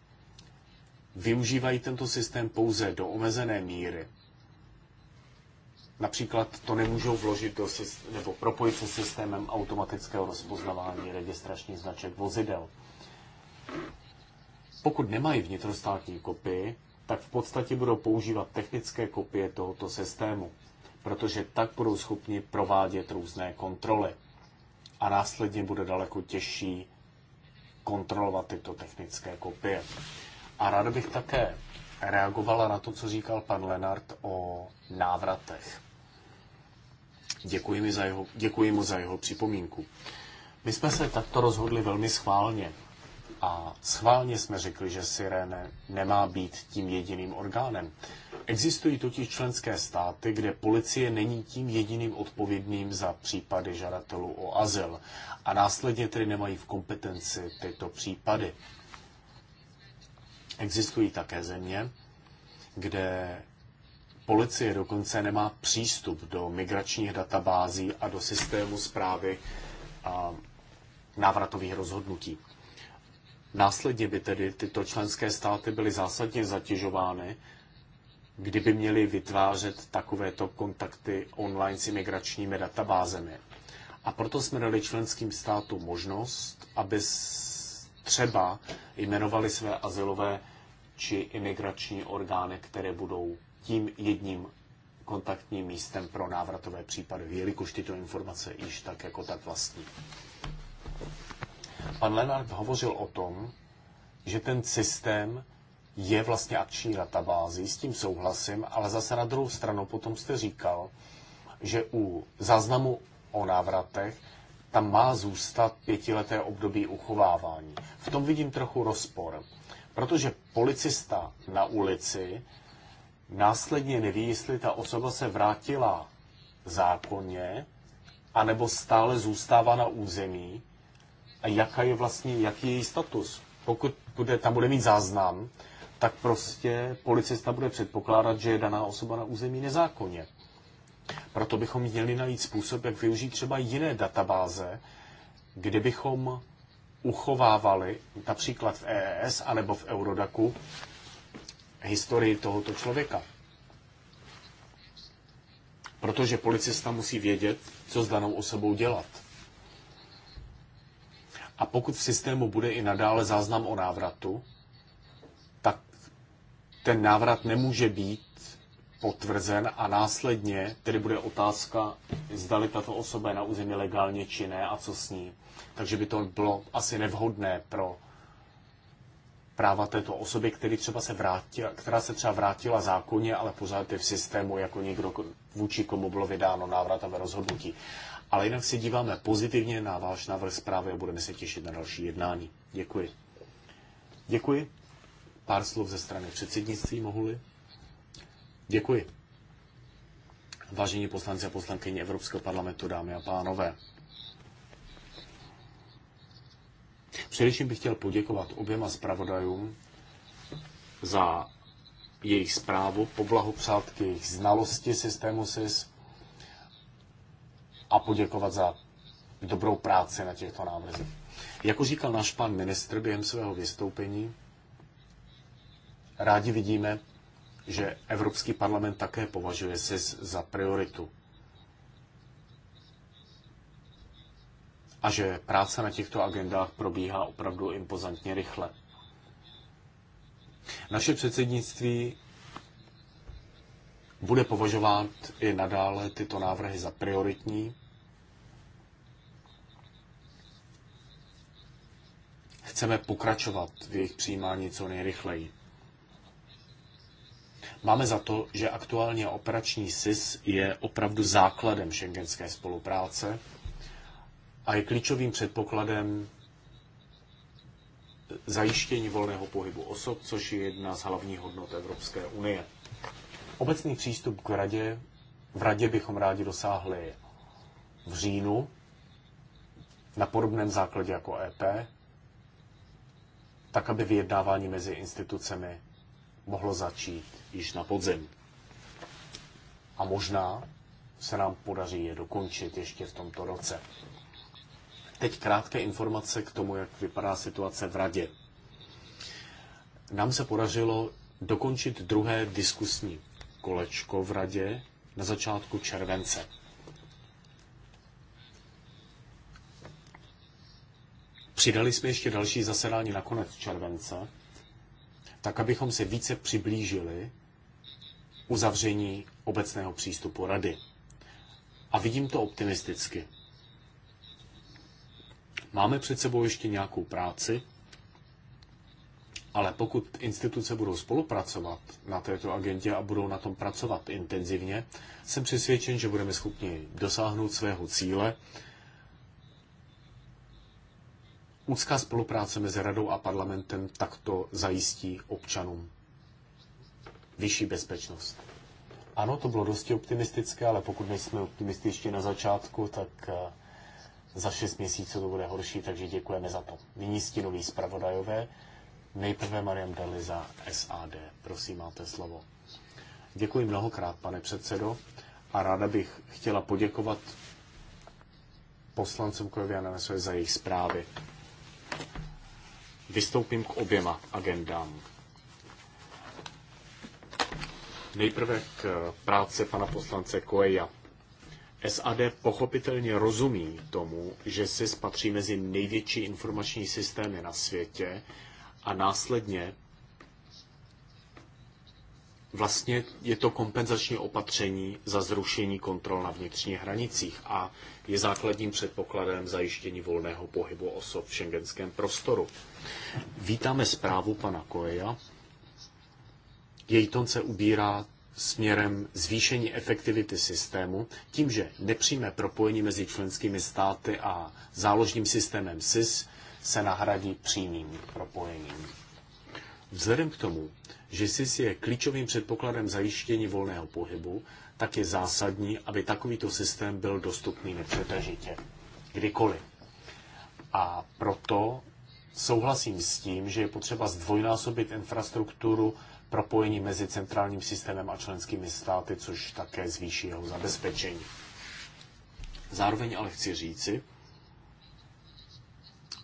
Speaker 2: využívají tento systém pouze do omezené míry. Například to nemůžou vložit do systém, nebo propojit se systémem automatického rozpoznávání registračních značek vozidel pokud nemají vnitrostátní kopii, tak v podstatě budou používat technické kopie tohoto systému, protože tak budou schopni provádět různé kontroly. A následně bude daleko těžší kontrolovat tyto technické kopie. A rád bych také reagovala na to, co říkal pan Lenart o návratech. Děkuji, mi za jeho, děkuji mu za jeho připomínku. My jsme se takto rozhodli velmi schválně, a schválně jsme řekli, že Sirene nemá být tím jediným orgánem. Existují totiž členské státy, kde policie není tím jediným odpovědným za případy žadatelů o azyl a následně tedy nemají v kompetenci tyto případy. Existují také země, kde policie dokonce nemá přístup do migračních databází a do systému zprávy návratových rozhodnutí. Následně by tedy tyto členské státy byly zásadně zatěžovány, kdyby měly vytvářet takovéto kontakty online s imigračními databázemi. A proto jsme dali členským státům možnost, aby třeba jmenovali své azylové či imigrační orgány, které budou tím jedním kontaktním místem pro návratové případy, jelikož tyto informace již tak jako tak vlastní. Pan Lenard hovořil o tom, že ten systém je vlastně akční databází, s tím souhlasím, ale zase na druhou stranu potom jste říkal, že u záznamu o návratech tam má zůstat pětileté období uchovávání. V tom vidím trochu rozpor, protože policista na ulici následně neví, jestli ta osoba se vrátila zákonně, anebo stále zůstává na území, a jaká je vlastně, jaký je její status. Pokud bude, tam bude mít záznam, tak prostě policista bude předpokládat, že je daná osoba na území nezákonně. Proto bychom měli najít způsob, jak využít třeba jiné databáze, kde bychom uchovávali například v EES anebo v Eurodaku historii tohoto člověka. Protože policista musí vědět, co s danou osobou dělat. A pokud v systému bude i nadále záznam o návratu, tak ten návrat nemůže být potvrzen a následně tedy bude otázka, zdali tato osoba je na území legálně či ne a co s ní. Takže by to bylo asi nevhodné pro práva této osoby, který třeba se vrátila, která se třeba vrátila zákonně, ale pořád je v systému jako někdo, vůči komu bylo vydáno návratové rozhodnutí. Ale jinak se díváme pozitivně na váš návrh zprávy a budeme se těšit na další jednání. Děkuji. Děkuji. Pár slov ze strany předsednictví mohli. Děkuji. Vážení poslanci a poslankyně Evropského parlamentu, dámy a pánové. Především bych chtěl poděkovat oběma zpravodajům za jejich zprávu, poblahopřát k jejich znalosti systému SIS a poděkovat za dobrou práci na těchto návrzích. Jako říkal náš pan ministr během svého vystoupení, rádi vidíme, že Evropský parlament také považuje SIS za prioritu a že práce na těchto agendách probíhá opravdu impozantně rychle. Naše předsednictví bude považovat i nadále tyto návrhy za prioritní chceme pokračovat v jejich přijímání co nejrychleji. Máme za to, že aktuálně operační SIS je opravdu základem šengenské spolupráce a je klíčovým předpokladem zajištění volného pohybu osob, což je jedna z hlavních hodnot Evropské unie. Obecný přístup k radě, v radě bychom rádi dosáhli v říjnu na podobném základě jako EP tak aby vyjednávání mezi institucemi mohlo začít již na podzim. A možná se nám podaří je dokončit ještě v tomto roce. Teď krátké informace k tomu, jak vypadá situace v Radě. Nám se podařilo dokončit druhé diskusní kolečko v Radě na začátku července. Přidali jsme ještě další zasedání na konec července, tak abychom se více přiblížili uzavření obecného přístupu rady. A vidím to optimisticky. Máme před sebou ještě nějakou práci, ale pokud instituce budou spolupracovat na této agentě a budou na tom pracovat intenzivně, jsem přesvědčen, že budeme schopni dosáhnout svého cíle Úzká spolupráce mezi radou a parlamentem takto zajistí občanům vyšší bezpečnost. Ano, to bylo dosti optimistické, ale pokud nejsme optimističtí na začátku, tak eh, za šest měsíců to bude horší, takže děkujeme za to. Nyní stínoví zpravodajové. Nejprve Mariam Dali za SAD. Prosím, máte slovo. Děkuji mnohokrát, pane předsedo, a ráda bych chtěla poděkovat poslancům Kojovi a za jejich zprávy. Vystoupím k oběma agendám. Nejprve k eh, práce pana poslance Koeja. SAD pochopitelně rozumí tomu, že SIS patří mezi největší informační systémy na světě a následně vlastně je to kompenzační opatření za zrušení kontrol na vnitřních hranicích a je základním předpokladem zajištění volného pohybu osob v šengenském prostoru. Vítáme zprávu pana Koeja. Její ton se ubírá směrem zvýšení efektivity systému tím, že nepřímé propojení mezi členskými státy a záložním systémem SIS se nahradí přímým propojením. Vzhledem k tomu, že SIS je klíčovým předpokladem zajištění volného pohybu, tak je zásadní, aby takovýto systém byl dostupný nepřetažitě, kdykoliv. A proto souhlasím s tím, že je potřeba zdvojnásobit infrastrukturu propojení mezi centrálním systémem a členskými státy, což také zvýší jeho zabezpečení. Zároveň ale chci říci,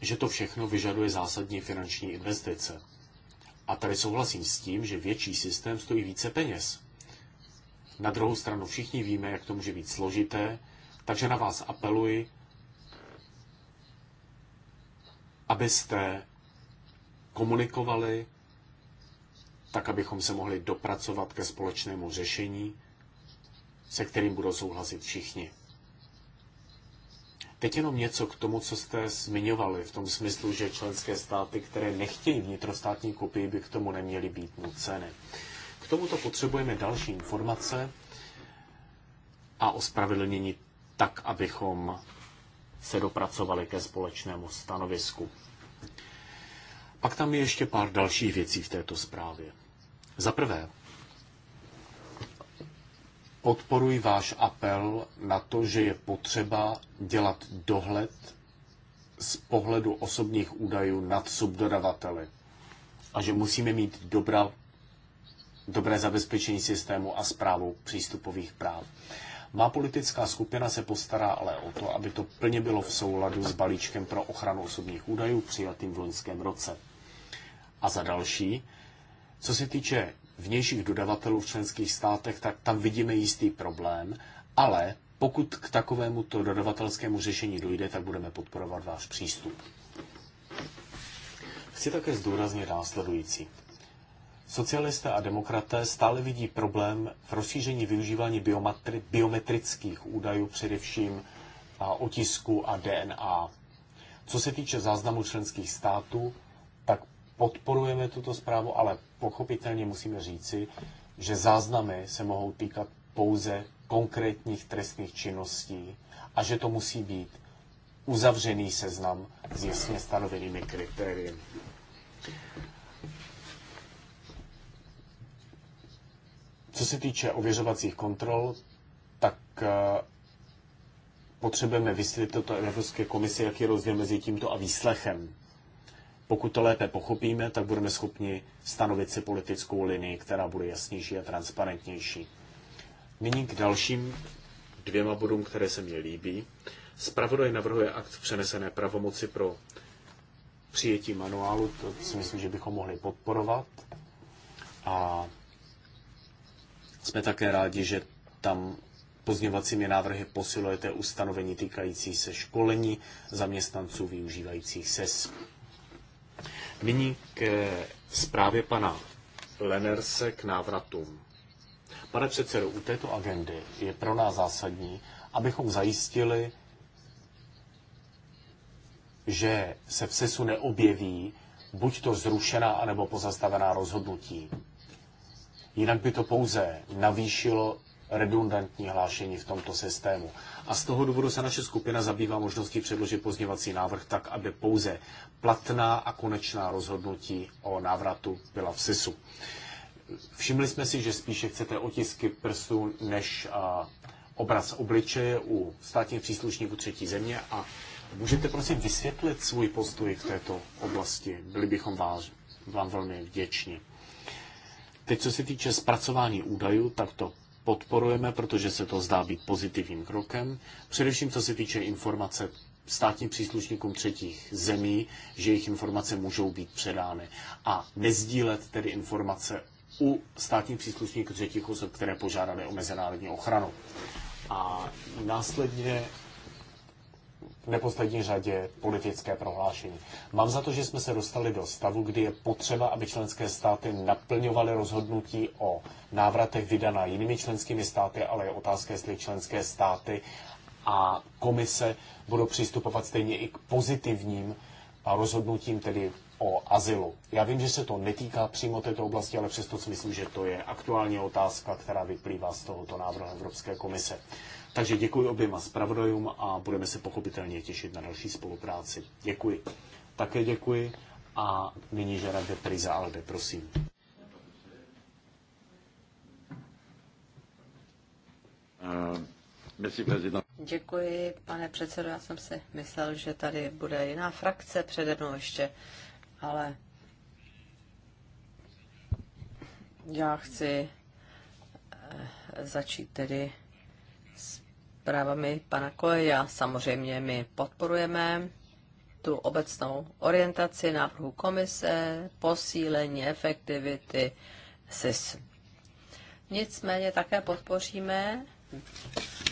Speaker 2: že to všechno vyžaduje zásadní finanční investice. A tady souhlasím s tím, že větší systém stojí více peněz. Na druhou stranu všichni víme, jak to může být složité, takže na vás apeluji, abyste komunikovali, tak abychom se mohli dopracovat ke společnému řešení, se kterým budou souhlasit všichni. Teď jenom něco k tomu, co jste zmiňovali, v tom smyslu, že členské státy, které nechtějí vnitrostátní kopii, by k tomu neměly být nuceny. K tomuto potřebujeme další informace a ospravedlnění tak, abychom se dopracovali ke společnému stanovisku. Pak tam je ještě pár dalších věcí v této zprávě. Za prvé, podporuji váš apel na to, že je potřeba dělat dohled z pohledu osobních údajů nad subdodavateli a že musíme mít dobrá, dobré zabezpečení systému a zprávu přístupových práv. Má politická skupina se postará ale o to, aby to plně bylo v souladu s balíčkem pro ochranu osobních údajů přijatým v loňském roce. A za další, co se týče vnějších dodavatelů v členských státech, tak tam vidíme jistý problém, ale pokud k takovému to dodavatelskému řešení dojde, tak budeme podporovat váš přístup. Chci také zdůraznit následující. Socialisté a demokraté stále vidí problém v rozšíření využívání biometrických údajů, především otisku a DNA. Co se týče záznamu členských států, tak podporujeme tuto zprávu, ale pochopitelně musíme říci, že záznamy se mohou týkat pouze konkrétních trestných činností a že to musí být uzavřený seznam s jasně stanovenými kritérii. Co se týče ověřovacích kontrol, tak eh, potřebujeme vysvětlit toto Evropské komisi, jaký je rozdíl mezi tímto a výslechem. Pokud to lépe pochopíme, tak budeme schopni stanovit si politickou linii, která bude jasnější a transparentnější. Nyní k dalším dvěma bodům, které se mně líbí. Spravodaj navrhuje akt přenesené pravomoci pro přijetí manuálu, to si myslím, že bychom mohli podporovat. A jsme také rádi, že tam pozměvacími návrhy posilujete ustanovení týkající se školení zaměstnanců využívajících SES. Nyní ke zprávě pana Lenerse k návratům. Pane předsedo, u této agendy je pro nás zásadní, abychom zajistili, že se v SESu neobjeví buď to zrušená anebo pozastavená rozhodnutí. Jinak by to pouze navýšilo redundantní hlášení v tomto systému. A z toho důvodu se naše skupina zabývá možností předložit pozněvací návrh tak, aby pouze platná a konečná rozhodnutí o návratu byla v SISu. Všimli jsme si, že spíše chcete otisky prstů než obraz obličeje u státních příslušníků třetí země a můžete prosím vysvětlit svůj postoj v této oblasti. Byli bychom vás, vám velmi vděční. Teď, co se týče zpracování údajů, tak to podporujeme, protože se to zdá být pozitivním krokem. Především co se týče informace státním příslušníkům třetích zemí, že jejich informace můžou být předány. A nezdílet tedy informace u státních příslušníků třetích osob, které požádaly o mezinárodní ochranu. A následně v neposlední řadě politické prohlášení. Mám za to, že jsme se dostali do stavu, kdy je potřeba, aby členské státy naplňovaly rozhodnutí o návratech vydaná jinými členskými státy, ale je otázka, jestli členské státy a komise budou přistupovat stejně i k pozitivním rozhodnutím, tedy o azylu. Já vím, že se to netýká přímo této oblasti, ale přesto si myslím, že to je aktuální otázka, která vyplývá z tohoto návrhu Evropské komise. Takže děkuji oběma zpravodajům a budeme se pochopitelně těšit na další spolupráci. Děkuji. Také děkuji a nyní žádám Depriza Alde, prosím.
Speaker 1: Eh,
Speaker 3: děkuji, pane předsedo. Já jsem si myslel, že tady bude jiná frakce přede mnou ještě, ale já chci eh, začít tedy zprávami pana Koleja. Samozřejmě my podporujeme tu obecnou orientaci návrhu komise, posílení efektivity SIS. Nicméně také podpoříme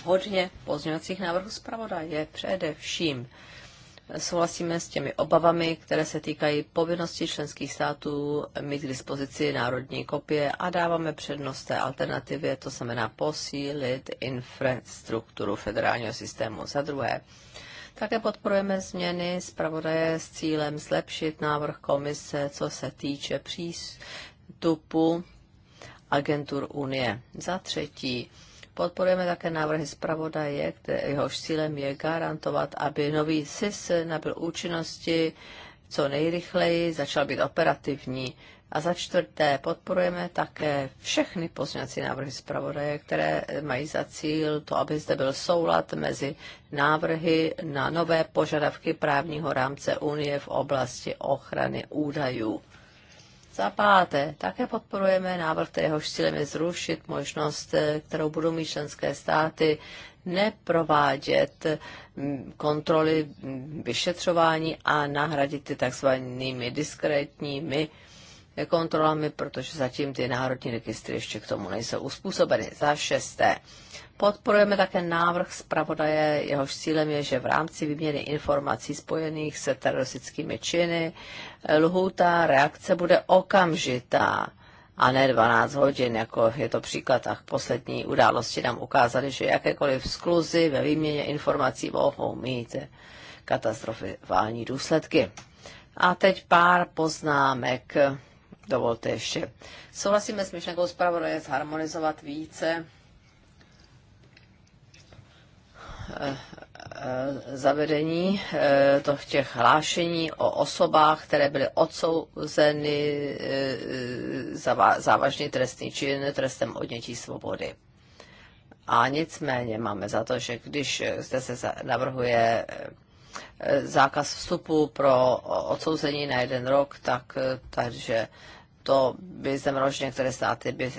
Speaker 3: hodně pozměňovacích návrhů zpravodaje, především souhlasíme s těmi obavami, které se týkají povinnosti členských států mít k dispozici národní kopie a dáváme přednost té alternativě, to znamená posílit infrastrukturu federálního systému. Za druhé, také podporujeme změny zpravodaje s cílem zlepšit návrh komise, co se týče přístupu agentur Unie. Za třetí, Podporujeme také návrhy zpravodaje, jehož cílem je garantovat, aby nový SIS nabyl účinnosti co nejrychleji, začal být operativní. A za čtvrté, podporujeme také všechny pozměňovací návrhy zpravodaje, které mají za cíl to, aby zde byl soulad mezi návrhy na nové požadavky právního rámce Unie v oblasti ochrany údajů. Za páté, také podporujeme návrh, kterého cílem je zrušit možnost, eh, kterou budou mít členské státy neprovádět mm, kontroly mm, vyšetřování a nahradit ty takzvanými diskrétními eh, kontrolami, protože zatím ty národní registry ještě k tomu nejsou uspůsobeny. Za šesté, Podporujeme také návrh zpravodaje, jehož cílem je, že v rámci výměny informací spojených se teroristickými činy lhůta reakce bude okamžitá a ne 12 hodin, jako je to příklad. A poslední události nám ukázaly, že jakékoliv skluzy ve výměně informací mohou mít katastrofální důsledky. A teď pár poznámek. Dovolte ještě. Souhlasíme s myšlenkou zpravodaje zharmonizovat více Eh, eh, zavedení eh, to těch hlášení o osobách, které byly odsouzeny za závažný trestný čin trestem odnětí svobody. A nicméně máme za to, že když zde se navrhuje zákaz vstupu pro odsouzení na jeden rok, tak takže to by znamenalo, že některé státy by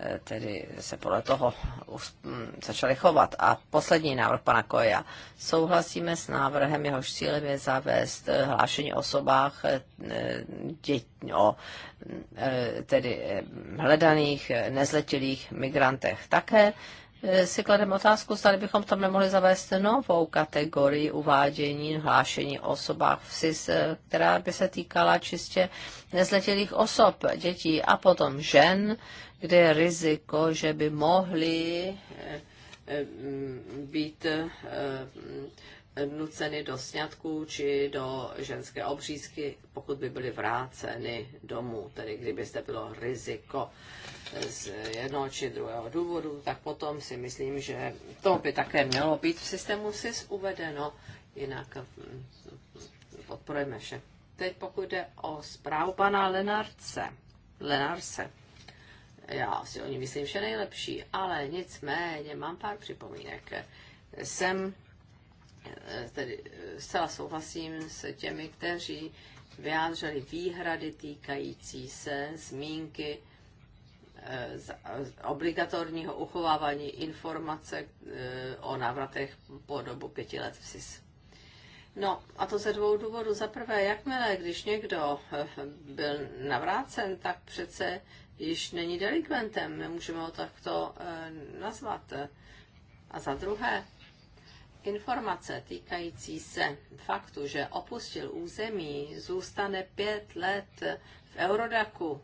Speaker 3: Eh, tedy se podle toho mm, začali chovat. A poslední návrh pana Koja. Souhlasíme s návrhem, jehož cílem je zavést eh, hlášení osobách eh, dět, o tedy hledaných nezletilých migrantech. Také si klademe otázku, zda bychom tam nemohli zavést novou kategorii uvádění hlášení o osobách v SIS, která by se týkala čistě nezletilých osob, dětí a potom žen, kde je riziko, že by mohli eh, eh, mm, být eh, mm, nuceny do sňatků či do ženské obřízky, pokud by byly vráceny domů, tedy kdyby zde bylo riziko z jednoho či druhého důvodu, tak potom si myslím, že to by také mělo být v systému SIS uvedeno, jinak mm, podporujeme vše. Teď pokud jde o zprávu pana Lenarce, Lenarce já si o ní myslím vše nejlepší, ale nicméně mám pár připomínek. Jsem, eh, tedy eh, zcela souhlasím s těmi, kteří vyjádřili výhrady týkající se zmínky eh, z obligatorního uchovávání informace o návratech po dobu pěti let v SIS. No, a to ze dvou důvodů. Za prvé, jakmile, když někdo byl navrácen, tak přece již není delikventem, můžeme ho takto eh, nazvat. A za druhé, informace týkající se faktu, že opustil území, zůstane pět let v Eurodaku.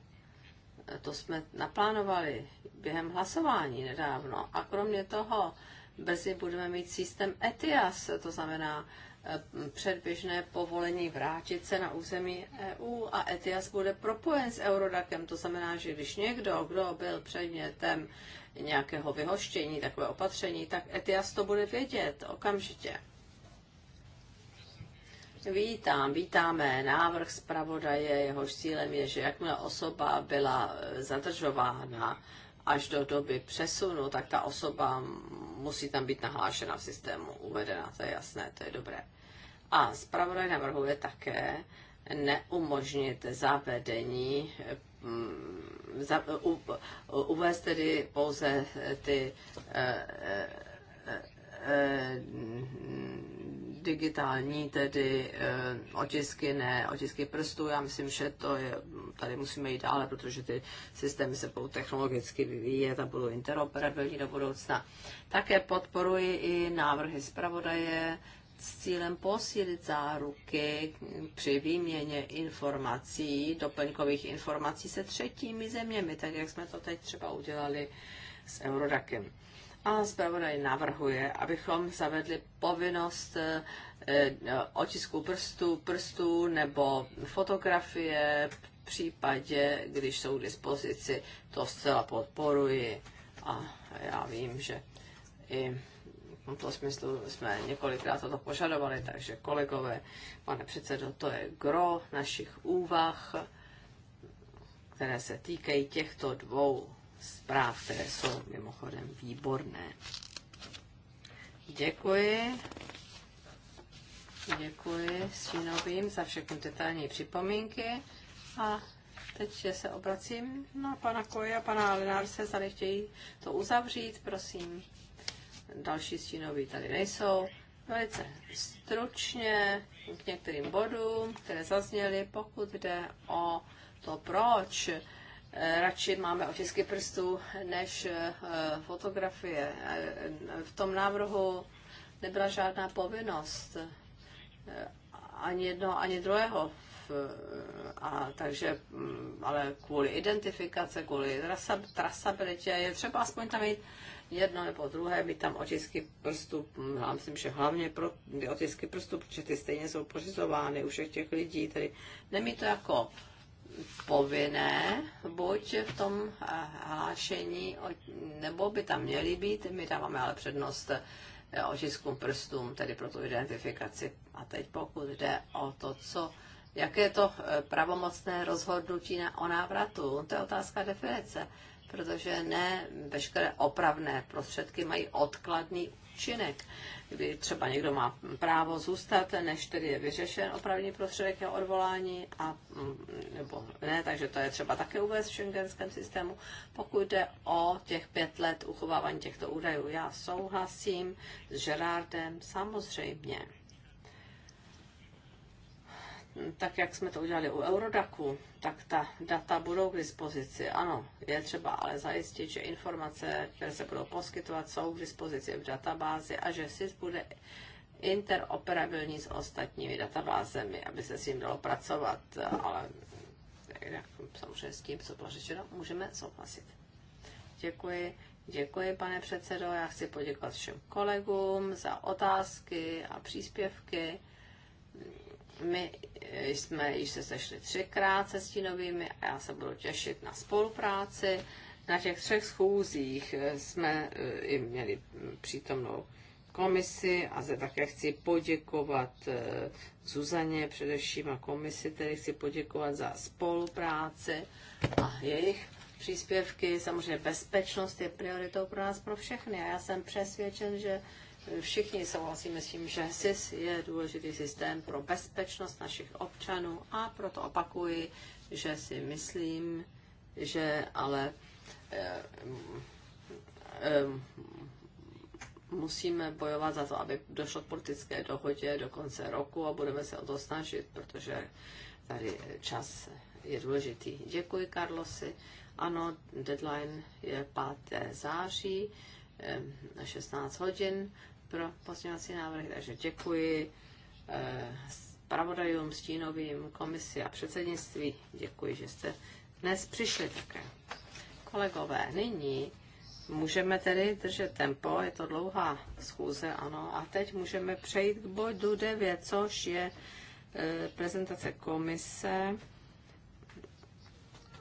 Speaker 3: Eh, to jsme naplánovali během hlasování nedávno. A kromě toho brzy budeme mít systém ETIAS, to znamená předběžné povolení vrátit se na území EU a ETIAS bude propojen s Eurodakem. To znamená, že když někdo, kdo byl předmětem nějakého vyhoštění, takové opatření, tak ETIAS to bude vědět okamžitě. Vítám, vítáme návrh zpravodaje, jehož cílem je, že jakmile osoba byla zadržována až do doby přesunu, tak ta osoba musí tam být nahlášena v systému, uvedena, to je jasné, to je dobré. A zpravodaj navrhuje také neumožnit zavedení, mm, za, u, uvést tedy pouze ty e, e, e, digitální tedy otisky, ne otisky prstů. Já myslím, že to je, tady musíme jít dále, protože ty systémy se budou technologicky vyvíjet a budou interoperabilní do budoucna. Také podporuji i návrhy zpravodaje s cílem posílit záruky při výměně informací, doplňkových informací se třetími zeměmi, tak jak jsme to teď třeba udělali s Eurodakem. A zpravodaj navrhuje, abychom zavedli povinnost eh, eh, otisku prstů, prstů nebo fotografie v případě, když jsou k dispozici. To zcela podporuji a já vím, že i v tom smyslu jsme několikrát toto požadovali, takže kolegové, pane předsedo, to je gro našich úvah, které se týkají těchto dvou zpráv, které jsou mimochodem výborné. Děkuji. Děkuji Stínovým za všechny detailní připomínky. A teď se obracím na pana Koje a pana Lenárse, zda chtějí to uzavřít, prosím další stínoví tady nejsou. Velice stručně k některým bodům, které zazněly, pokud jde o to, proč eh, radši máme otisky prstů než eh, fotografie. Eh, v tom návrhu nebyla žádná povinnost ani jednoho, ani druhého. A takže, mm, ale kvůli identifikace, kvůli trasabilitě je třeba aspoň tam mít jedno nebo druhé, mít tam otisky prstů, já myslím, že hlavně pro ty otisky prstů, protože ty stejně jsou pořizovány u všech těch lidí, tedy nemí to jako povinné, buď v tom eh, hlášení, nebo by tam měly být, my dáváme ale přednost eh, otiskům prstům, tedy pro tu identifikaci. A teď pokud jde o to, co, jaké je to eh, pravomocné rozhodnutí na, o návratu, to je otázka definice protože ne veškeré opravné prostředky mají odkladný účinek. Kdy třeba někdo má právo zůstat, než tedy je vyřešen opravný prostředek jeho odvolání, a, mm, nebo ne, takže to je třeba také uvést v šengenském systému. Pokud jde o těch pět let uchovávání těchto údajů, já souhlasím s Gerardem samozřejmě tak jak jsme to udělali u Eurodaku, tak ta data budou k dispozici. Ano, je třeba ale zajistit, že informace, které se budou poskytovat, jsou k dispozici v databázi a že SIS bude interoperabilní s ostatními databázemi, aby se s ním dalo pracovat, ale jak samozřejmě s tím, co bylo řečeno, můžeme souhlasit. Děkuji. Děkuji, pane předsedo. Já chci poděkovat všem kolegům za otázky a příspěvky my eh, jsme již se sešli třikrát se stínovými a já se budu těšit na spolupráci. Na těch třech schůzích eh, jsme eh, i měli přítomnou komisi a zde také chci poděkovat Zuzaně především a komisi, tedy chci poděkovat za spolupráci a jejich příspěvky. Samozřejmě bezpečnost je prioritou pro nás, pro všechny a já jsem přesvědčen, že Všichni souhlasíme s tím, že SIS je důležitý systém pro bezpečnost našich občanů a proto opakuji, že si myslím, že ale e, e, musíme bojovat za to, aby došlo k politické dohodě do konce roku a budeme se o to snažit, protože tady čas je důležitý. Děkuji, Carlosi. Ano, deadline je 5. září, 16 eh, hodin pro pozměňovací návrhy, takže děkuji spravodajům, eh, stínovým, komisi a předsednictví. Děkuji, že jste dnes přišli také. Kolegové, nyní můžeme tedy držet tempo, je to dlouhá schůze, ano, a teď můžeme přejít k bodu 9, což je eh, prezentace komise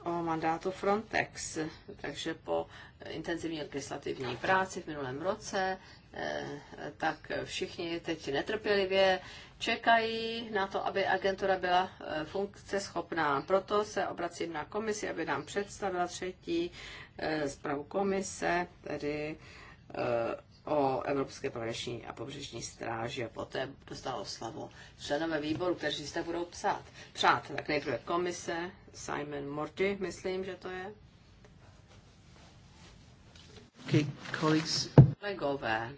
Speaker 3: o mandátu Frontex. Takže po intenzivní legislativní práci v minulém roce Eh, tak všichni teď netrpělivě čekají na to, aby agentura byla eh, funkce schopná. Proto se obracím na komisi, aby nám představila třetí eh, zprávu komise, tedy o Evropské pověřeční a pobřežní stráži a poté dostalo slovo členové výboru, kteří si budou psát. Přát, tak nejprve komise, Simon Morty, myslím, že to je. Okay, colleagues, Kolegové,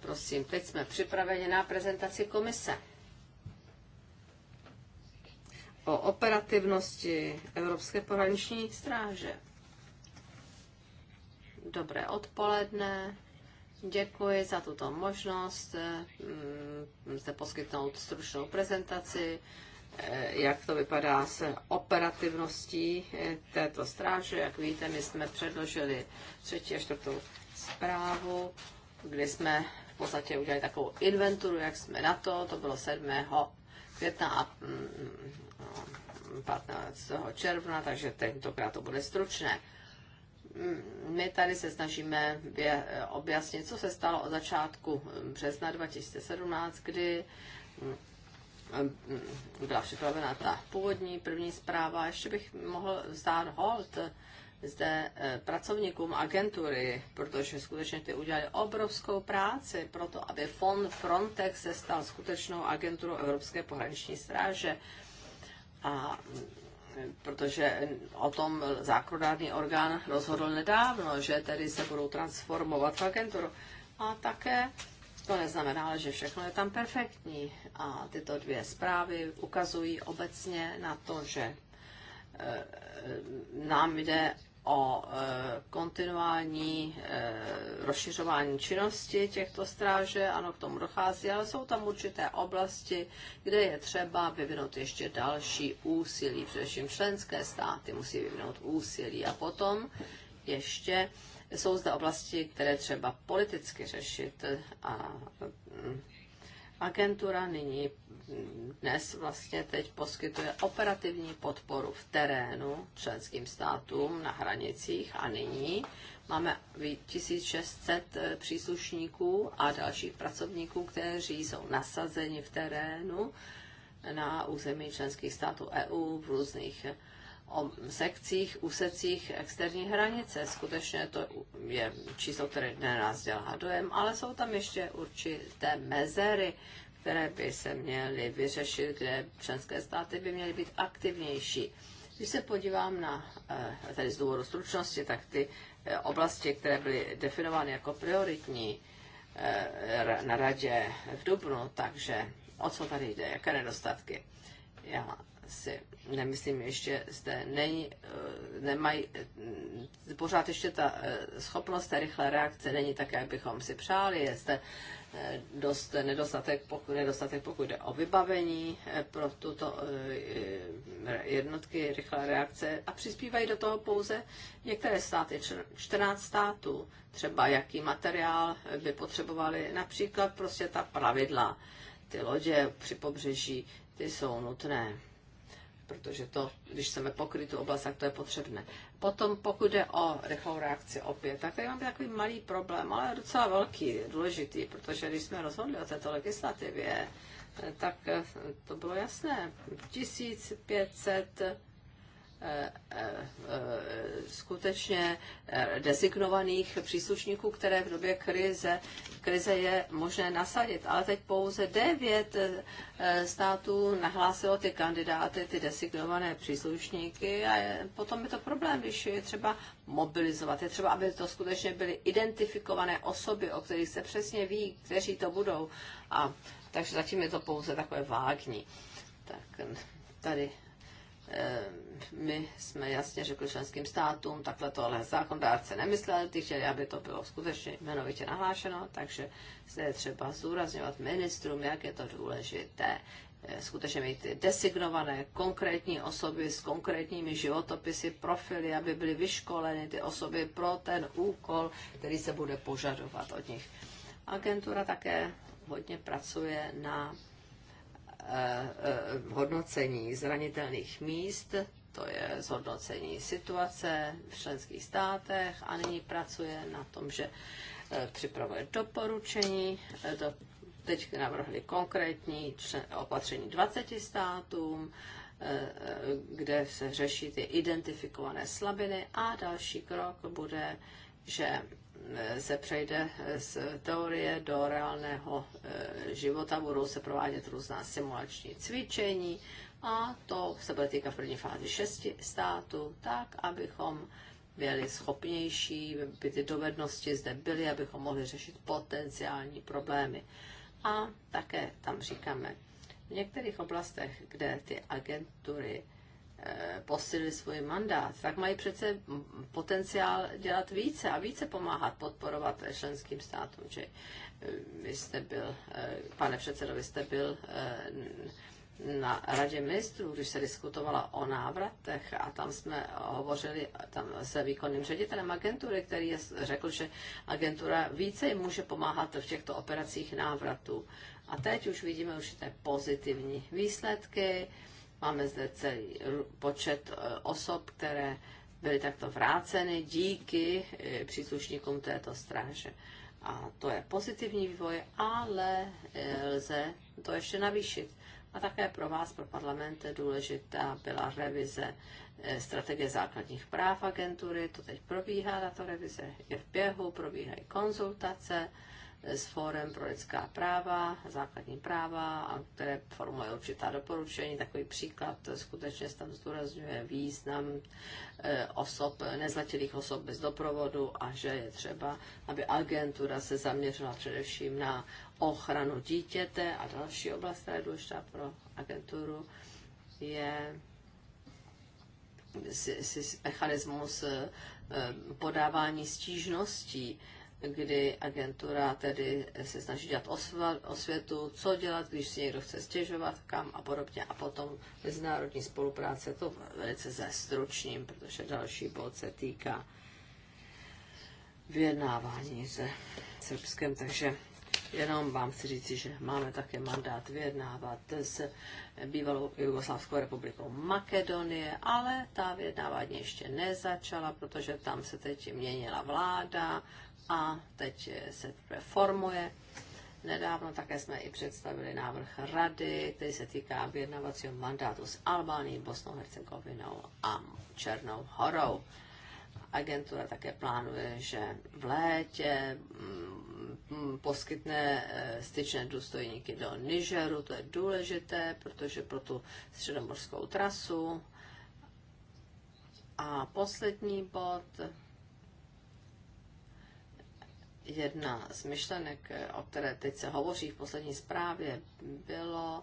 Speaker 3: prosím, teď jsme připraveni na prezentaci komise o operativnosti Evropské pohraniční stráže. Dobré odpoledne. Děkuji za tuto možnost mm, zde poskytnout stručnou prezentaci, eh, jak to vypadá s operativností eh, této stráže. Jak víte, my jsme předložili třetí a čtvrtou zprávu, kdy jsme v podstatě udělali takovou inventuru, jak jsme na to, to bylo 7. května a 15. Mm, mm, června, takže tentokrát to bude stručné. Mm, my tady se snažíme objasnit, co se stalo od začátku března 2017, kdy byla připravena ta původní první zpráva. Ještě bych mohl vzdát hold zde eh, pracovníkům agentury, protože skutečně ty udělali obrovskou práci pro to, aby fond Frontex se stal skutečnou agenturou Evropské pohraniční stráže. A mm, protože o tom zákonodárný orgán rozhodl nedávno, že tedy se budou transformovat v agenturu. A také to neznamená, že všechno je tam perfektní. A tyto dvě zprávy ukazují obecně na to, že eh, nám jde o e, kontinuální e, rozšiřování činnosti těchto stráže. Ano, k tomu dochází, ale jsou tam určité oblasti, kde je třeba vyvinout ještě další úsilí. Především členské státy musí vyvinout úsilí a potom ještě jsou zde oblasti, které třeba politicky řešit a mm, agentura nyní dnes vlastně teď poskytuje operativní podporu v terénu členským státům na hranicích a nyní máme 1600 eh, příslušníků a dalších pracovníků, kteří jsou nasazeni v terénu na území členských států EU v různých eh, sekcích, úsecích externí hranice. Skutečně to je číslo, které nás dělá dojem, ale jsou tam ještě určité mezery které by se měly vyřešit, kde členské státy by měly být aktivnější. Když se podívám na, eh, tady z důvodu stručnosti, tak ty eh, oblasti, které byly definovány jako prioritní eh, na radě v Dubnu, takže o co tady jde, jaké nedostatky. Já si nemyslím, ještě zde není, nemají, pořád ještě ta schopnost té rychlé reakce není tak, jak bychom si přáli, jestli Eh, dost nedostatek, pokud, nedostatek, pokud jde o vybavení eh, pro tuto eh, jednotky rychlé reakce a přispívají do toho pouze některé státy, 14 států, třeba jaký materiál by potřebovali, například prostě ta pravidla, ty lodě při pobřeží, ty jsou nutné protože to, když chceme pokryt tu oblast, tak to je potřebné. Potom, pokud jde o rychlou reakci opět, tak tady máme takový malý problém, ale docela velký, důležitý, protože když jsme rozhodli o této legislativě, tak to bylo jasné. 1500 Eh, eh, skutečně eh, designovaných příslušníků, které v době krize, krize je možné nasadit. Ale teď pouze devět států nahlásilo ty kandidáty, ty designované příslušníky a je, potom je to problém, když je třeba mobilizovat. Je třeba, aby to skutečně byly identifikované osoby, o kterých se přesně ví, kteří to budou. A, takže zatím je to pouze takové vágní. Tak tady Eh, my jsme jasně řekli členským státům, takhle to ale zákondárce nemyslel, ty chtěli, aby to bylo skutečně jmenovitě nahlášeno, takže se je třeba zúrazňovat ministrům, jak je to důležité eh, skutečně mít designované konkrétní osoby s konkrétními životopisy, profily, aby byly vyškoleny ty osoby pro ten úkol, který se bude požadovat od nich. Agentura také hodně pracuje na Eh, hodnocení zranitelných míst, to je zhodnocení situace v členských státech a nyní pracuje na tom, že eh, připravuje doporučení. Eh, do, teď navrhli konkrétní člen, opatření 20 státům, kde se řeší ty identifikované slabiny a další krok bude, že se přejde z teorie do reálného eh, života, budou se provádět různá simulační cvičení a to se bude týkat v první fázi šesti států, tak abychom byli schopnější, by ty dovednosti zde byly, abychom mohli řešit potenciální problémy. A také tam říkáme, v některých oblastech, kde ty agentury Eh, posílili svůj mandát, tak mají přece potenciál dělat více a více pomáhat podporovat členským státům. Že eh, vy jste byl, eh, pane předsedo, vy jste byl na radě ministrů, když se diskutovala o návratech a tam jsme hovořili tam se výkonným ředitelem agentury, který je, řekl, že agentura více jim může pomáhat v těchto operacích návratů A teď už vidíme určité pozitivní výsledky Máme zde celý počet e, osob, které byly takto vráceny díky e, příslušníkům této stráže. A to je pozitivní vývoj, ale e, lze to ještě navýšit. A také pro vás, pro parlament, důležitá byla revize strategie základních práv agentury. To teď probíhá, tato revize je v běhu, probíhají konzultace s Fórem pro lidská práva, základní práva, a které formuje určitá doporučení. Takový příklad skutečně tam zdůrazňuje význam eh, osob, nezletilých osob bez doprovodu a že je třeba, aby agentura se zaměřila především na ochranu dítěte a další oblast, která je důležitá pro agenturu, je mechanismus eh, podávání stížností kdy agentura tedy se snaží dělat osvětu, co dělat, když si někdo chce stěžovat, kam a podobně. A potom mezinárodní spolupráce, to velice stručním, protože další bod se týká vyjednávání se Srbskem, takže jenom vám chci říct, že máme také mandát vyjednávat s bývalou Jugoslávskou republikou Makedonie, ale ta vyjednávání ještě nezačala, protože tam se teď měnila vláda, a teď se reformuje. Nedávno také jsme i představili návrh rady, který se týká vyjednavacího mandátu s Albánií, Bosnou, Hercegovinou a Černou horou. Agentura také plánuje, že v létě mm, poskytne eh, styčné důstojníky do Nigeru. To je důležité, protože pro tu středomorskou trasu. A poslední bod jedna z myšlenek, o které teď se hovoří v poslední zprávě, bylo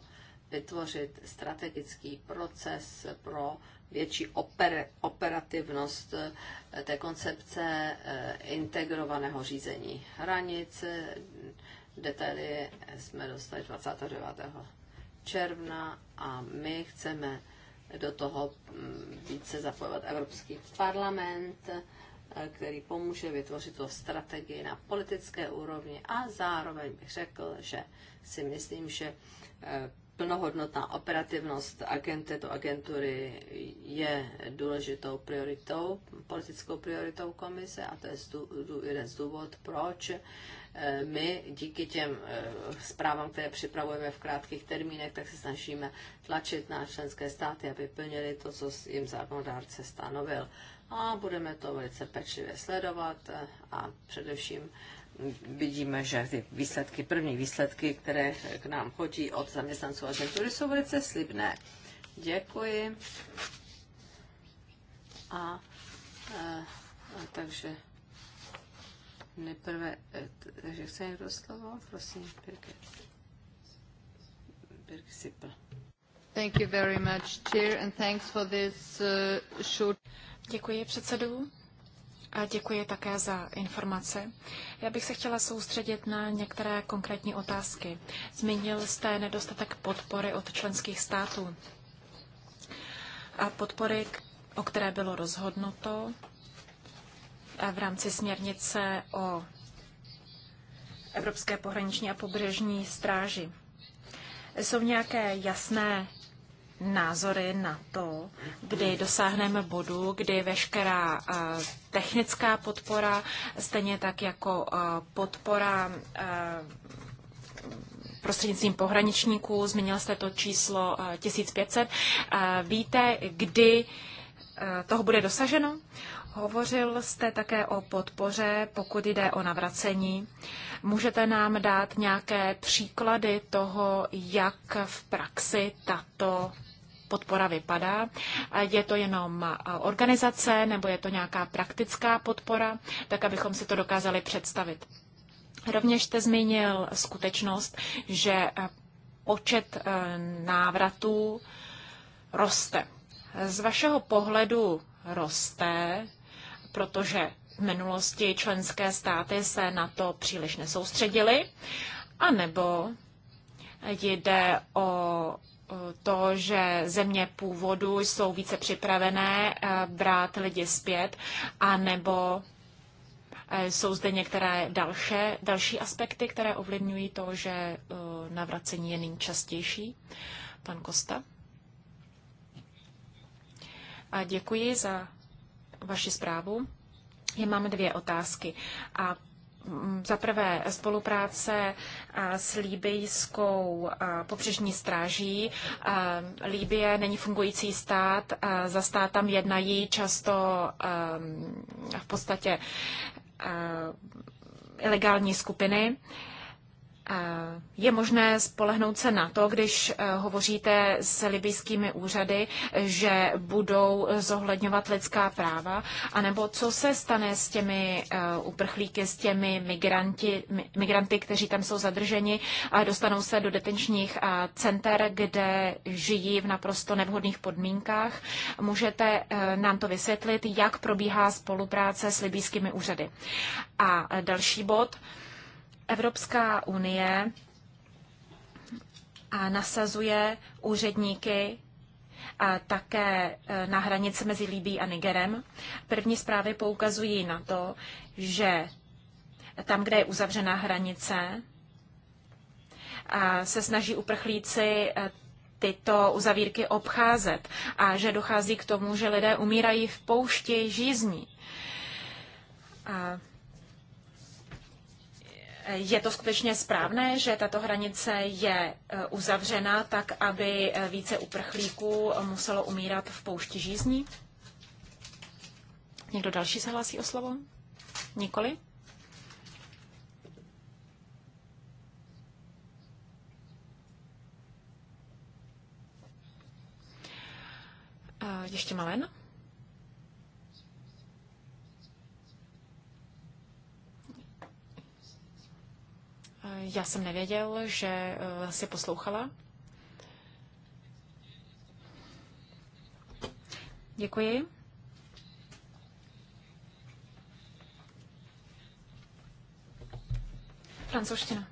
Speaker 3: vytvořit strategický proces pro větší oper, operativnost eh, té koncepce eh, integrovaného řízení hranic. Detaily jsme dostali 29. června a my chceme do toho mm, více zapojovat Evropský parlament který pomůže vytvořit to strategii na politické úrovni a zároveň bych řekl, že si myslím, že eh, plnohodnotná operativnost agent této agentury je důležitou prioritou, politickou prioritou komise a to je jeden z důvod, proč eh, my díky těm eh, zprávám, které připravujeme v krátkých termínech, tak se snažíme tlačit na členské státy, aby plnili to, co jim zákonodárce stanovil a budeme to velice pečlivě sledovat a především vidíme, že ty výsledky, první výsledky, které k nám chodí od zaměstnanců agentury, jsou velice slibné. Děkuji. A, a, e, a takže nejprve, e, takže chce někdo slovo? Prosím, Birgit.
Speaker 1: Birgit Sipl. Thank you very much, Chair, and thanks for this uh, short... Děkuji předsedu a děkuji také za informace. Já bych se chtěla soustředit na některé konkrétní otázky. Zmínil jste nedostatek podpory od členských států. A podpory, o které bylo rozhodnuto eh, v rámci směrnice o Evropské pohraniční a pobřežní stráži. Jsou nějaké jasné názory na to, kdy dosáhneme bodu, kdy veškerá eh, technická podpora, stejně tak jako eh, podpora eh, prostřednictvím pohraničníků, zmínil jste to číslo 1500. Víte, kdy toho bude dosaženo? Hovořil jste také o podpoře, pokud jde o navracení. Můžete nám dát nějaké příklady toho, jak v praxi tato podpora vypadá. Je to jenom organizace nebo je to nějaká praktická podpora, tak abychom si to dokázali představit. Rovněž jste zmínil skutečnost, že počet e, návratů roste. Z vašeho pohledu roste, protože v minulosti členské státy se na to příliš nesoustředily, anebo jde o to, že země původu jsou více připravené eh, brát lidi zpět, anebo eh, jsou zde některé další, další aspekty, které ovlivňují to, že eh, navracení je nyní častější. Pan Kosta. A děkuji za vaši zprávu. Já mám dvě otázky. A Mm, za prvé spolupráce s líbejskou pobřežní stráží. Líbie není fungující stát, za státem jednají často v podstatě ilegální skupiny. Je možné spolehnout se na to, když eh, hovoříte s libijskými úřady, že budou zohledňovat lidská práva, anebo co se stane s těmi eh, uprchlíky, s těmi migranti, migranty, kteří tam jsou zadrženi a dostanou se do detenčních eh, center, kde žijí v naprosto nevhodných podmínkách. Můžete nám to vysvětlit, jak probíhá spolupráce s libijskými úřady. A další bod. Evropská unie nasazuje úředníky a také e, na hranici mezi Líbí a Nigerem. První zprávy poukazují na to, že tam, kde je uzavřená hranice, se snaží uprchlíci e, tyto uzavírky obcházet a že dochází k tomu, že lidé umírají v poušti žízní. A je to skutečně správné, že tato hranice je e, uzavřena tak, aby e, více uprchlíků muselo umírat v poušti žízní? Někdo další se hlásí o slovo? Nikoli? E, ještě malen? Já jsem nevěděl, že eh, si poslouchala. Děkuji. Francouzština.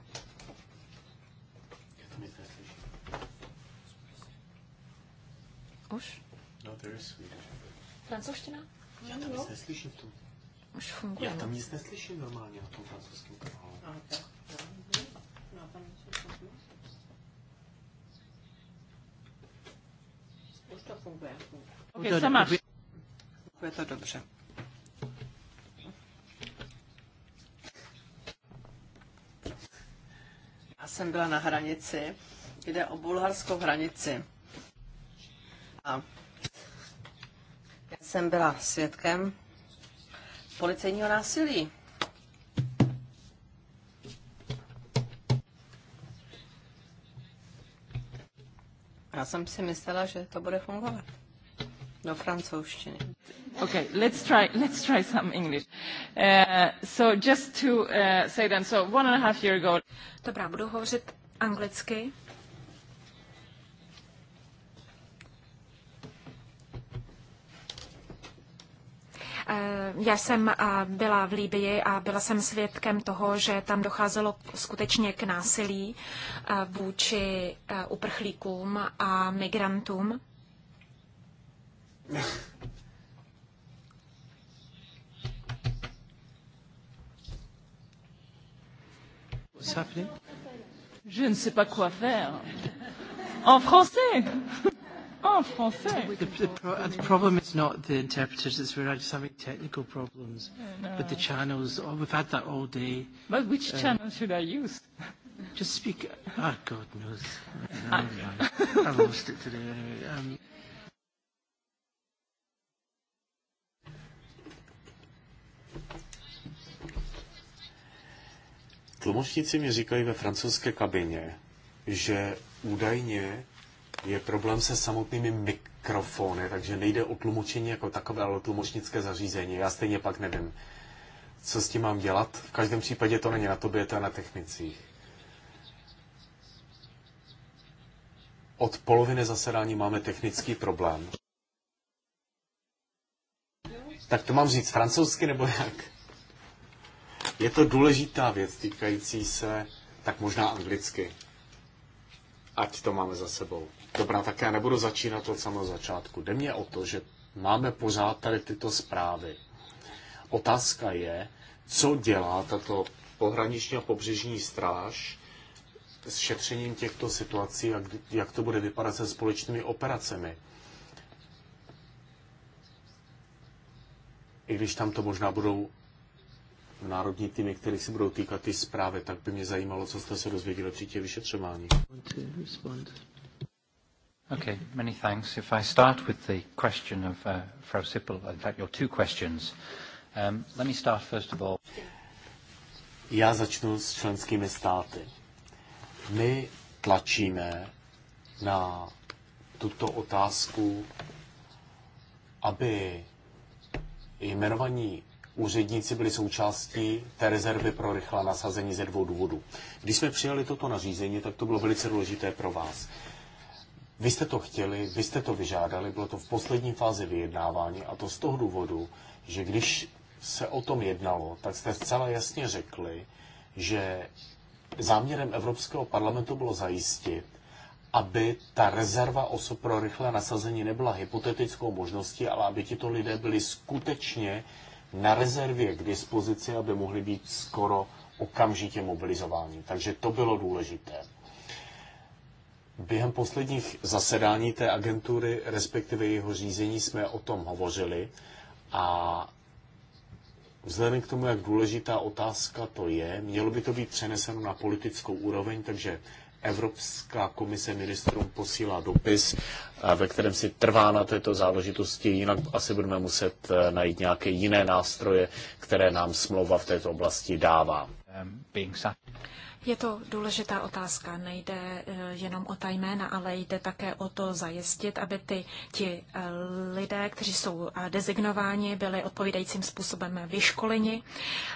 Speaker 2: Už? No, to je
Speaker 1: Francouzština? Já tam nic
Speaker 2: neslyším v Už funguje. Já tam nic neslyším normálně na tom francouzském kanálu.
Speaker 3: Okay. Už to funguje. to, máš. Funguje to dobře. Já jsem byla na hranici, jde o bulharskou hranici. A já jsem byla svědkem policejního násilí. Já jsem si myslela, že to bude fungovat.
Speaker 1: Do francouzštiny. Okay, let's try, let's try some English. Uh, so just to uh, say then, so one and a half year ago... Dobrá, budu hovořit anglicky. Eh, já jsem eh, byla v Líbii a byla jsem svědkem toho, že tam docházelo skutečně k násilí eh, vůči uprchlíkům a migrantům. Je ne sais pas quoi faire. En français en français. The, the, pro uh, the
Speaker 3: problem is not the interpreters, it's we're just having technical problems uh, no. with the channels. Oh, we've had that all day.
Speaker 1: But which um, channel should I use? Just speak.
Speaker 2: Ah, oh, God knows. I,
Speaker 3: ah. I lost
Speaker 2: it today anyway. Um, Tlumočníci mi říkají ve francouzské kabině, že údajně je problém se samotnými mikrofony, takže nejde o tlumočení jako takové, ale o tlumočnické zařízení. Já stejně pak nevím, co s tím mám dělat. V každém případě to není na tobě, to je na technicích. Od poloviny zasedání máme technický problém. Tak to mám říct francouzsky nebo jak? Je to důležitá věc týkající se, tak možná anglicky. Ať to máme za sebou. Dobrá, tak já nebudu začínat od samého začátku. Jde mě o to, že máme pořád tady tyto zprávy. Otázka je, co dělá tato pohraniční a pobřežní stráž s šetřením těchto situací a jak to bude vypadat se společnými operacemi. I když tam to možná budou národní týmy, které si budou týkat ty zprávy, tak by mě zajímalo, co jste se dozvěděli při těch vyšetřování.
Speaker 1: Okay, many thanks. If I start with the question of uh, Frau Sippel, in fact, your two questions. Um, let me start first of all. Já začnu s členskými
Speaker 2: státy. My tlačíme na tuto otázku, aby jmenovaní úředníci byli součástí té rezervy pro rychlé nasazení ze dvou důvodů. Když jsme přijali toto nařízení, tak to bylo velice důležité pro vás. Vy jste to chtěli, vy jste to vyžádali, bylo to v poslední fázi vyjednávání a to z toho důvodu, že když se o tom jednalo, tak jste zcela jasně řekli, že záměrem Evropského parlamentu bylo zajistit, aby ta rezerva osob pro rychlé nasazení nebyla hypotetickou možností, ale aby tito lidé byli skutečně na rezervě k dispozici, aby mohli být skoro okamžitě mobilizováni. Takže to bylo důležité. Během posledních zasedání té agentury, respektive jeho řízení, jsme o tom hovořili a vzhledem k tomu, jak důležitá otázka to je, mělo by to být přeneseno na politickou úroveň, takže Evropská komise ministrům posílá dopis, eh, ve kterém si trvá na této záležitosti, jinak asi budeme muset eh, najít nějaké jiné nástroje, které nám smlouva v této oblasti dává.
Speaker 1: Um, je to důležitá otázka. Nejde eh, jenom o ta jména, ale jde také o to zajistit, aby ty, ti eh, lidé, kteří jsou eh, dezignováni, byli odpovídajícím způsobem vyškoleni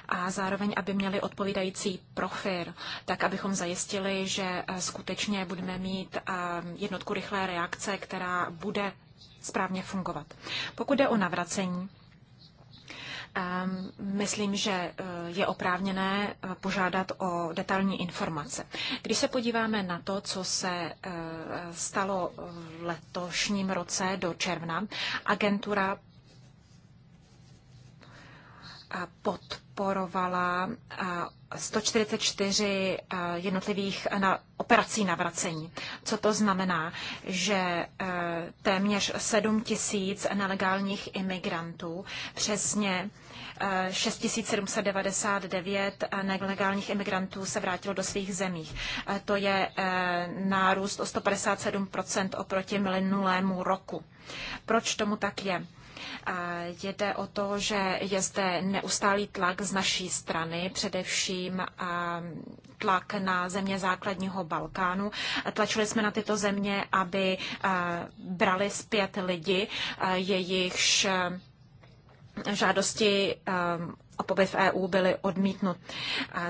Speaker 1: a zároveň, aby měli odpovídající profil, tak abychom zajistili, že skutečně budeme mít jednotku rychlé reakce, která bude správně fungovat. Pokud jde o navracení, myslím, že eh, je oprávněné eh, požádat o detailní informace. Když se podíváme na to, co se eh, stalo v letošním roce do června, agentura podporovala 144 jednotlivých operací navracení. Co to znamená? Že téměř 7 tisíc nelegálních imigrantů přesně 6799 eh, nelegálních imigrantů se vrátilo do svých zemí. Eh, to je eh, nárůst o 157 oproti minulému roku. Proč tomu tak je? Jde o to, že je zde neustálý tlak z naší strany, především tlak na země základního Balkánu. Tlačili jsme na tyto země, aby brali zpět lidi, jejichž žádosti ehm, o pobyt v EU byly odmítnut.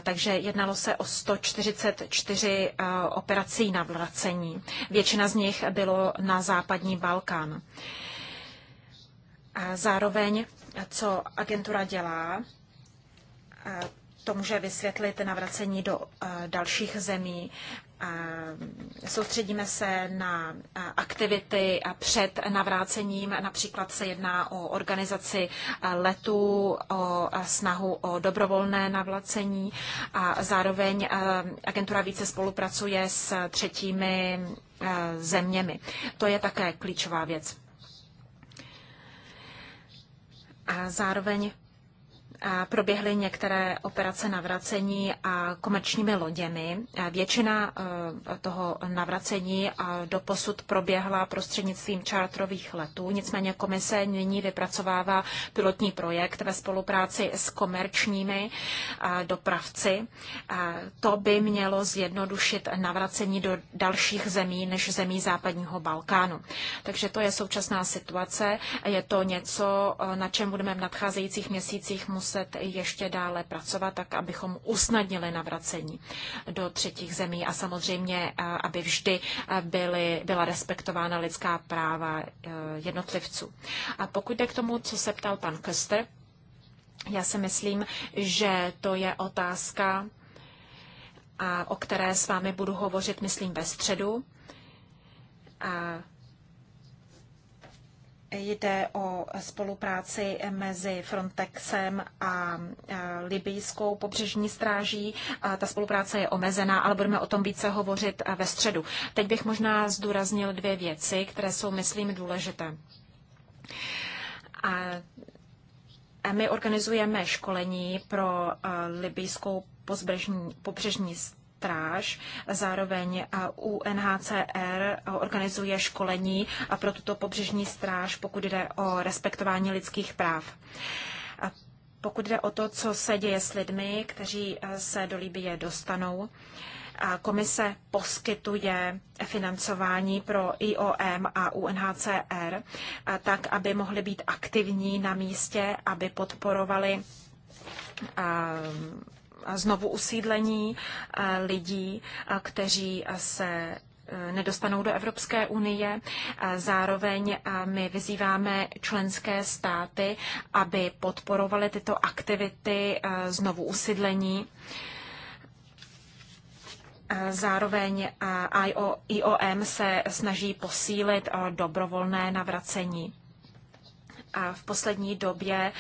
Speaker 1: Takže jednalo se o 144 eh, operací na vracení. Většina z nich bylo na západní Balkán. A zároveň, co agentura dělá, eh, to může vysvětlit navracení do eh, dalších zemí soustředíme se na aktivity před navrácením. Například se jedná o organizaci letů, o snahu o dobrovolné navlacení a zároveň agentura více spolupracuje s třetími zeměmi. To je také klíčová věc. A zároveň proběhly některé operace navracení a komerčními loděmi. Většina eh, toho navracení do posud proběhla prostřednictvím čártrových letů, nicméně komise nyní vypracovává pilotní projekt ve spolupráci s komerčními eh, dopravci. To by mělo zjednodušit navracení do dalších zemí než zemí západního Balkánu. Takže to je současná situace. Je to něco, eh, na čem budeme v nadcházejících měsících muset muset ještě dále pracovat, tak abychom usnadnili navracení do třetích zemí a samozřejmě, eh, aby vždy eh, byly, byla respektována lidská práva eh, jednotlivců. A pokud jde k tomu, co se ptal pan Köster, já si myslím, že to je otázka, a o které s vámi budu hovořit, myslím, ve středu. A Jde o spolupráci mezi Frontexem a libijskou pobřežní stráží. Ta spolupráce je omezená, ale budeme o tom více hovořit ve středu. Teď bych možná zdůraznil dvě věci, které jsou, myslím, důležité. A my organizujeme školení pro libijskou pobřežní, pobřežní arbitráž. Zároveň UNHCR organizuje školení pro tuto pobřežní stráž, pokud jde o respektování lidských práv. Pokud jde o to, co se děje s lidmi, kteří eh, se do Libie dostanou, komise poskytuje financování pro IOM a UNHCR, tak aby mohli být aktivní na místě, aby podporovali ehm, znovu usídlení eh, lidí, eh, kteří se eh, nedostanou do Evropské unie. Zároveň my vyzýváme členské státy, aby podporovaly tyto aktivity znovu usídlení. Zároveň IOM se snaží posílit dobrovolné navracení. A v poslední době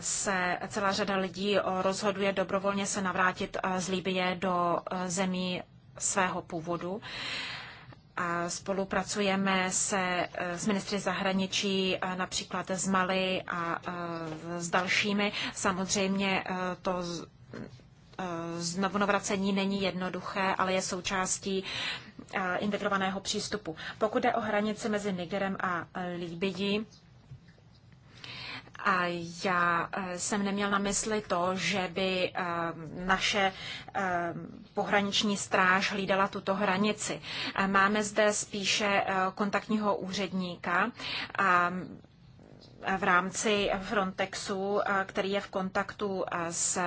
Speaker 1: se celá řada lidí rozhoduje dobrovolně se navrátit eh, z Libie do eh, zemí svého původu. A spolupracujeme se eh, s ministry zahraničí, například z Mali a s dalšími. Samozřejmě to znovunovracení není jednoduché, ale je součástí integrovaného přístupu. Pokud jde o hranici mezi Nigerem a Libií, a já eh, jsem neměl na mysli to, že by eh, naše eh, pohraniční stráž hlídala tuto hranici. Máme zde spíše kontaktního úředníka v rámci Frontexu, který je v kontaktu s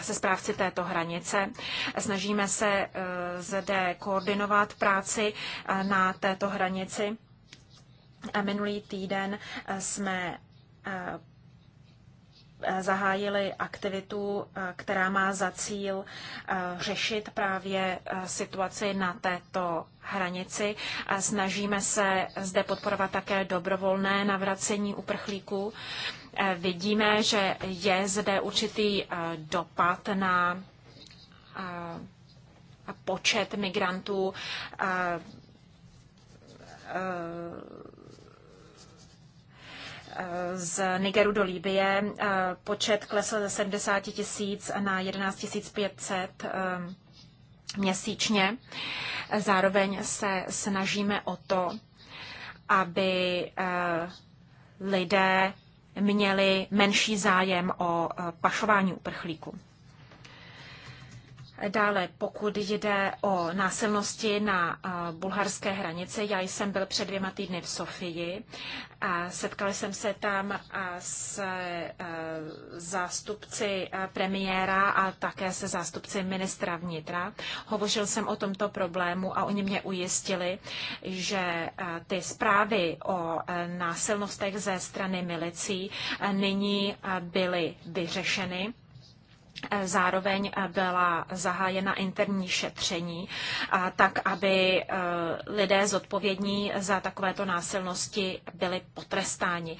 Speaker 1: se správci této hranice. Snažíme se zde koordinovat práci na této hranici. A minulý týden eh, jsme eh, eh, zahájili aktivitu, která má za cíl řešit právě situaci na této hranici. Snažíme se zde podporovat také dobrovolné navracení uprchlíků. Vidíme, že je zde určitý dopad na počet migrantů z Nigeru do Líbie. Eh, počet klesl ze 70 tisíc na 11 500 eh, měsíčně. Zároveň se snažíme o to, aby eh, lidé měli menší zájem o pašování uprchlíků. Dále, pokud jde o násilnosti na bulharské hranici, já jsem byl před dvěma týdny v Sofii a setkal jsem se tam s e, zástupci e, premiéra a také se zástupci ministra vnitra. Hovořil jsem o tomto problému a oni mě ujistili, že e, ty zprávy o násilnostech ze strany milicí nyní byly vyřešeny Eh, zároveň eh, byla zahájena interní šetření, eh, tak aby lidé zodpovědní za takovéto násilnosti byli potrestáni.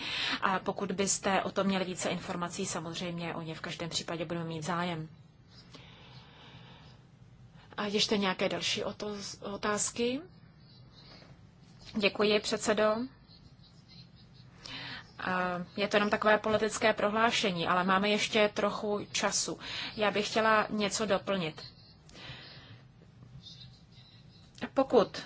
Speaker 1: Pokud byste o tom měli více informací, samozřejmě o ně v každém případě budeme mít zájem. A ještě nějaké další otázky? Děkuji, předsedo. Eh, je to jenom takové politické prohlášení, ale máme ještě trochu času. Já bych chtěla něco doplnit. Pokud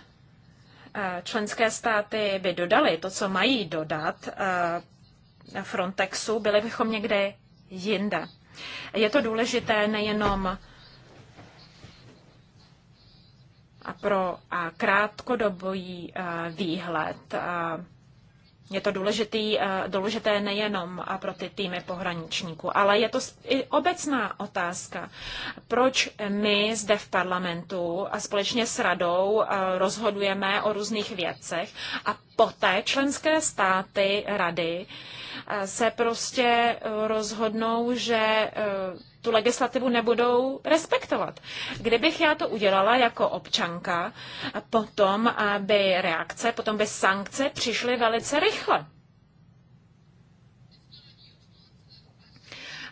Speaker 1: eh, členské státy by dodaly to, co mají dodat eh, Frontexu, byli bychom někde jinde. Je to důležité nejenom pro krátkodobý výhled, je to důležitý, eh, důležité nejenom eh, pro ty týmy pohraničníků, ale je to i obecná otázka. Proč my zde v parlamentu a společně s radou eh, rozhodujeme o různých věcech a poté členské státy rady se prostě rozhodnou, že tu legislativu nebudou respektovat. Kdybych já to udělala jako občanka, potom by reakce, potom by sankce přišly velice rychle.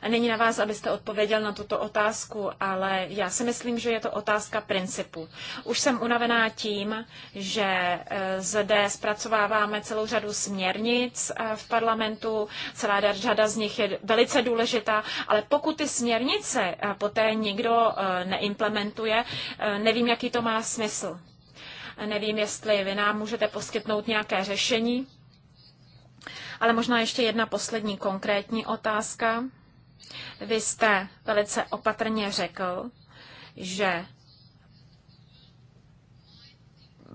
Speaker 1: Není na vás, abyste odpověděl na tuto otázku, ale já si myslím, že je to otázka principu. Už jsem unavená tím, že eh, zde zpracováváme celou řadu směrnic eh, v parlamentu, celá řada z nich je velice důležitá, ale pokud ty směrnice eh, poté nikdo neimplementuje, nevím, jaký to má smysl. Nevím, jestli vy nám můžete poskytnout nějaké řešení. Ale možná ještě jedna poslední konkrétní otázka. Vy jste velice opatrně řekl, že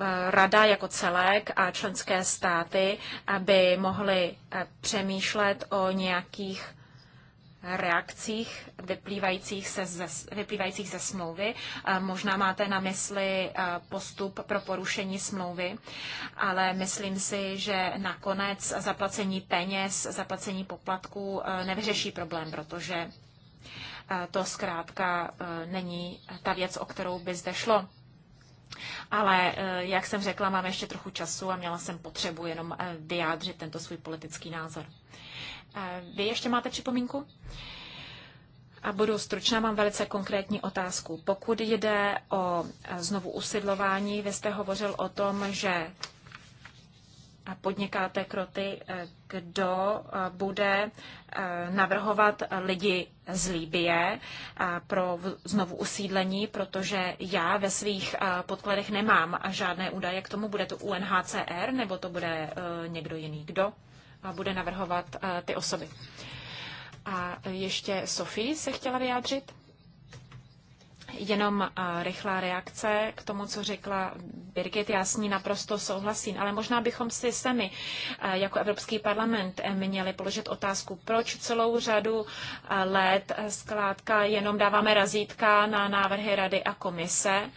Speaker 1: eh, rada jako celek a členské státy aby mohly eh, přemýšlet o nějakých reakcích vyplývajících, se ze, vyplývajících ze smlouvy. Eh, možná máte na mysli eh, postup pro porušení smlouvy, ale myslím si, že nakonec zaplacení peněz, zaplacení poplatků eh, nevyřeší problém, protože to zkrátka není ta věc, o kterou by zde šlo. Ale jak jsem řekla, mám ještě trochu času a měla jsem potřebu jenom vyjádřit tento svůj politický názor. Vy ještě máte připomínku? A budu stručná, mám velice konkrétní otázku. Pokud jde o e, znovu usidlování, vy jste hovořil o tom, že podnikáte kroty, e, kdo e, bude navrhovat lidi z Líbie pro znovu usídlení, protože já ve svých podkladech nemám žádné údaje k tomu. Bude to UNHCR nebo to bude někdo jiný? Kdo? bude navrhovat eh, ty osoby. A ještě Sofie se chtěla vyjádřit. Jenom eh, rychlá reakce k tomu, co řekla Birgit. Já s ní naprosto souhlasím, ale možná bychom si sami eh, jako Evropský parlament měli položit otázku, proč celou řadu let zkrátka jenom dáváme razítka na návrhy Rady a komise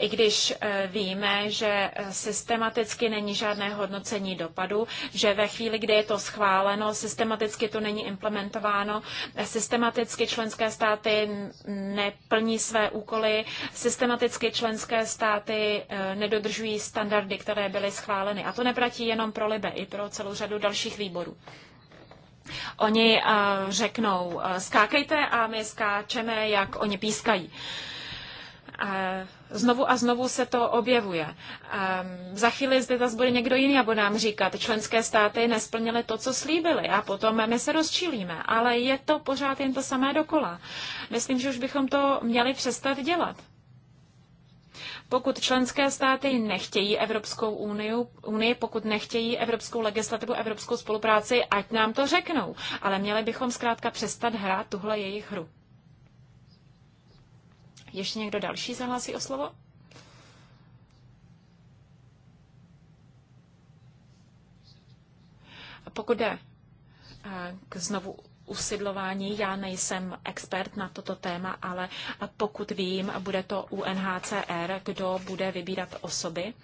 Speaker 1: i když eh, víme, že eh, systematicky není žádné hodnocení dopadu, že ve chvíli, kdy je to schváleno, systematicky to není implementováno, eh, systematicky členské státy neplní své úkoly, systematicky členské státy nedodržují standardy, které byly schváleny. A to neplatí jenom pro Libe, i pro celou řadu dalších výborů. Oni řeknou, skákejte a my skáčeme, jak oni pískají. Znovu a znovu se to objevuje. Ehm, za chvíli zde zase bude někdo jiný a bude nám říkat, členské státy nesplnily to, co slíbily a potom my se rozčílíme, ale je to pořád jen to samé dokola. Myslím, že už bychom to měli přestat dělat. Pokud členské státy nechtějí Evropskou unii, unii, pokud nechtějí evropskou legislativu, evropskou spolupráci, ať nám to řeknou. Ale měli bychom zkrátka přestat hrát tuhle jejich hru. Ještě někdo další zahlásí o slovo? Pokud jde eh, k znovu usidlování, já nejsem expert na toto téma, ale pokud vím, bude to UNHCR, kdo bude vybírat osoby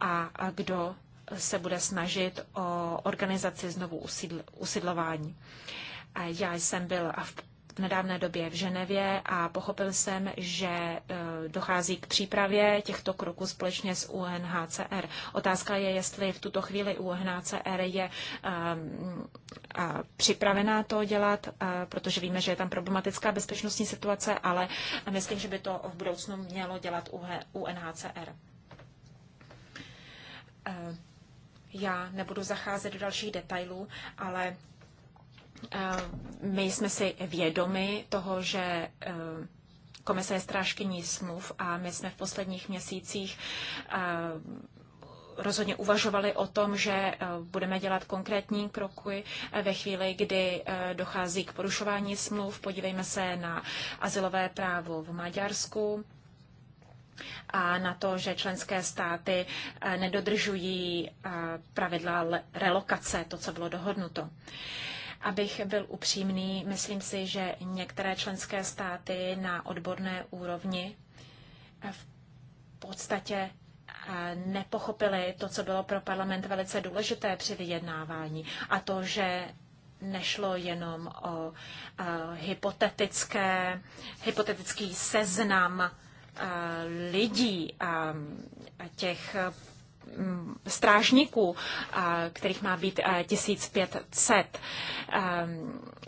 Speaker 1: a kdo se bude snažit o organizaci znovu usidlování. Já jsem byl v v nedávné době v Ženevě a pochopil jsem, že eh, dochází k přípravě těchto kroků společně s UNHCR. Otázka je, jestli v tuto chvíli UNHCR je eh, připravená to dělat, eh, protože víme, že je tam problematická bezpečnostní situace, ale myslím, že by to v budoucnu mělo dělat UNHCR. Já nebudu zacházet do dalších detailů, ale Eh, my jsme si vědomi toho, že eh, komise je strážkyní smluv a my jsme v posledních měsících eh, rozhodně uvažovali o tom, že budeme dělat konkrétní kroky ve chvíli, kdy dochází k porušování smluv. Podívejme se na asilové právo v Maďarsku a na to, že členské státy nedodržují pravidla relokace, to, co bylo dohodnuto. Abych byl upřímný, myslím si, že některé členské státy na odborné úrovni eh, v podstatě eh, nepochopili to, co bylo pro parlament velice důležité při vyjednávání, a to, že nešlo jenom o eh, hypotetické, hypotetický seznam lidí, a těch Mm, strážníků, kterých má být 1500,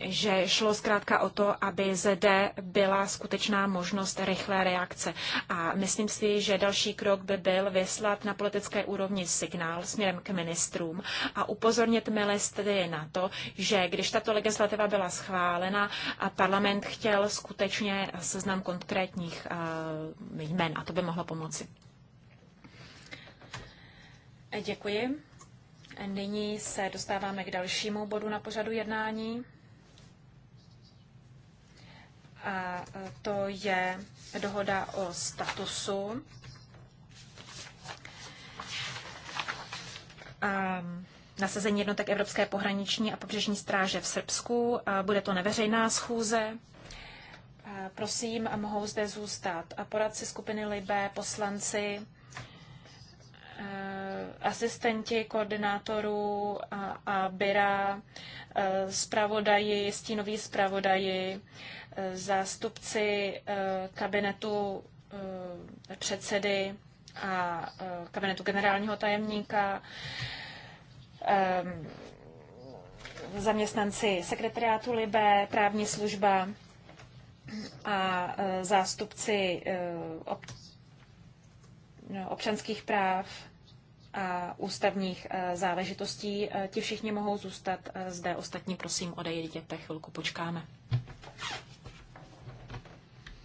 Speaker 1: že šlo zkrátka o to, aby zde byla skutečná možnost rychlé reakce. A myslím si, že další krok by byl vyslat na politické úrovni signál směrem k ministrům a upozornit ministry na to, že když tato legislativa byla schválena, a parlament chtěl skutečně seznam konkrétních jmen a to by mohlo pomoci. Děkuji. Nyní se dostáváme k dalšímu bodu na pořadu jednání. A e, to je dohoda o statusu. A nasazení jednotek Evropské pohraniční a pobřežní stráže v Srbsku. A bude to neveřejná schůze. A prosím, mohou zde zůstat a poradci skupiny Libé, poslanci, asistenti koordinátorů a, a byra, e, zpravodaji, stínoví zpravodaji, e, zástupci e, kabinetu předsedy a kabinetu generálního tajemníka, zaměstnanci sekretariátu Libé, právní služba a zástupci no, občanských práv a ústavních e, záležitostí. E, ti všichni mohou zůstat e, zde, ostatní prosím odejděte, chvilku počkáme.